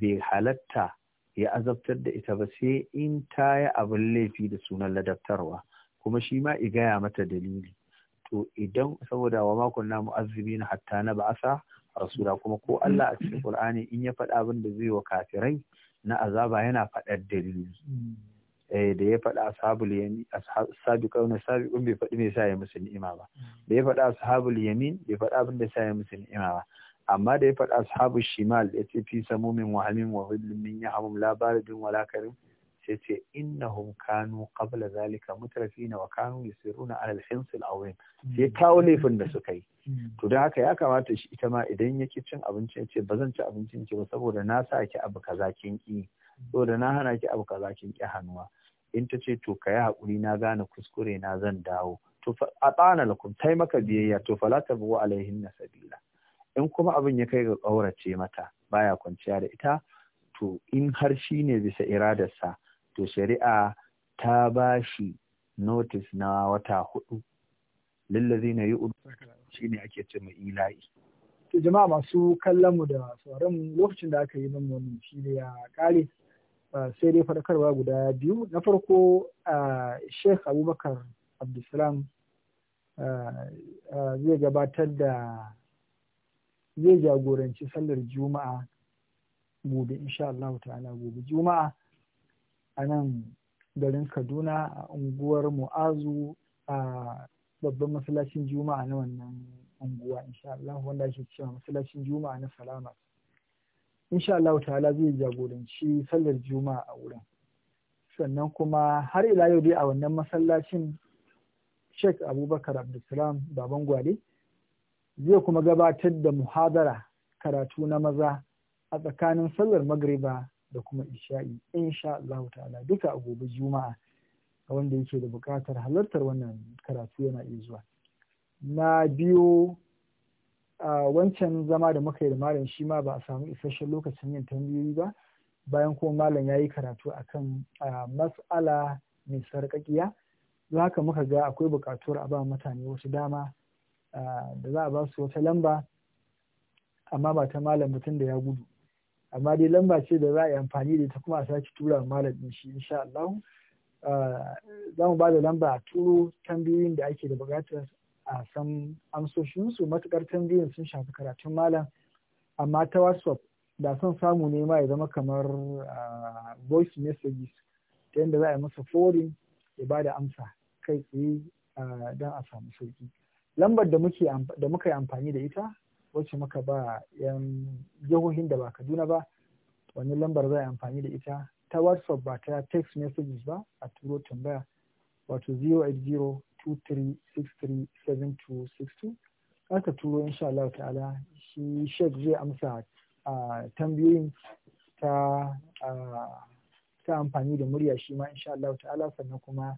bai halatta ya azabtar da ita ba sai in ta yi abin laifi da sunan ladabtarwa kuma shi ma i gaya mata dalili to idan saboda wa makon na azubi na hatta na ba'asa rasula kuma ko Allah a cikin Qur'ani in ya faɗa abin da zai wa kafirai na azaba yana faɗar dalili mm. eh da ya faɗa ashabul yamin ashabu kauna sabiqun bai faɗi me sa ya musu ni'ima ba mm. da ya faɗa ashabul yamin bai faɗa abin da sa ya musu ni'ima ba amma da ya faɗa ashabul shimal ya ce fi samumin wa hamin wa hullum min yahmum la wala karim sai ce innahum kanu qabla zalika mutrafina wa kanu yusiruna ala al-hins al-awim sai kawo laifin da suka yi to dan haka ya kamata shi ita ma idan yake cin abinci ya ce bazan ci abincin ki ba saboda na sa ki abu kaza kin ki saboda na hana ki abu kaza kin ki hannuwa in ta ce to ka yi na gane kuskure na zan dawo to a tsana lakum tai maka biyayya to fala ta buwa alaihin Nasabila. in kuma abin ya kai ga ƙaurace mata baya kwanciya da ita to in har shi ne bisa iradarsa to shari'a ta ba shi notis na wata hudu lillazi na yi shi ne ake ce mai ila'i. To jama'a masu kallon mu da sauran mu lokacin da aka yi nan wannan shi ne ya kare ah, sai dai farkarwa guda biyu na farko ah, Sheikh Abubakar Abdulsalam ah, zai gabatar da zai jagoranci sallar juma'a gobe insha Allah ta'ala gobe juma'a a nan garin kaduna a unguwar mu'azu a babban masallacin juma'a na wannan unguwa insha Allah wanda ake cewa masallacin juma'a na salama insha Allah ta'ala zai jagoranci sallar juma'a a wurin sannan kuma har ila yau dai a wannan masallacin Sheikh Abubakar Abdulsalam Baban Gwale zai kuma gabatar da muhadara karatu na maza a tsakanin sallar magriba da kuma isha'i insha Allah ta'ala duka a gobe juma'a a wanda yake da buƙatar halartar wannan karatu yana iya zuwa na biyo a wancan zama da muka yi da malam shi ma ba a samu isasshen lokacin yin tambayoyi ba bayan kuma malam ya yi karatu kan mas'ala mai sarƙaƙiya don haka muka ga akwai buƙatuwar a ba mutane wasu dama da za a ba su wata lamba amma ba ta malam mutum da ya gudu amma dai lamba ce da za a yi amfani da ita kuma a sake tura malam din shi insha Allah eh, za mu ba da lamba a turo tambayoyin da ake da buƙatar a san amsoshinsu matuƙar tambayoyin sun shafi karatun malam amma ta whatsapp da son samu ne ma ya zama kamar ah, voice messages ta yadda za a yi masa forin ya ba da amsa kai tsaye ah, don a samu sauki lambar da muka yi amfani da ita wacce maka ba yan jihohin da ba Kaduna ba wani lambar zai amfani da ita ta WhatsApp ba ta text messages ba a turo tambaya wato 08023637262 aka turo insha Allah ta'ala shi Sheikh zai amsa a tambayoyin ta ta amfani da murya shi ma insha Allah ta'ala sannan kuma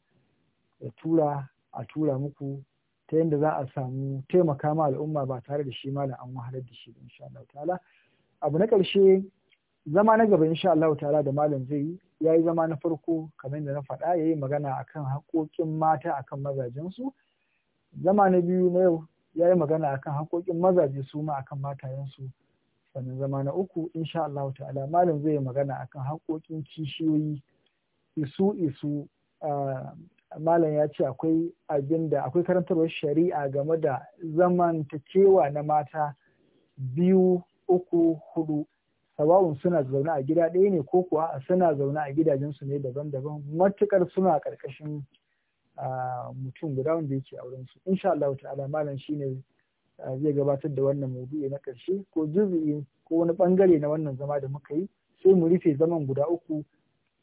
ya tura a tura muku ta yadda za a samu taimaka ma al'umma ba tare da shi malam an wahalar da shi insha Allah ta'ala abu na ƙarshe zama na gaba insha Allah ta'ala da malam zai yi ya yi zama na farko kamar da na faɗa ya yi magana akan haƙoƙin mata akan mazajensu zama na biyu na yau ya yi magana akan haƙoƙin mazaje su ma akan matayensu sannan zama na uku insha Allah ta'ala malam zai yi magana akan haƙoƙin kishiyoyi isu isu ah, malam ya ce akwai abin da akwai karantarwar shari'a game da zamantakewa na mata biyu uku hudu sabawun suna zaune a gida ɗaya ne ko kuwa suna zaune a gidajensu ne daban-daban matukar suna ƙarƙashin mutum guda wanda yake auren su insha Allah ta'ala malam shine zai gabatar da wannan maudu'i na ƙarshe ko juzu'i ko wani bangare na wannan zama da muka yi sai mu rufe zaman guda uku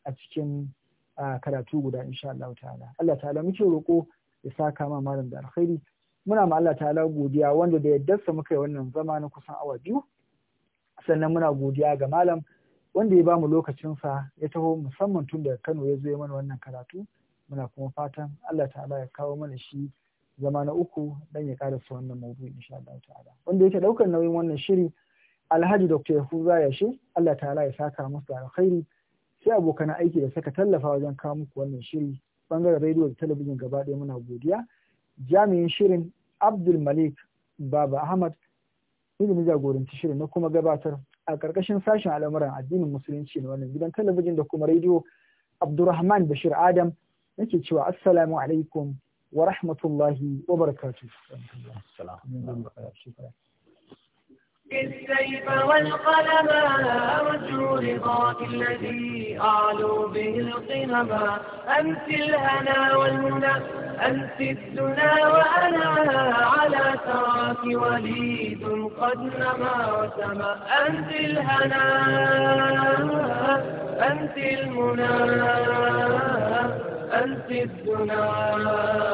a cikin a karatu guda insha Allah ta'ala Allah ta'ala muke roko ya saka ma malam da alkhairi muna ma Allah ta'ala godiya wanda da sa muka yi wannan zama na kusan awa biyu sannan muna godiya ga malam wanda ya bamu lokacin sa ya taho musamman tun daga Kano ya zo mana wannan karatu muna kuma fatan Allah ta'ala ya kawo mana shi zama na uku dan ya karasa wannan maudu'i insha Allah ta'ala wanda yake daukar nauyin wannan shiri Alhaji Dr. Yahuza ya shi Allah ta'ala ya saka musu da alkhairi sai abokan aiki da suka tallafa wajen kawo muku wannan shiri bangaren rediyo da talabijin gaba ɗaya muna godiya jami'in shirin abdul malik baba ahmad ilimin jagoranci shirin na kuma gabatar a ƙarƙashin sashen al'amuran addinin musulunci na wannan gidan talabijin da kuma rediyo abdurrahman bashir adam nake cewa assalamu alaikum wa rahmatullahi wa barakatuh بالسيف والقلم أرجو رضاك الذي أعلو به القمم أنت الهنا والمنى أنت الدنا وأنا على ثراك وليد قد نما وسما أنت الهنا أنت المنى أنت الدنا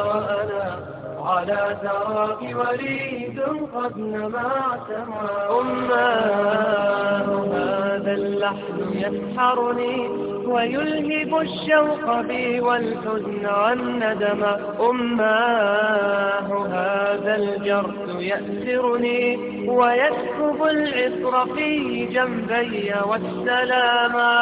وأنا على ثراك وليد قد نما سما أماه هذا اللحن يسحرني ويلهب الشوق بي والحزن والندم أماه هذا الجرس يأسرني ويسكب العطر في جنبي والسلاما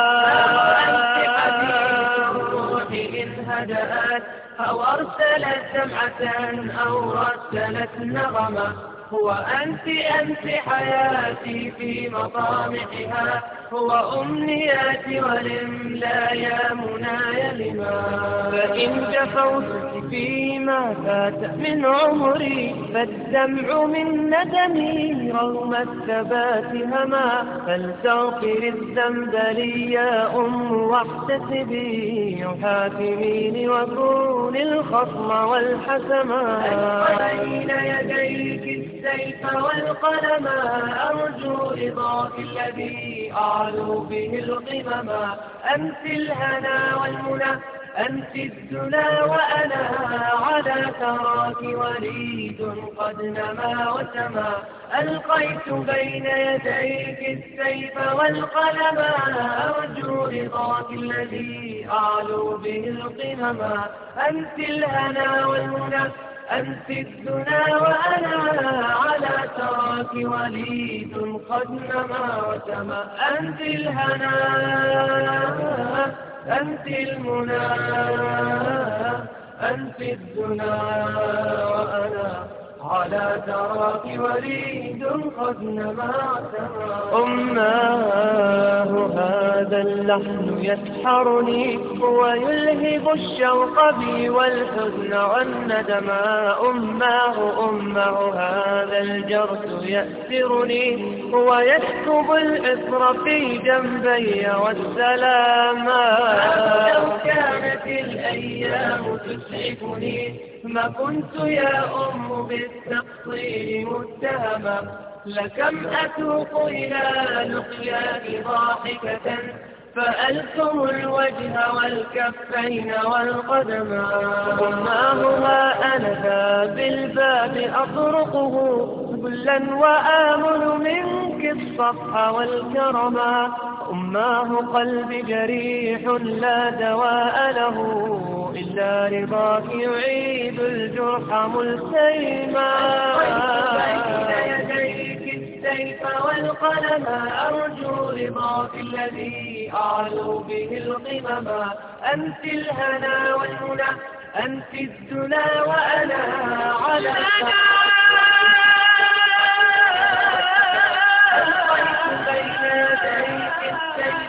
أنت حديث روحي إن هدأت أو أرسلت دمعة أو رسلت نغمة هو أنت أنت حياتي في مطامحها هو أمنياتي ولم لا يا منايا لما فإن جفوت فيما فات من عمري فالدمع من ندمي رغم الثبات هما فلتغفر الذنب لي يا أم واحتسبي حاكمين وكوني الخصم والحسما أين يديك السيف والقلم أرجو رضاك الذي أعلو به القمم أنت الهنا والمنى أنت الدنا وأنا على ثراك وليد قد نما وسما ألقيت بين يديك السيف والقلم أرجو رضاك الذي أعلو به القمم أنت الهنا والمنى أنت الدنا وأنا على تراك وليد قد نما وتما أنت الهنا أنت المنى أنت الدنا وأنا على تراك وريد قد نما أماه هذا اللحن يسحرني ويلهب الشوق بي والحزن والندما أماه أمه هذا الجرس يأسرني ويكتب الإثر في جنبي والسلاما لو كانت الأيام تسعفني ما كنت يا أم بالتقصير متهما لكم أتوق إلى لقياك ضاحكة فألكم الوجه والكفين والقدم وماهما أنا ذا بالباب أطرقه كلا وآمل منك الصفح والكرما أماه قلبي جريح لا دواء له إلا رضاك يعيد الجرح ملتيما السيف والقلم أرجو رضاك الذي أعلو به القمم أنت الهنا والمنى أنت الدنا وأنا على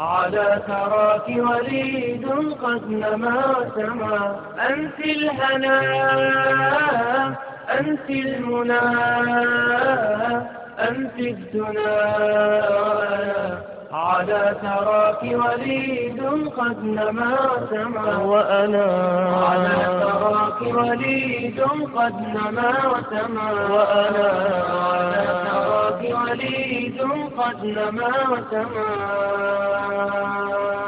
على ثراك وليد قد نما سما أنت الهنا أنت المنى أنت الدنا على تراك وليد قد نما سما وأنا على تراك وليد قد نما سما وأنا على تراك وليد قد نما سما